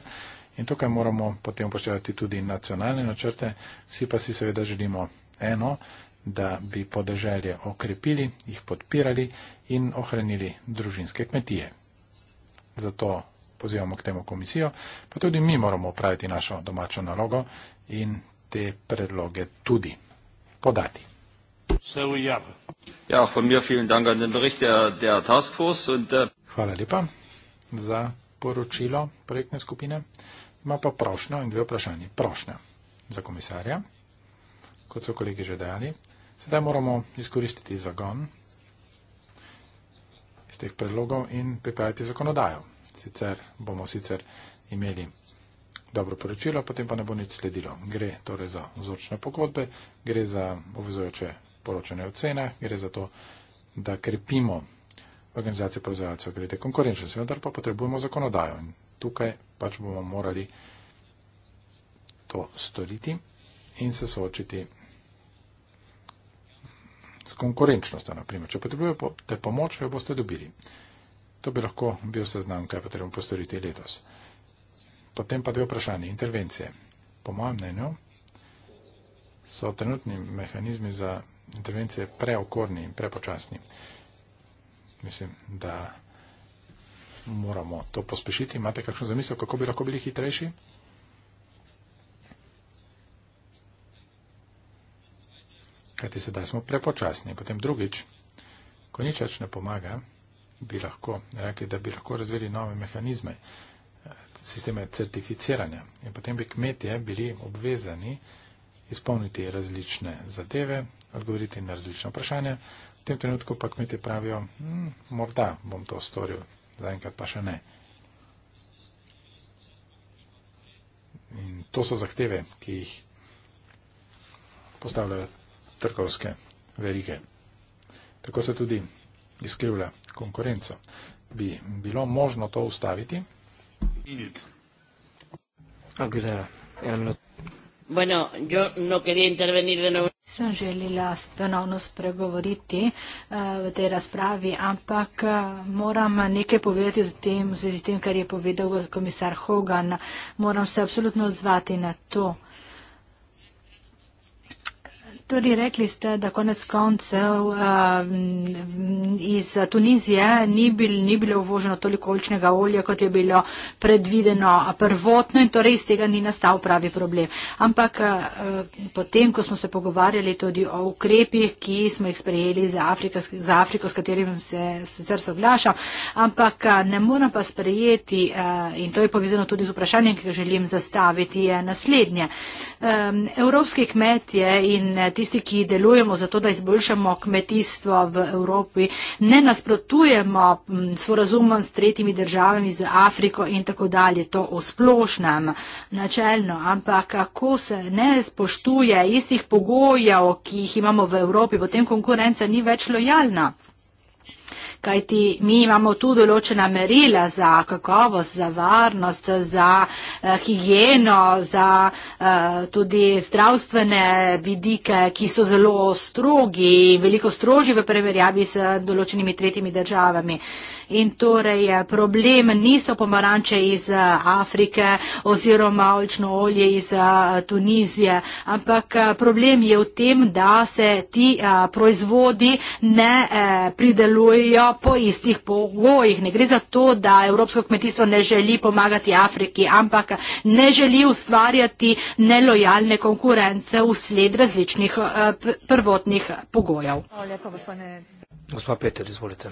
in tukaj moramo potem upoštevati tudi nacionalne načrte. Vsi pa si seveda želimo eno, da bi podeželje okrepili, jih podpirali in ohranili družinske kmetije. Zato pozivamo k temu komisijo, pa tudi mi moramo upraviti našo domačo nalogo in te predloge tudi podati. Ja, äh, Hvala lepa za poročilo projektne skupine. Ima pa prošnjo in dve vprašanje. Prošnja za komisarja, kot so kolegi že dejali. Sedaj moramo izkoristiti zagon iz teh predlogov in pripraviti zakonodajo. Sicer bomo sicer imeli dobro poročilo, potem pa ne bo nič sledilo. Gre torej za vzročne pogodbe, gre za obvezojoče poročene ocene, gre za to, da krepimo organizacijo proizvajalcev, glede konkurenčnosti, vendar pa potrebujemo zakonodajo. In tukaj pač bomo morali to storiti in se soočiti s konkurenčnostjo. Naprimer. Če potrebujete pomoč, jo boste dobili. To bi lahko bil seznam, kaj potrebujemo postoriti letos. Potem pa dve vprašanje. Intervencije. Po mojem mnenju so trenutni mehanizmi za intervencije preokorni in prepočasni. Mislim, da moramo to pospešiti. Imate kakšno zamisel, kako bi lahko bili hitrejši? Kajti sedaj smo prepočasni. Potem drugič, ko nič več ne pomaga, bi lahko rekli, da bi lahko razvili nove mehanizme sisteme certificiranja. In potem bi kmetje bili obvezani izpolniti različne zadeve, odgovoriti na različne vprašanja. V tem trenutku pa kmetje pravijo, hm, morda bom to storil, zaenkrat pa še ne. In to so zahteve, ki jih postavljajo trgovske verige. Tako se tudi izkrivlja konkurenco. Bi bilo možno to ustaviti? Bueno, yo no quería intervenir de nuevo. Sem želela ponovno spregovoriti eh, v tej razpravi, ampak eh, moram nekaj povedati z tem, z tem, kar je povedal komisar Hogan. Moram se absolutno odzvati na to. Tudi rekli ste, da konec koncev uh, iz Tunizije ni, bil, ni bilo uvoženo toliko oljčnega olja, kot je bilo predvideno prvotno in torej iz tega ni nastal pravi problem. Ampak uh, potem, ko smo se pogovarjali tudi o ukrepih, ki smo jih sprejeli za, Afrika, za Afriko, s katerim se sicer soglaša, ampak uh, ne moram pa sprejeti uh, in to je povezano tudi z vprašanjem, ki ga želim zastaviti, je naslednje. Um, tisti, ki delujemo za to, da izboljšamo kmetijstvo v Evropi, ne nasprotujemo sporazumom s tretjimi državami, z Afriko in tako dalje, to o splošnem načelno, ampak ko se ne spoštuje istih pogojev, ki jih imamo v Evropi, potem konkurenca ni več lojalna kajti mi imamo tu določena merila za kakovost, za varnost, za uh, higieno, za uh, tudi zdravstvene vidike, ki so zelo strogi, veliko strožji v primerjavi s določenimi tretjimi državami in torej eh, problem niso pomaranče iz eh, Afrike oziroma olčno olje iz eh, Tunizije, ampak problem je v tem, da se ti proizvodi ne pridelujejo po istih pogojih. Ne gre za to, da Evropsko kmetijstvo ne želi pomagati Afriki, ampak ne želi ustvarjati nelojalne konkurence usled različnih prvotnih pogojev. Gospod Peter, izvolite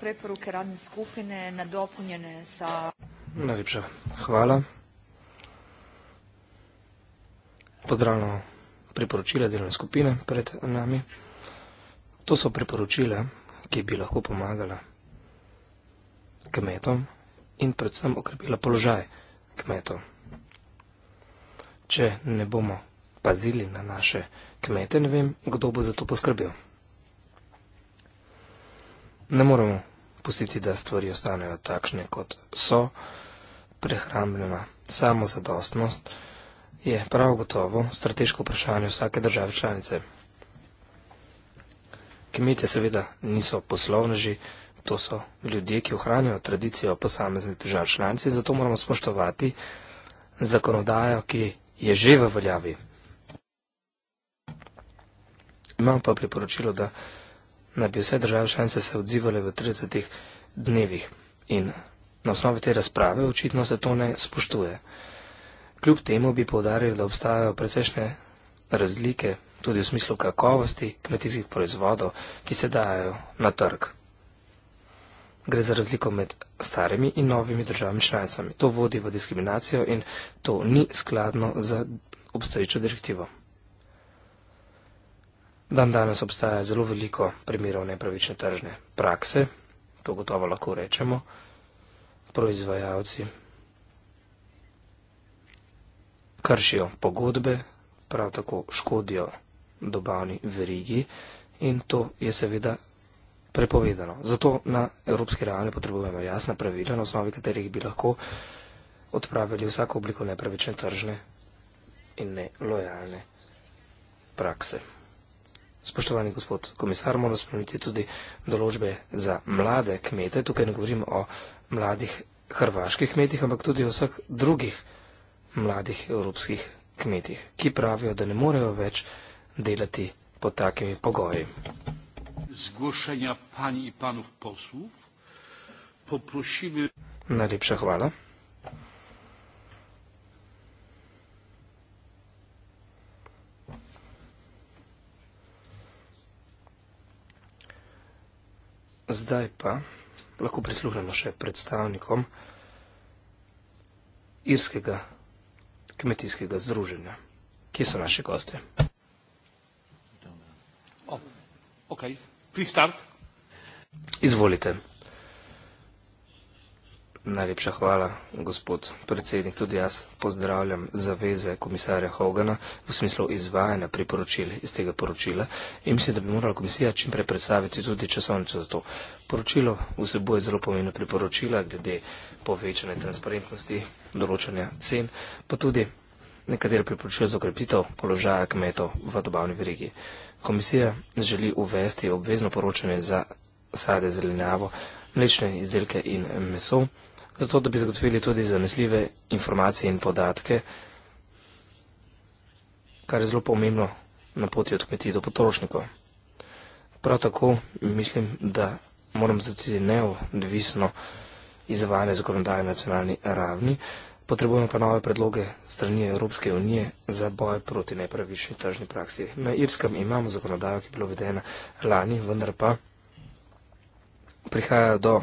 preporuke radne skupine nadopunjene sa... Najlepša hvala. Pozdravljamo priporočila delovne skupine pred nami. To so priporočila, ki bi lahko pomagala kmetom in predvsem okrepila položaj kmetov. Če ne bomo pazili na naše kmete, ne vem, kdo bo za to poskrbel ne moremo pustiti, da stvari ostanejo takšne, kot so. Prehrambljena samozadostnost je prav gotovo strateško vprašanje vsake države članice. Kmetje seveda niso poslovneži, to so ljudje, ki ohranjajo tradicijo posameznih držav članic in zato moramo spoštovati zakonodajo, ki je že v veljavi. Imam pa priporočilo, da naj bi vse države članice se odzivale v 30 dnevih. In na osnovi te razprave očitno se to ne spoštuje. Kljub temu bi povdarjali, da obstajajo precejšnje razlike tudi v smislu kakovosti kmetijskih proizvodov, ki se dajo na trg. Gre za razliko med starimi in novimi državami članicami. To vodi v diskriminacijo in to ni skladno z obstoječo direktivo. Dan danes obstaja zelo veliko primerov nepravične tržne prakse, to gotovo lahko rečemo, proizvajalci kršijo pogodbe, prav tako škodijo dobavni verigi in to je seveda prepovedano. Zato na evropski ravni potrebujemo jasna pravila, na osnovi katerih bi lahko odpravili vsako obliko nepravične tržne in nelojalne prakse. Spoštovani gospod komisar, moramo spremeniti tudi določbe za mlade kmete. Tukaj ne govorim o mladih hrvaških kmetih, ampak tudi o vseh drugih mladih evropskih kmetih, ki pravijo, da ne morejo več delati pod takimi pogoji. Zgošanja pani in panov poslov, poprošim. Najlepša hvala. Zdaj pa lahko prisluhnemo še predstavnikom Irskega kmetijskega združenja. Kje so naši gosti? Oh, ok, pristav. Izvolite. Najlepša hvala, gospod predsednik. Tudi jaz pozdravljam zaveze komisarja Hogana v smislu izvajanja priporočil iz tega poročila in mislim, da bi morala komisija čimprej predstaviti tudi časovnico za to. Poročilo vseboje zelo pomembna priporočila glede povečane transparentnosti, določanja cen, pa tudi nekatere priporočila za okrepitev položaja kmetov v dobavni verigi. Komisija želi uvesti obvezno poročanje za sade zelenjavo, mlečne izdelke in meso zato da bi zagotovili tudi zanesljive informacije in podatke, kar je zelo pomembno na poti od kmetij do potrošnikov. Prav tako mislim, da moramo zatiti neodvisno izvajanje zakonodaje na nacionalni ravni, potrebujemo pa nove predloge strani Evropske unije za boj proti nepravični tržni praksi. Na Irskem imamo zakonodajo, ki je bila uvedena lani, vendar pa prihaja do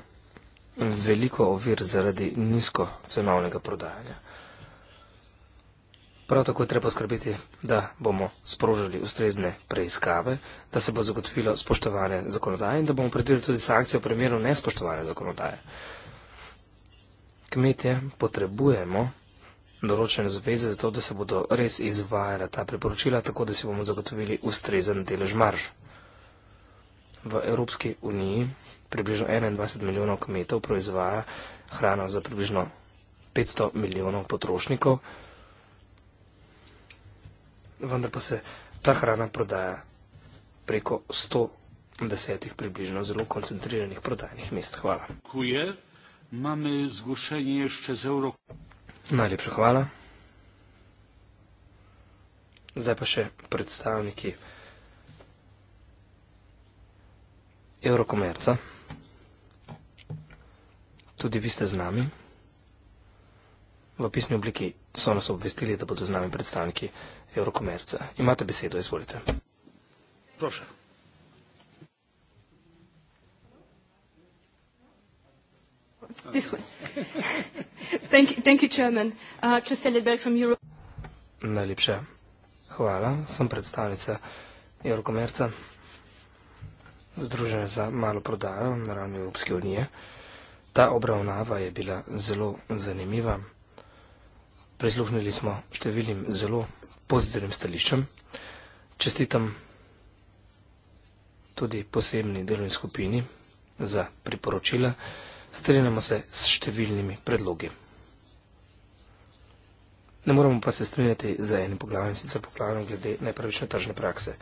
veliko ovir zaradi nizko cenovnega prodajanja. Prav tako je treba skrbeti, da bomo sprožili ustrezne preiskave, da se bo zagotovilo spoštovanje zakonodaje in da bomo predvideli tudi sankcije v primeru nespoštovanja zakonodaje. Kmetje potrebujemo določene zaveze za to, da se bodo res izvajala ta priporočila, tako da si bomo zagotovili ustrezen delež marža v Evropski uniji približno 21 milijonov kmetov proizvaja hrano za približno 500 milijonov potrošnikov, vendar pa se ta hrana prodaja preko 110 približno zelo koncentriranih prodajnih mest. Hvala. Najlepša hvala. Zdaj pa še predstavniki. Eurokomerca. Tudi vi ste z nami. V opisni obliki so nas obvestili, da bodo z nami predstavniki Eurokomerca. Imate besedo, izvolite. Prošen. This way. thank, thank you, Chairman. Uh, Christelle Berg from Europe. Najlepše. Hvala. Sem predstavnica Eurokomerca. Združenja za malo prodajo na ravni Evropske unije. Ta obravnava je bila zelo zanimiva. Prisluhnili smo številim zelo pozitivnim stališčem. Čestitam tudi posebni delovni skupini za priporočila. Strenjamo se s številnimi predlogi. Ne moramo pa se strenjati za eni poglavni, sicer poglavni glede nepravične tržne prakse.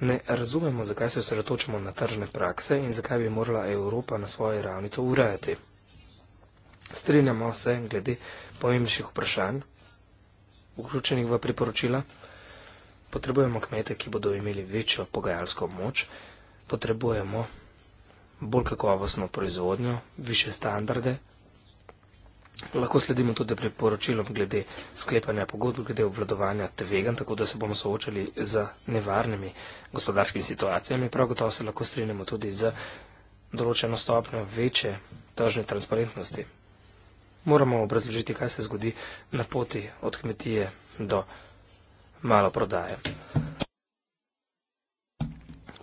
Ne razumemo, zakaj se osredotočamo na tržne prakse in zakaj bi morala Evropa na svoji ravni to urejati. Strinjamo se glede pomembnejših vprašanj, vključenih v priporočila. Potrebujemo kmete, ki bodo imeli večjo pogajalsko moč, potrebujemo bolj kakovostno proizvodnjo, više standarde, Lahko sledimo tudi preporočilom glede sklepanja pogodb, glede obvladovanja tvegan, tako da se bomo soočali z nevarnimi gospodarskimi situacijami. Prav gotovo se lahko strinjamo tudi z določeno stopnjo večje tržne transparentnosti. Moramo obrazložiti, kaj se zgodi na poti od kmetije do maloprodaje.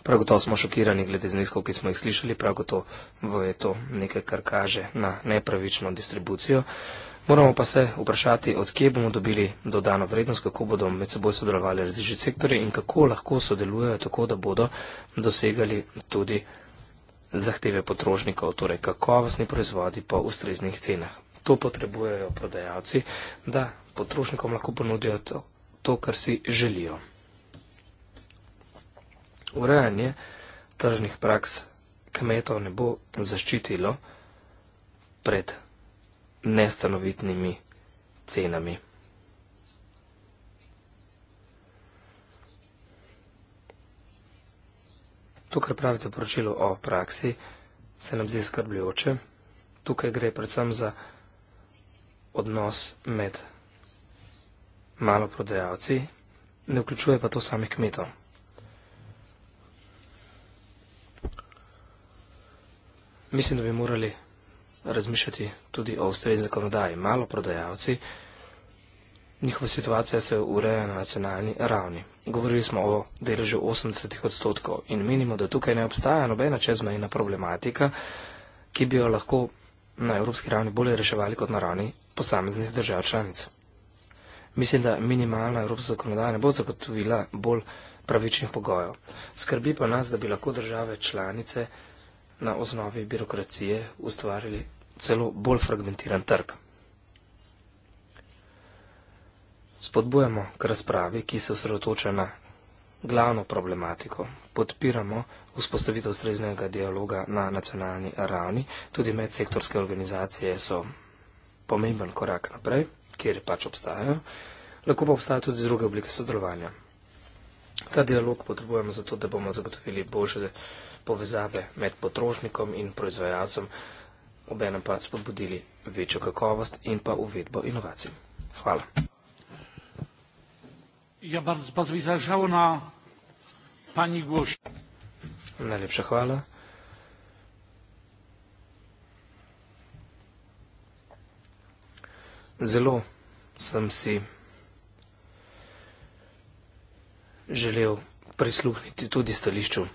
Prav gotovo smo šokirani glede zneskov, ki smo jih slišali, prav gotovo je to nekaj, kar kaže na nepravično distribucijo. Moramo pa se vprašati, odkje bomo dobili dodano vrednost, kako bodo med seboj sodelovali različni sektori in kako lahko sodelujejo tako, da bodo dosegali tudi zahteve potrošnikov, torej kakovostni proizvodi po ustreznih cenah. To potrebujejo prodajalci, da potrošnikom lahko ponudijo to, to kar si želijo urejanje tržnih praks kmetov ne bo zaščitilo pred nestanovitnimi cenami. To, kar pravite poročilo o praksi, se nam zdi skrbljujoče. Tukaj gre predvsem za odnos med maloprodajalci, ne vključuje pa to samih kmetov. Mislim, da bi morali razmišljati tudi o ustrezni zakonodaji. Malo prodajalci, njihova situacija se ureja na nacionalni ravni. Govorili smo o deležu 80 odstotkov in menimo, da tukaj ne obstaja nobena čezmejna problematika, ki bi jo lahko na evropski ravni bolje reševali kot na ravni posameznih držav članic. Mislim, da minimalna evropska zakonodaja ne bo zagotovila bolj pravičnih pogojev. Skrbi pa nas, da bi lahko države članice na osnovi birokracije ustvarili celo bolj fragmentiran trg. Spodbujamo k razpravi, ki se osredotoča na glavno problematiko. Podpiramo vzpostavitev ustreznega dialoga na nacionalni ravni. Tudi medsektorske organizacije so pomemben korak naprej, kjer pač obstajajo. Lahko pa obstajajo tudi druge oblike sodelovanja. Ta dialog potrebujemo zato, da bomo zagotovili boljše povezave med potrošnikom in proizvajalcem, obenem pa spodbudili večjo kakovost in pa uvedbo inovacij. Hvala. Ja, bi na pani Najlepša hvala. Zelo sem si želel prisluhniti tudi stališču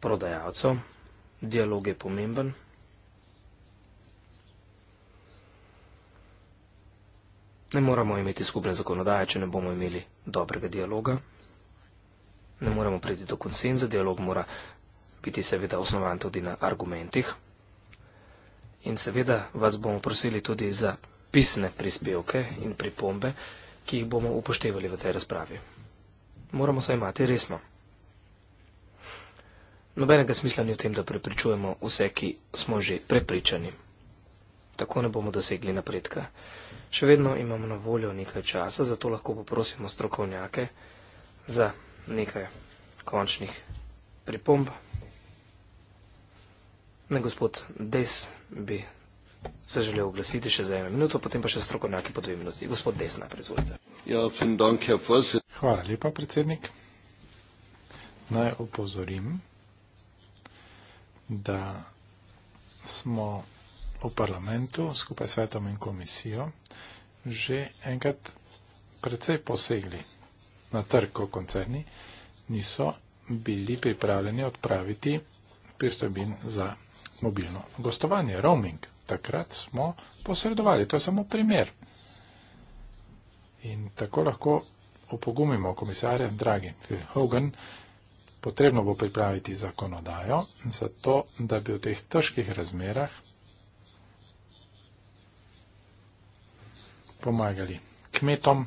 prodajalcev. Dialog je pomemben. Ne moramo imeti skupne zakonodaje, če ne bomo imeli dobrega dialoga. Ne moramo priti do konsenza. Dialog mora biti seveda osnovan tudi na argumentih. In seveda vas bomo prosili tudi za pisne prispevke in pripombe ki jih bomo upoštevali v tej razpravi. Moramo se imati resno. Nobenega smisla ni v tem, da prepričujemo vse, ki smo že prepričani. Tako ne bomo dosegli napredka. Še vedno imamo na voljo nekaj časa, zato lahko poprosimo strokovnjake za nekaj končnih pripomb. Ne gospod Des bi se želel oglasiti še za eno minuto, potem pa še strokovnjaki po dve minuti. Gospod Desna, prezvolite. Ja, dank, Hvala lepa, predsednik. Naj opozorim, da smo v parlamentu skupaj s svetom in komisijo že enkrat precej posegli na trg, ko koncerni niso bili pripravljeni odpraviti pristojbin za mobilno gostovanje, roaming takrat smo posredovali. To je samo primer. In tako lahko opogumimo komisarja, dragi Hogan, potrebno bo pripraviti zakonodajo, zato da bi v teh težkih razmerah pomagali kmetom,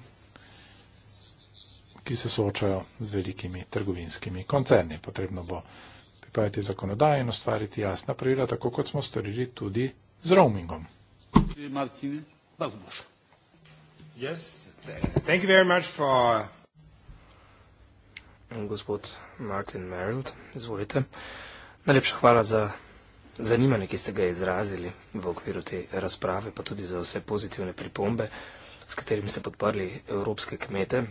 ki se soočajo z velikimi trgovinskimi koncerni. Potrebno bo pripraviti zakonodajo in ustvariti jasna pravila, tako kot smo storili tudi z roamingom. Martin, bardzo proszę. Yes, thank you very much for... Gospod Martin Merrill, izvolite. Najlepša hvala za zanimanje, ki ste ga izrazili v okviru te razprave, pa tudi za vse pozitivne pripombe, s katerimi ste podprli evropske kmete.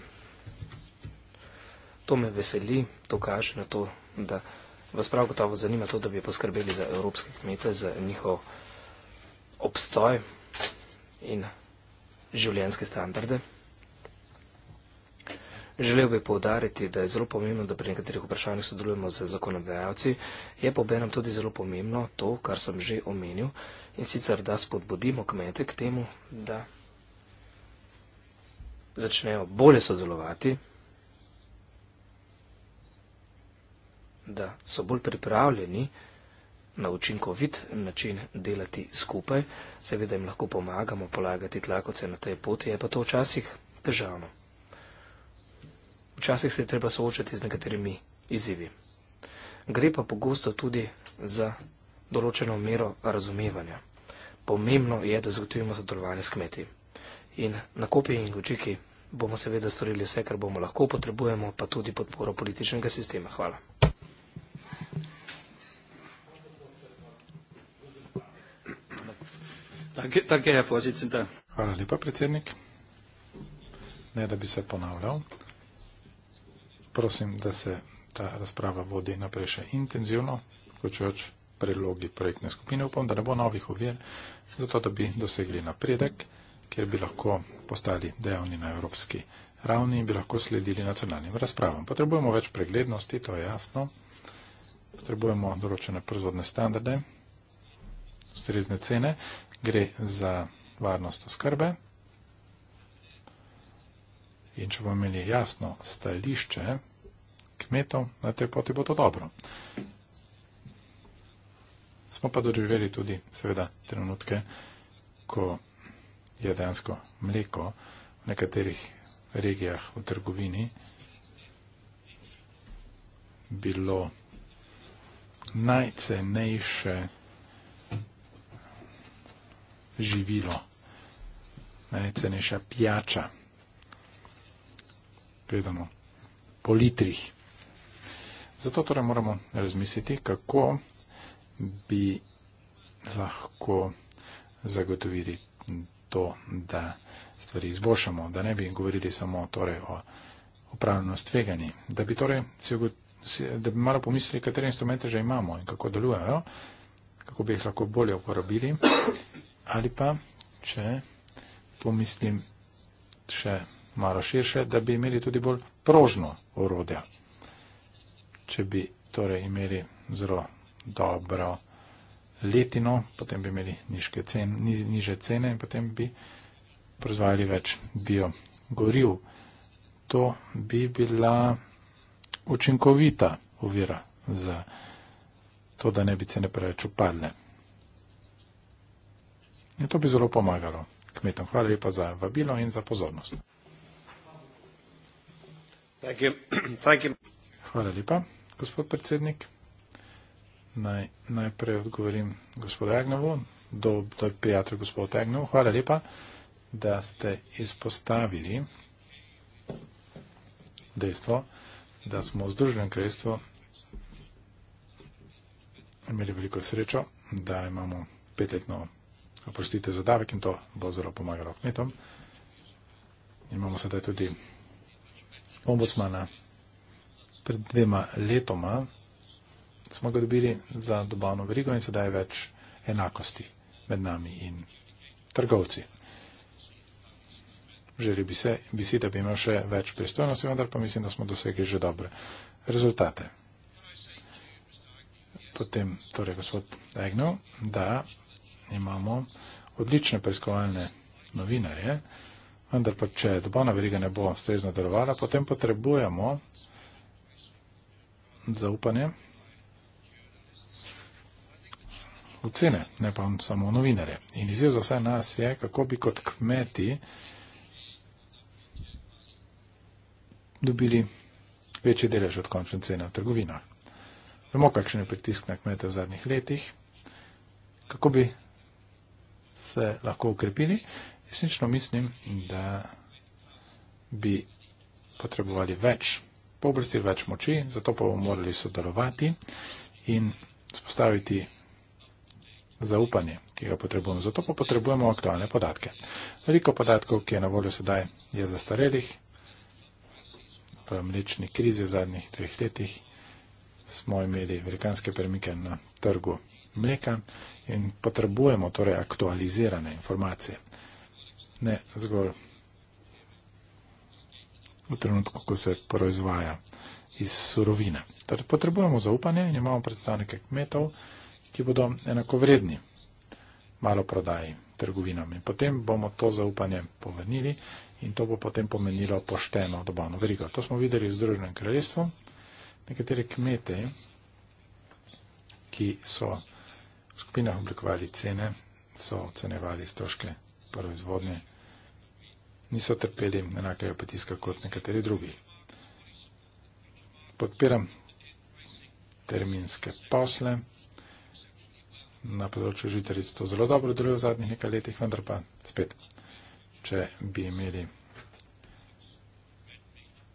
To me veseli, to kaže na to, da vas prav gotovo zanima to, da bi poskrbeli za evropske kmete, za njihovo obstoj in življenjske standarde. Želel bi povdariti, da je zelo pomembno, da pri nekaterih vprašanjih sodelujemo z zakonodajalci, je pa obenem tudi zelo pomembno to, kar sem že omenil, in sicer, da spodbudimo kmete k temu, da začnejo bolje sodelovati, da so bolj pripravljeni, da so bolj pripravljeni, na učinkovit način delati skupaj, seveda jim lahko pomagamo polagati tlakoce na tej poti, je pa to včasih težavno. Včasih se je treba soočati z nekaterimi izzivi. Gre pa pogosto tudi za določeno mero razumevanja. Pomembno je, da zagotovimo sodelovanje s kmeti. In na kopiji in gočiki bomo seveda storili vse, kar bomo lahko, potrebujemo pa tudi podporo političnega sistema. Hvala. Danke, danke, Herr Vorsitzender. Hvala lepa, predsednik. Ne, da bi se ponavljal. Prosim, da se ta razprava vodi naprej še intenzivno, vključujoč predlogi projektne skupine. Upam, da ne bo novih uvir, zato da bi dosegli napredek, kjer bi lahko postali dejavni na evropski ravni in bi lahko sledili nacionalnim razpravam. Potrebujemo več preglednosti, to je jasno. Potrebujemo določene proizvodne standarde, ustrezne cene gre za varnost oskrbe. In če bomo imeli jasno stališče kmetov na tej poti, bo to dobro. Smo pa doživeli tudi, seveda, trenutke, ko je dejansko mleko v nekaterih regijah v trgovini bilo najcenejše živilo, najcenejša pijača. Gledamo po litrih. Zato torej moramo razmisliti, kako bi lahko zagotovili to, da stvari izboljšamo, da ne bi govorili samo torej o upravljeno stveganji, da bi torej si, da bi malo pomislili, katere instrumente že imamo in kako delujejo, kako bi jih lahko bolje uporabili ali pa, če pomislim še malo širše, da bi imeli tudi bolj prožno orodja. Če bi torej imeli zelo dobro letino, potem bi imeli nižje cene, ni, niže cene in potem bi proizvajali več biogoriv. To bi bila učinkovita ovira za to, da ne bi cene preveč upadle. In to bi zelo pomagalo kmetom. Hvala lepa za vabilo in za pozornost. Thank you. *clears throat* Thank you. Hvala lepa, gospod predsednik. Naj, najprej odgovorim gospodu Agnovu, do, do prijatelju gospodu Agnovu. Hvala lepa, da ste izpostavili dejstvo, da smo v Združenem kraljestvu imeli veliko srečo, da imamo petletno oprostite za davek in to bo zelo pomagalo kmetom. Imamo sedaj tudi ombudsmana. Pred dvema letoma smo ga dobili za dobavno verigo in sedaj je več enakosti med nami in trgovci. Želi bi, se, bi si, da bi imel še več pristojnosti, vendar pa mislim, da smo dosegli že dobre rezultate. Potem torej gospod Egno, da imamo odlične preiskovalne novinarje, vendar pa če dobana veriga ne bo strezno delovala, potem potrebujemo zaupanje v cene, ne pa samo v novinarje. In izjez vse nas je, kako bi kot kmeti dobili večji delež od končne cene v trgovinah. Vemo, kakšen je pritisk na kmete v zadnjih letih, kako bi se lahko ukrepili. Resnično mislim, da bi potrebovali več pooblastil, več moči, zato pa bomo morali sodelovati in spostaviti zaupanje, ki ga potrebujemo. Zato pa potrebujemo aktualne podatke. Veliko podatkov, ki je na voljo sedaj, je zastarelih. V mlečni krizi v zadnjih dveh letih smo imeli velikanske premike na trgu mleka in potrebujemo torej aktualizirane informacije. Ne zgolj v trenutku, ko se proizvaja iz surovine. Torej, potrebujemo zaupanje in imamo predstavnike kmetov, ki bodo enakovredni malo prodaji trgovinam. In potem bomo to zaupanje povrnili in to bo potem pomenilo pošteno dobavno verigo. To smo videli v Združenem kraljestvu. Nekatere kmete, ki so skupinah oblikovali cene, so ocenevali stroške proizvodnje, niso trpeli enakega potiska kot nekateri drugi. Podpiram terminske posle. Na področju žitaric to zelo dobro deluje v zadnjih nekaj letih, vendar pa spet, če bi imeli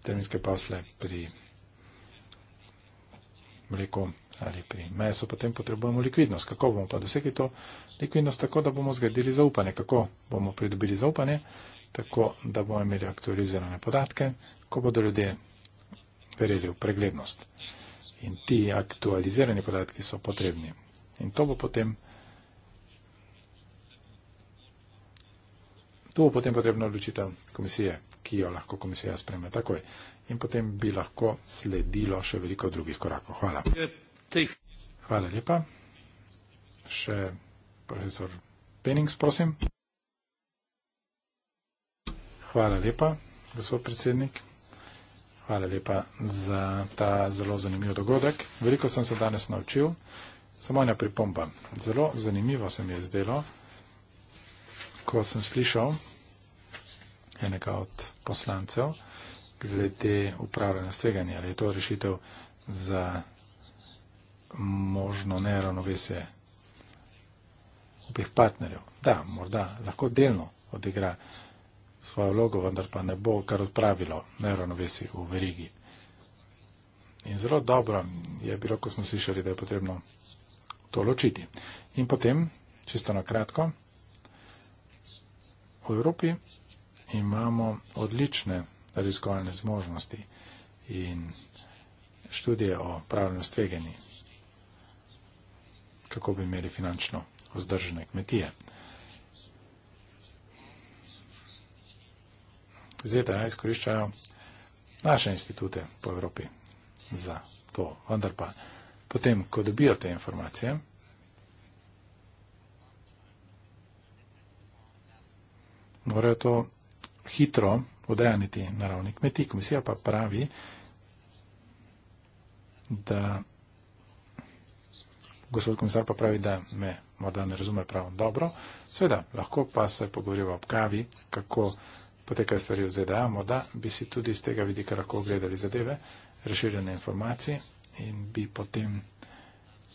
terminske posle pri mleku, ali pri MES-u, potem potrebujemo likvidnost. Kako bomo pa dosegli to likvidnost tako, da bomo zgradili zaupanje? Kako bomo pridobili zaupanje? Tako, da bomo imeli aktualizirane podatke, ko bodo ljudje verjeli v preglednost. In ti aktualizirani podatki so potrebni. In to bo potem. To bo potem potrebna odločitev komisije, ki jo lahko komisija spreme takoj. In potem bi lahko sledilo še veliko drugih korakov. Hvala teh. Hvala lepa. Še profesor Penings, prosim. Hvala lepa, gospod predsednik. Hvala lepa za ta zelo zanimiv dogodek. Veliko sem se danes naučil. Samo ena pripomba. Zelo zanimivo se mi je zdelo, ko sem slišal enega od poslancev glede upravljanja stveganja, ali je to rešitev za možno neravnovesje obih partnerjev. Da, morda lahko delno odigra svojo vlogo, vendar pa ne bo kar odpravilo neravnovesje v verigi. In zelo dobro je bilo, ko smo slišali, da je potrebno to ločiti. In potem, čisto na kratko, v Evropi imamo odlične raziskovalne zmožnosti in študije o pravilnost tvegeni kako bi imeli finančno vzdržene kmetije. ZDA izkoriščajo naše institute po Evropi za to, vendar pa potem, ko dobijo te informacije, morajo to hitro odejaniti na ravni kmetij. Komisija pa pravi, da gospod komisar pa pravi, da me morda ne razume prav dobro. Sveda, lahko pa se pogovorimo o kavi, kako potekajo stvari v ZDA, morda bi si tudi z tega vidika lahko ogledali zadeve, razširjene informacije in bi potem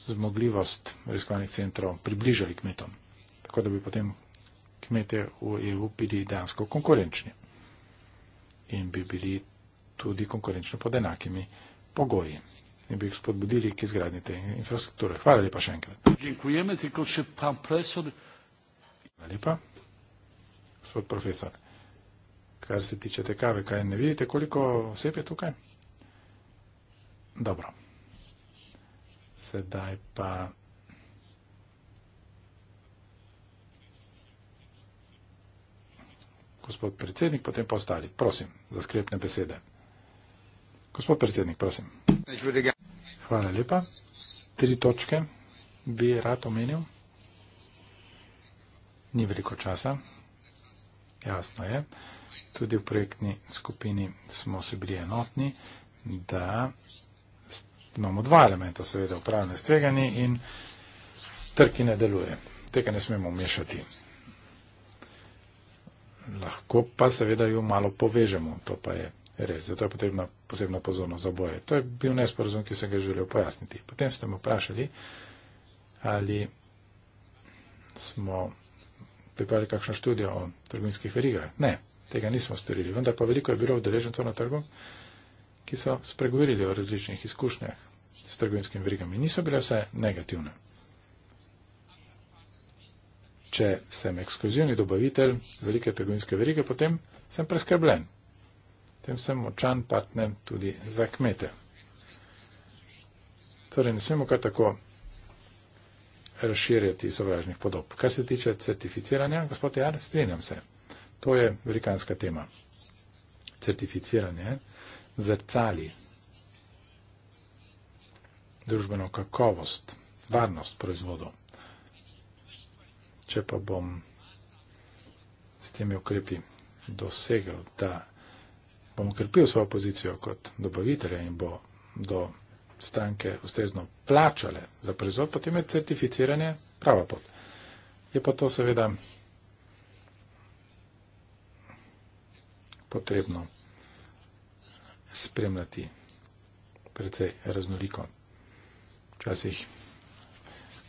zmogljivost raziskovalnih centrov približali kmetom, tako da bi potem kmete v EU bili dejansko konkurenčni in bi bili tudi konkurenčni pod enakimi pogoji in bi jih spodbudili k izgradnji te infrastrukture. Hvala lepa še enkrat. Dziękujemy, tylko če pan profesor. Hvala lepa. Gospod profesor, kar se tiče te kave, kaj ne vidite, koliko oseb je tukaj? Dobro. Sedaj pa. Gospod predsednik, potem pa ostali. Prosim za sklepne besede. Gospod predsednik, prosim. Hvala lepa. Tri točke bi rad omenil. Ni veliko časa. Jasno je. Tudi v projektni skupini smo se bili enotni, da imamo dva elementa, seveda upravljanje s tveganji in trg, ki ne deluje. Tega ne smemo mešati. Lahko pa seveda jo malo povežemo. To pa je Res, zato je potrebna posebna pozornost za boje. To je bil nesporazum, ki sem ga želel pojasniti. Potem ste me vprašali, ali smo pripravili kakšno študijo o trgovinskih verigah. Ne, tega nismo storili, vendar pa veliko je bilo udeležencev na trgu, ki so spregovorili o različnih izkušnjah s trgovinskimi verigami. Niso bile vse negativne. Če sem ekskluzivni dobavitelj velike trgovinske verige, potem sem preskrbljen potem sem močan partner tudi za kmete. Torej, ne smemo kar tako razširjati sovražnih podob. Kar se tiče certificiranja, gospod Jar, strinjam se. To je velikanska tema. Certificiranje zrcali družbeno kakovost, varnost proizvodov. Če pa bom s temi ukrepi dosegel, da bom ukrepil svojo pozicijo kot dobavitelj in bo do stranke ustrezno plačale za prizor, potem je certificiranje prava pot. Je pa to seveda potrebno spremljati precej raznoliko. Včasih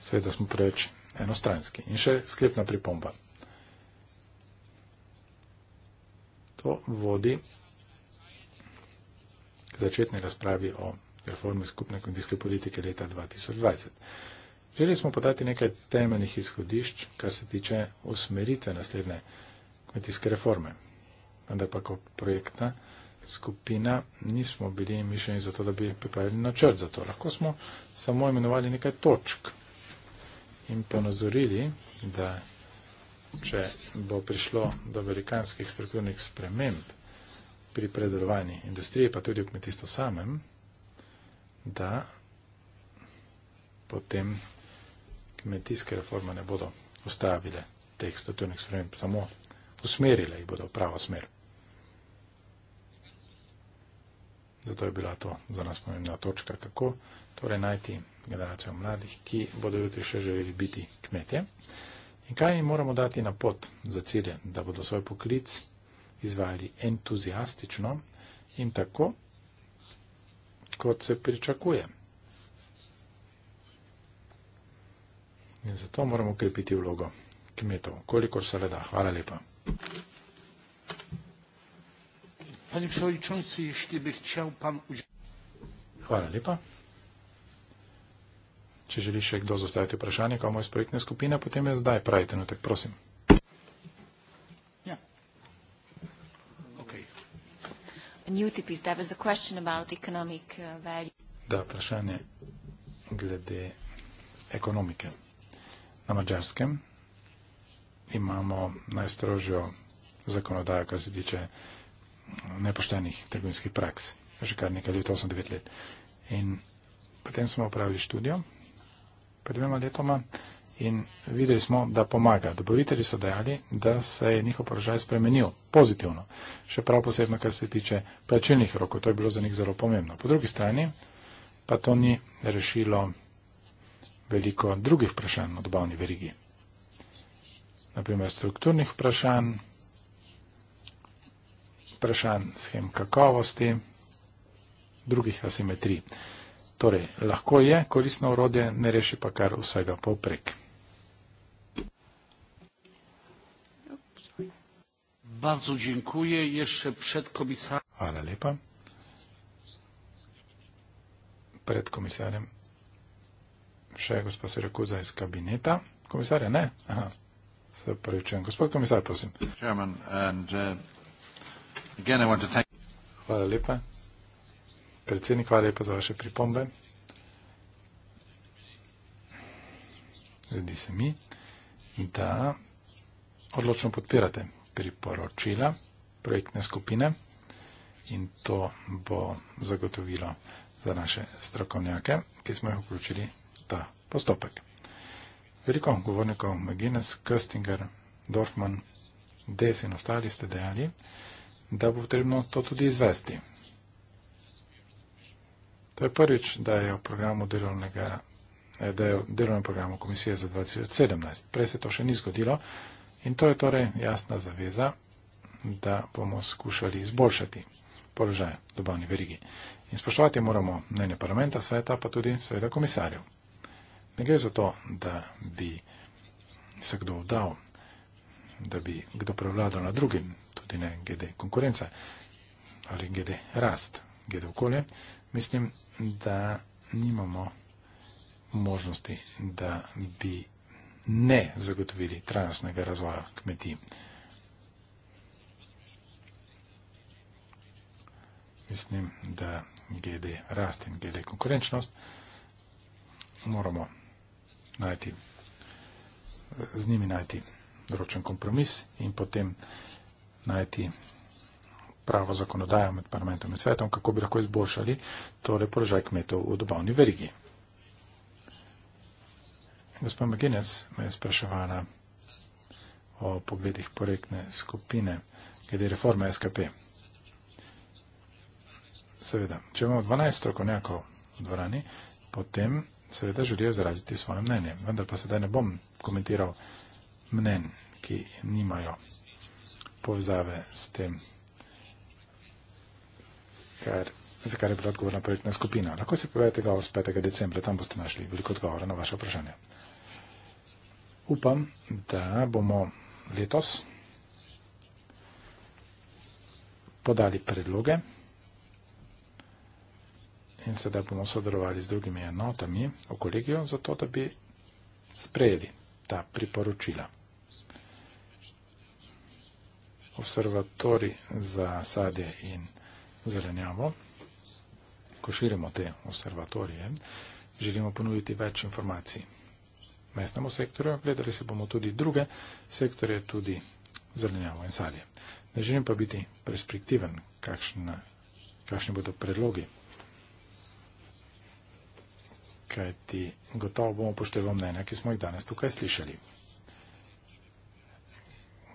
seveda smo preveč enostranski. In še sklepna pripomba. To vodi začetni razpravi o reformi skupne kmetijske politike leta 2020. Želeli smo podati nekaj temeljnih izhodišč, kar se tiče usmeritve naslednje kmetijske reforme. Vendar pa kot projektna skupina nismo bili mišljeni za to, da bi pripravili načrt za to. Lahko smo samo imenovali nekaj točk in ponazorili, da če bo prišlo do velikanskih strukturnih sprememb, pri predelovanji industrije, pa tudi v kmetijstvu samem, da potem kmetijske reforme ne bodo ustavile teh strukturnih sprememb, samo usmerile jih bodo v pravo smer. Zato je bila to za nas pomembna točka, kako torej najti generacijo mladih, ki bodo jutri še želeli biti kmetje in kaj jim moramo dati na pot za cilje, da bodo svoj poklic izvajali entuzijastično in tako, kot se pričakuje. In zato moramo krepiti vlogo kmetov, kolikor se le da. Hvala lepa. Hvala lepa. Če želi še kdo zastaviti vprašanje, kamo iz projektne skupine, potem je zdaj pravi trenutek, prosim. new tipis. There was a question about economic uh, value. Da, vprašanje glede ekonomike. Na Mađarskem imamo najstrožjo zakonodajo, kar se tiče nepoštenih trgovinskih praks, že kar nekaj let, 8-9 let. In potem smo opravili študijo pred dvema letoma in videli smo, da pomaga. Dobovitelji so dejali, da se je njihov položaj spremenil pozitivno. Še prav posebno, kar se tiče plačilnih rokov. To je bilo za njih zelo pomembno. Po drugi strani pa to ni rešilo veliko drugih vprašanj na dobavni verigi. Naprimer strukturnih vprašanj, vprašanj schem kakovosti, drugih asimetrij. Torej, lahko je koristno urode, ne reši pa kar vsega povprek. Hvala lepa. Pred komisarjem še gospod Sirakuza iz kabineta. Komisarja ne? Aha. Se upravičujem. Gospod komisar, prosim. Uh, Hvala lepa predsednik, hvala lepa za vaše pripombe. Zdi se mi, da odločno podpirate priporočila projektne skupine in to bo zagotovilo za naše strokovnjake, ki smo jih vključili ta postopek. Veliko govornikov McGuinness, Köstinger, Dorfman, Des in ostali ste dejali, da bo potrebno to tudi izvesti. To je prvič, da je v programu delovnega, eh, da je v delovnem programu komisije za 2017. Prej se to še ni zgodilo in to je torej jasna zaveza, da bomo skušali izboljšati položaj dobavni verigi. In spoštovati moramo mnenje parlamenta, sveta, pa tudi sveta komisarjev. Ne gre za to, da bi se kdo vdal, da bi kdo prevladal nad drugim, tudi ne glede konkurence ali glede rast, glede okolje, mislim da nimamo možnosti, da bi ne zagotovili trajnostnega razvoja kmetij. Mislim, da glede rast in glede konkurenčnost moramo najti, z njimi najti določen kompromis in potem najti pravo zakonodajo med parlamentom in svetom, kako bi lahko izboljšali torej položaj kmetov v dobavni verigi. Gospod McGuinness me je spraševala o pogledih porekne skupine glede reforme SKP. Seveda, če imamo 12 strokovnjakov v dvorani, potem seveda želijo izraziti svoje mnenje. Vendar pa sedaj ne bom komentiral mnen, ki nimajo povezave s tem kar, za kar je bila odgovorna projektna skupina. Lahko se povedete ga 5. decembra, tam boste našli veliko odgovora na vaše vprašanje. Upam, da bomo letos podali predloge in sedaj bomo sodelovali z drugimi enotami v kolegijo za to, da bi sprejeli ta priporočila. Observatori za sadje in zelenjavo, ko širimo te observatorije, želimo ponuditi več informacij mestnemu sektorju, gledali se bomo tudi druge sektorje, tudi zelenjavo in sadje. Ne želim pa biti perspektiven, kakšna, kakšni bodo predlogi, kajti gotovo bomo upoštevali mnenja, ki smo jih danes tukaj slišali.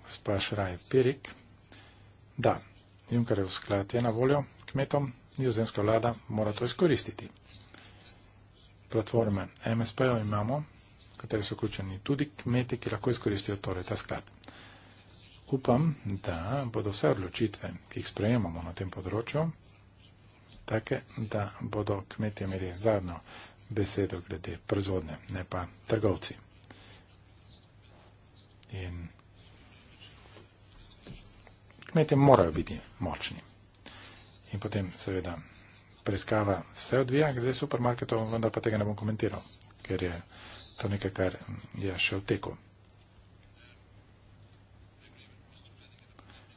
Spaš Raj Pirik. Da, Junkerjev sklad je na voljo kmetom, nizozemska vlada mora to izkoristiti. Platforme MSP-ov imamo, v kateri so vključeni tudi kmeti, ki lahko izkoristijo torej ta sklad. Upam, da bodo vse odločitve, ki jih sprejemamo na tem področju, take, da bodo kmeti imeli zadnjo besedo glede proizvodne, ne pa trgovci. In kmetje morajo biti močni. In potem seveda preiskava se odvija, glede supermarketov, vendar pa tega ne bom komentiral, ker je to nekaj, kar je še v teku.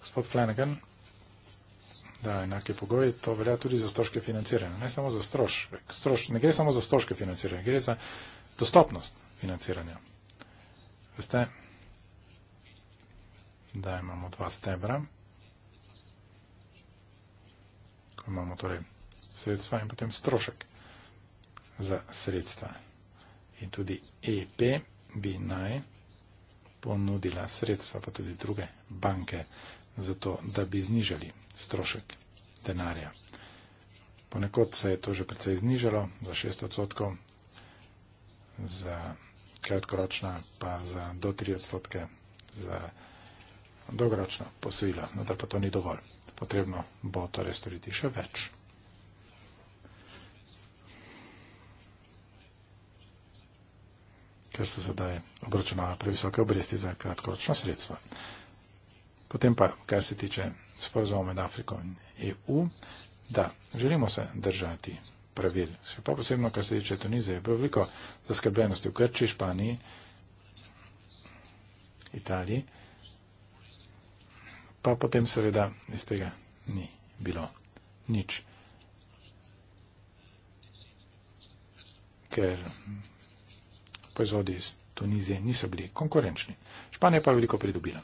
Gospod Flanagan, da enake pogoje, to velja tudi za stroške financiranja. Ne samo za stroške, stroš, ne gre samo za stroške financiranja, gre za dostopnost financiranja. Veste, da imamo dva stebra. imamo torej sredstva in potem strošek za sredstva. In tudi EP bi naj ponudila sredstva, pa tudi druge banke, zato da bi znižali strošek denarja. Ponekod se je to že precej znižalo za 6 odstotkov, za kratkoročna pa za do 3 odstotke za dolgoročna posojila, vendar no, pa to ni dovolj. Potrebno bo torej storiti še več. Ker so sedaj obračunala previsoke obresti za kratkoročna sredstva. Potem pa, kar se tiče sporozumov med Afriko in EU, da želimo se držati pravil. Sve pa posebno, kar se tiče Tunizije, je bilo veliko zaskrbljenosti v Grči, Španiji, Italiji pa potem seveda iz tega ni bilo nič. Ker proizvodi iz Tunizije niso bili konkurenčni. Španija pa je veliko pridobila.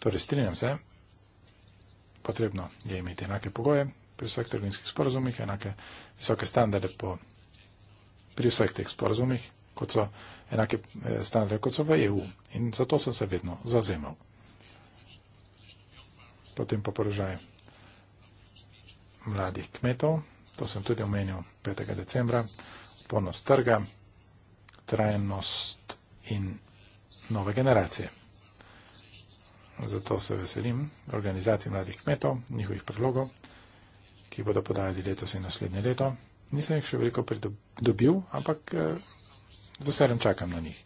Torej, strinjam se, potrebno je imeti enake pogoje pri vseh trgovinskih sporozumih, enake visoke standarde po, pri vseh teh sporozumih, kot so enake eh, standarde, kot so v EU. In zato sem se vedno zazemal. Potem pa poražaj mladih kmetov, to sem tudi omenil 5. decembra, odpornost trga, trajnost in nove generacije. Zato se veselim organizacij mladih kmetov, njihovih predlogov, ki bodo podali letos in naslednje leto. Nisem jih še veliko pridobil, ampak eh, Z veseljem čakam na njih.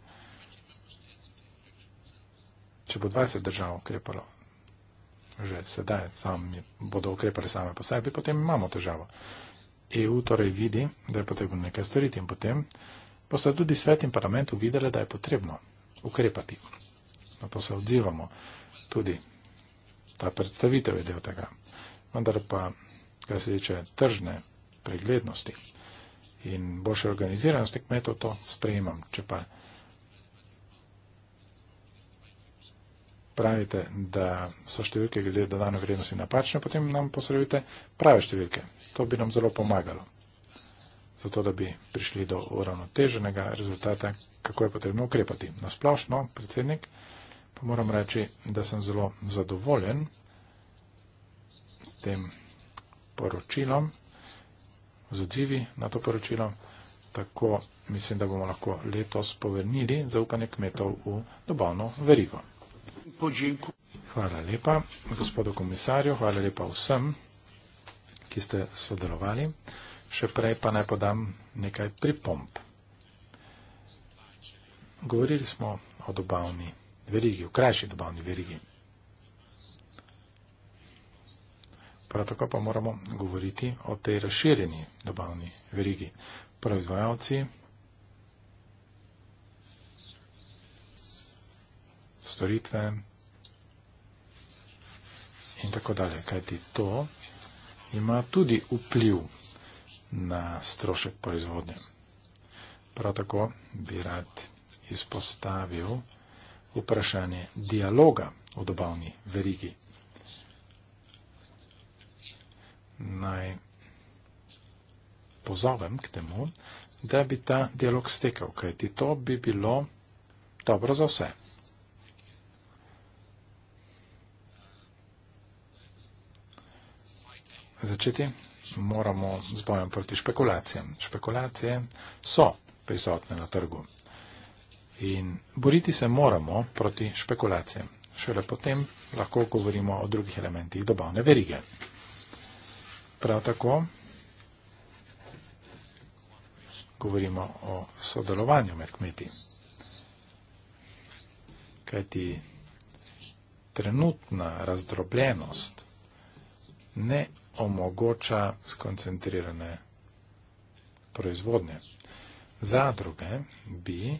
Če bo 20 držav ukrepalo, že sedaj sami, bodo ukrepali same po sebi, potem imamo težavo. EU torej vidi, da je potrebno nekaj storiti in potem pa so tudi svet in parlament uvideli, da je potrebno ukrepati. Na to se odzivamo tudi. Ta predstavitev je del tega. Vendar pa, kar se tiče tržne preglednosti, in boljše organiziranosti kmetov to sprejemam. Če pa pravite, da so številke glede dodane vrednosti napačne, potem nam posredujte prave številke. To bi nam zelo pomagalo, zato da bi prišli do uravnoteženega rezultata, kako je potrebno ukrepati. Na splošno, predsednik, pa moram reči, da sem zelo zadovoljen s tem poročilom z odzivi na to poročilo, tako mislim, da bomo lahko letos povrnili zaupanje kmetov v dobavno verigo. Hvala lepa, gospodu komisarju, hvala lepa vsem, ki ste sodelovali. Še prej pa naj podam nekaj pripomp. Govorili smo o dobavni verigi, o krajši dobavni verigi. Prav tako pa moramo govoriti o tej razširjeni dobavni verigi. Proizvajalci storitve in tako dalje. Kajti to ima tudi vpliv na strošek proizvodnje. Prav tako bi rad izpostavil vprašanje dialoga v dobavni verigi. naj pozovem k temu, da bi ta dialog stekel, kajti to bi bilo dobro za vse. Začeti moramo z bojem proti špekulacijam. Špekulacije so prisotne na trgu. In boriti se moramo proti špekulacijam. Šele potem lahko govorimo o drugih elementih dobavne verige. Prav tako govorimo o sodelovanju med kmeti. Kajti trenutna razdrobljenost ne omogoča skoncentrirane proizvodnje. Zadruge bi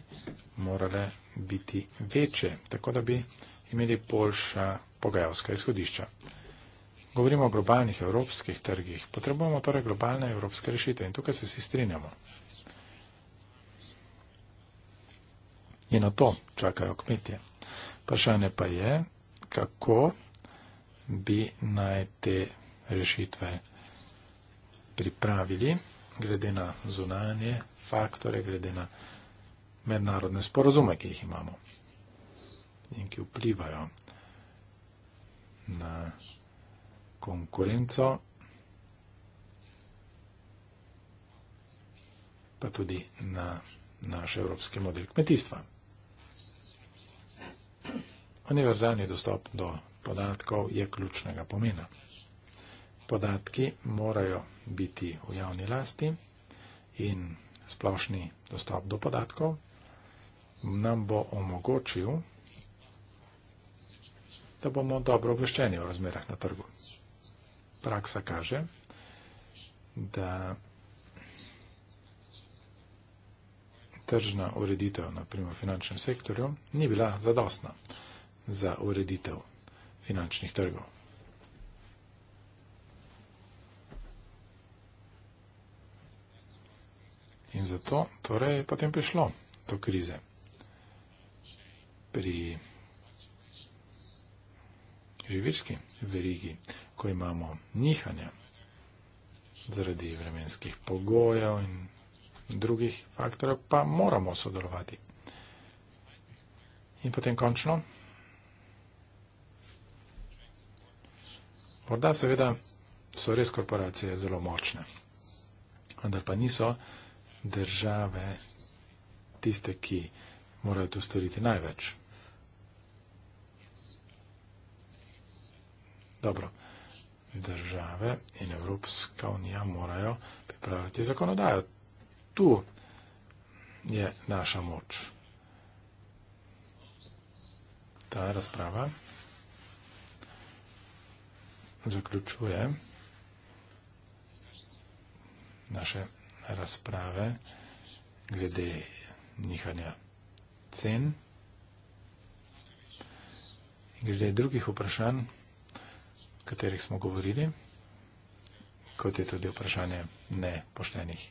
morale biti večje, tako da bi imeli boljša pogajalska izhodišča govorimo o globalnih evropskih trgih. Potrebujemo torej globalne evropske rešitve in tukaj se vsi strinjamo. In na to čakajo kmetje. Vprašanje pa je, kako bi naj te rešitve pripravili, glede na zunanje faktore, glede na mednarodne sporozume, ki jih imamo in ki vplivajo na konkurenco, pa tudi na naš evropski model kmetijstva. Univerzalni dostop do podatkov je ključnega pomena. Podatki morajo biti v javni lasti in splošni dostop do podatkov nam bo omogočil, da bomo dobro obveščeni v razmerah na trgu praksa kaže, da tržna ureditev, naprimer v finančnem sektorju, ni bila zadostna za ureditev finančnih trgov. In zato torej je potem prišlo do krize pri živirski verigi ko imamo nihanja zaradi vremenskih pogojev in drugih faktorjev, pa moramo sodelovati. In potem končno. Morda seveda so res korporacije zelo močne, vendar pa niso države tiste, ki morajo to storiti največ. Dobro države in Evropska unija morajo pripraviti zakonodajo. Tu je naša moč. Ta razprava zaključuje naše razprave glede nihanja cen in glede drugih vprašanj katerih smo govorili, kot je tudi vprašanje nepoštenih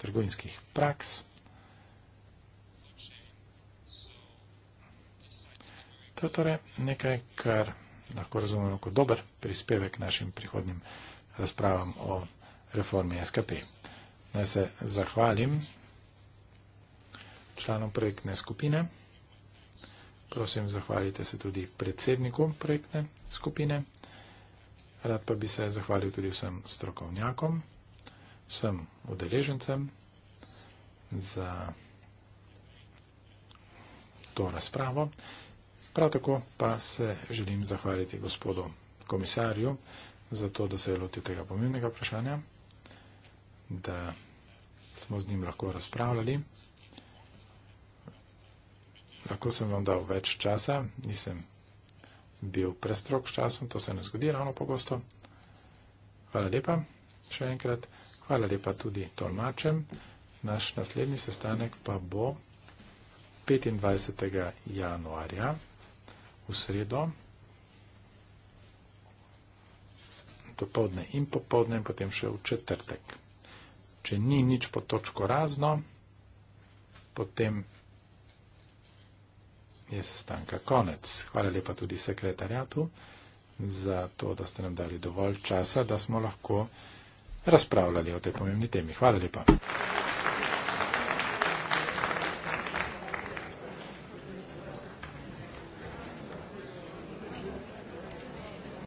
trgovinskih praks. To je torej nekaj, kar lahko razumemo kot dober prispevek našim prihodnim razpravam o reformi SKP. Naj se zahvalim članom projektne skupine. Prosim, zahvalite se tudi predsedniku projektne skupine. Rad pa bi se zahvalil tudi vsem strokovnjakom, vsem udeležencem za to razpravo. Prav tako pa se želim zahvaliti gospodu komisarju za to, da se je lotil tega pomembnega vprašanja, da smo z njim lahko razpravljali. Lahko sem vam dal več časa, nisem bil prestrok s časom, to se ne zgodi ravno pogosto. Hvala lepa še enkrat. Hvala lepa tudi tolmačem. Naš naslednji sestanek pa bo 25. januarja v sredo. Dopovdne in popovdne in potem še v četrtek. Če ni nič po točko razno, potem je sestanka konec. Hvala lepa tudi sekretarjatu za to, da ste nam dali dovolj časa, da smo lahko razpravljali o tej pomembni temi. Hvala lepa.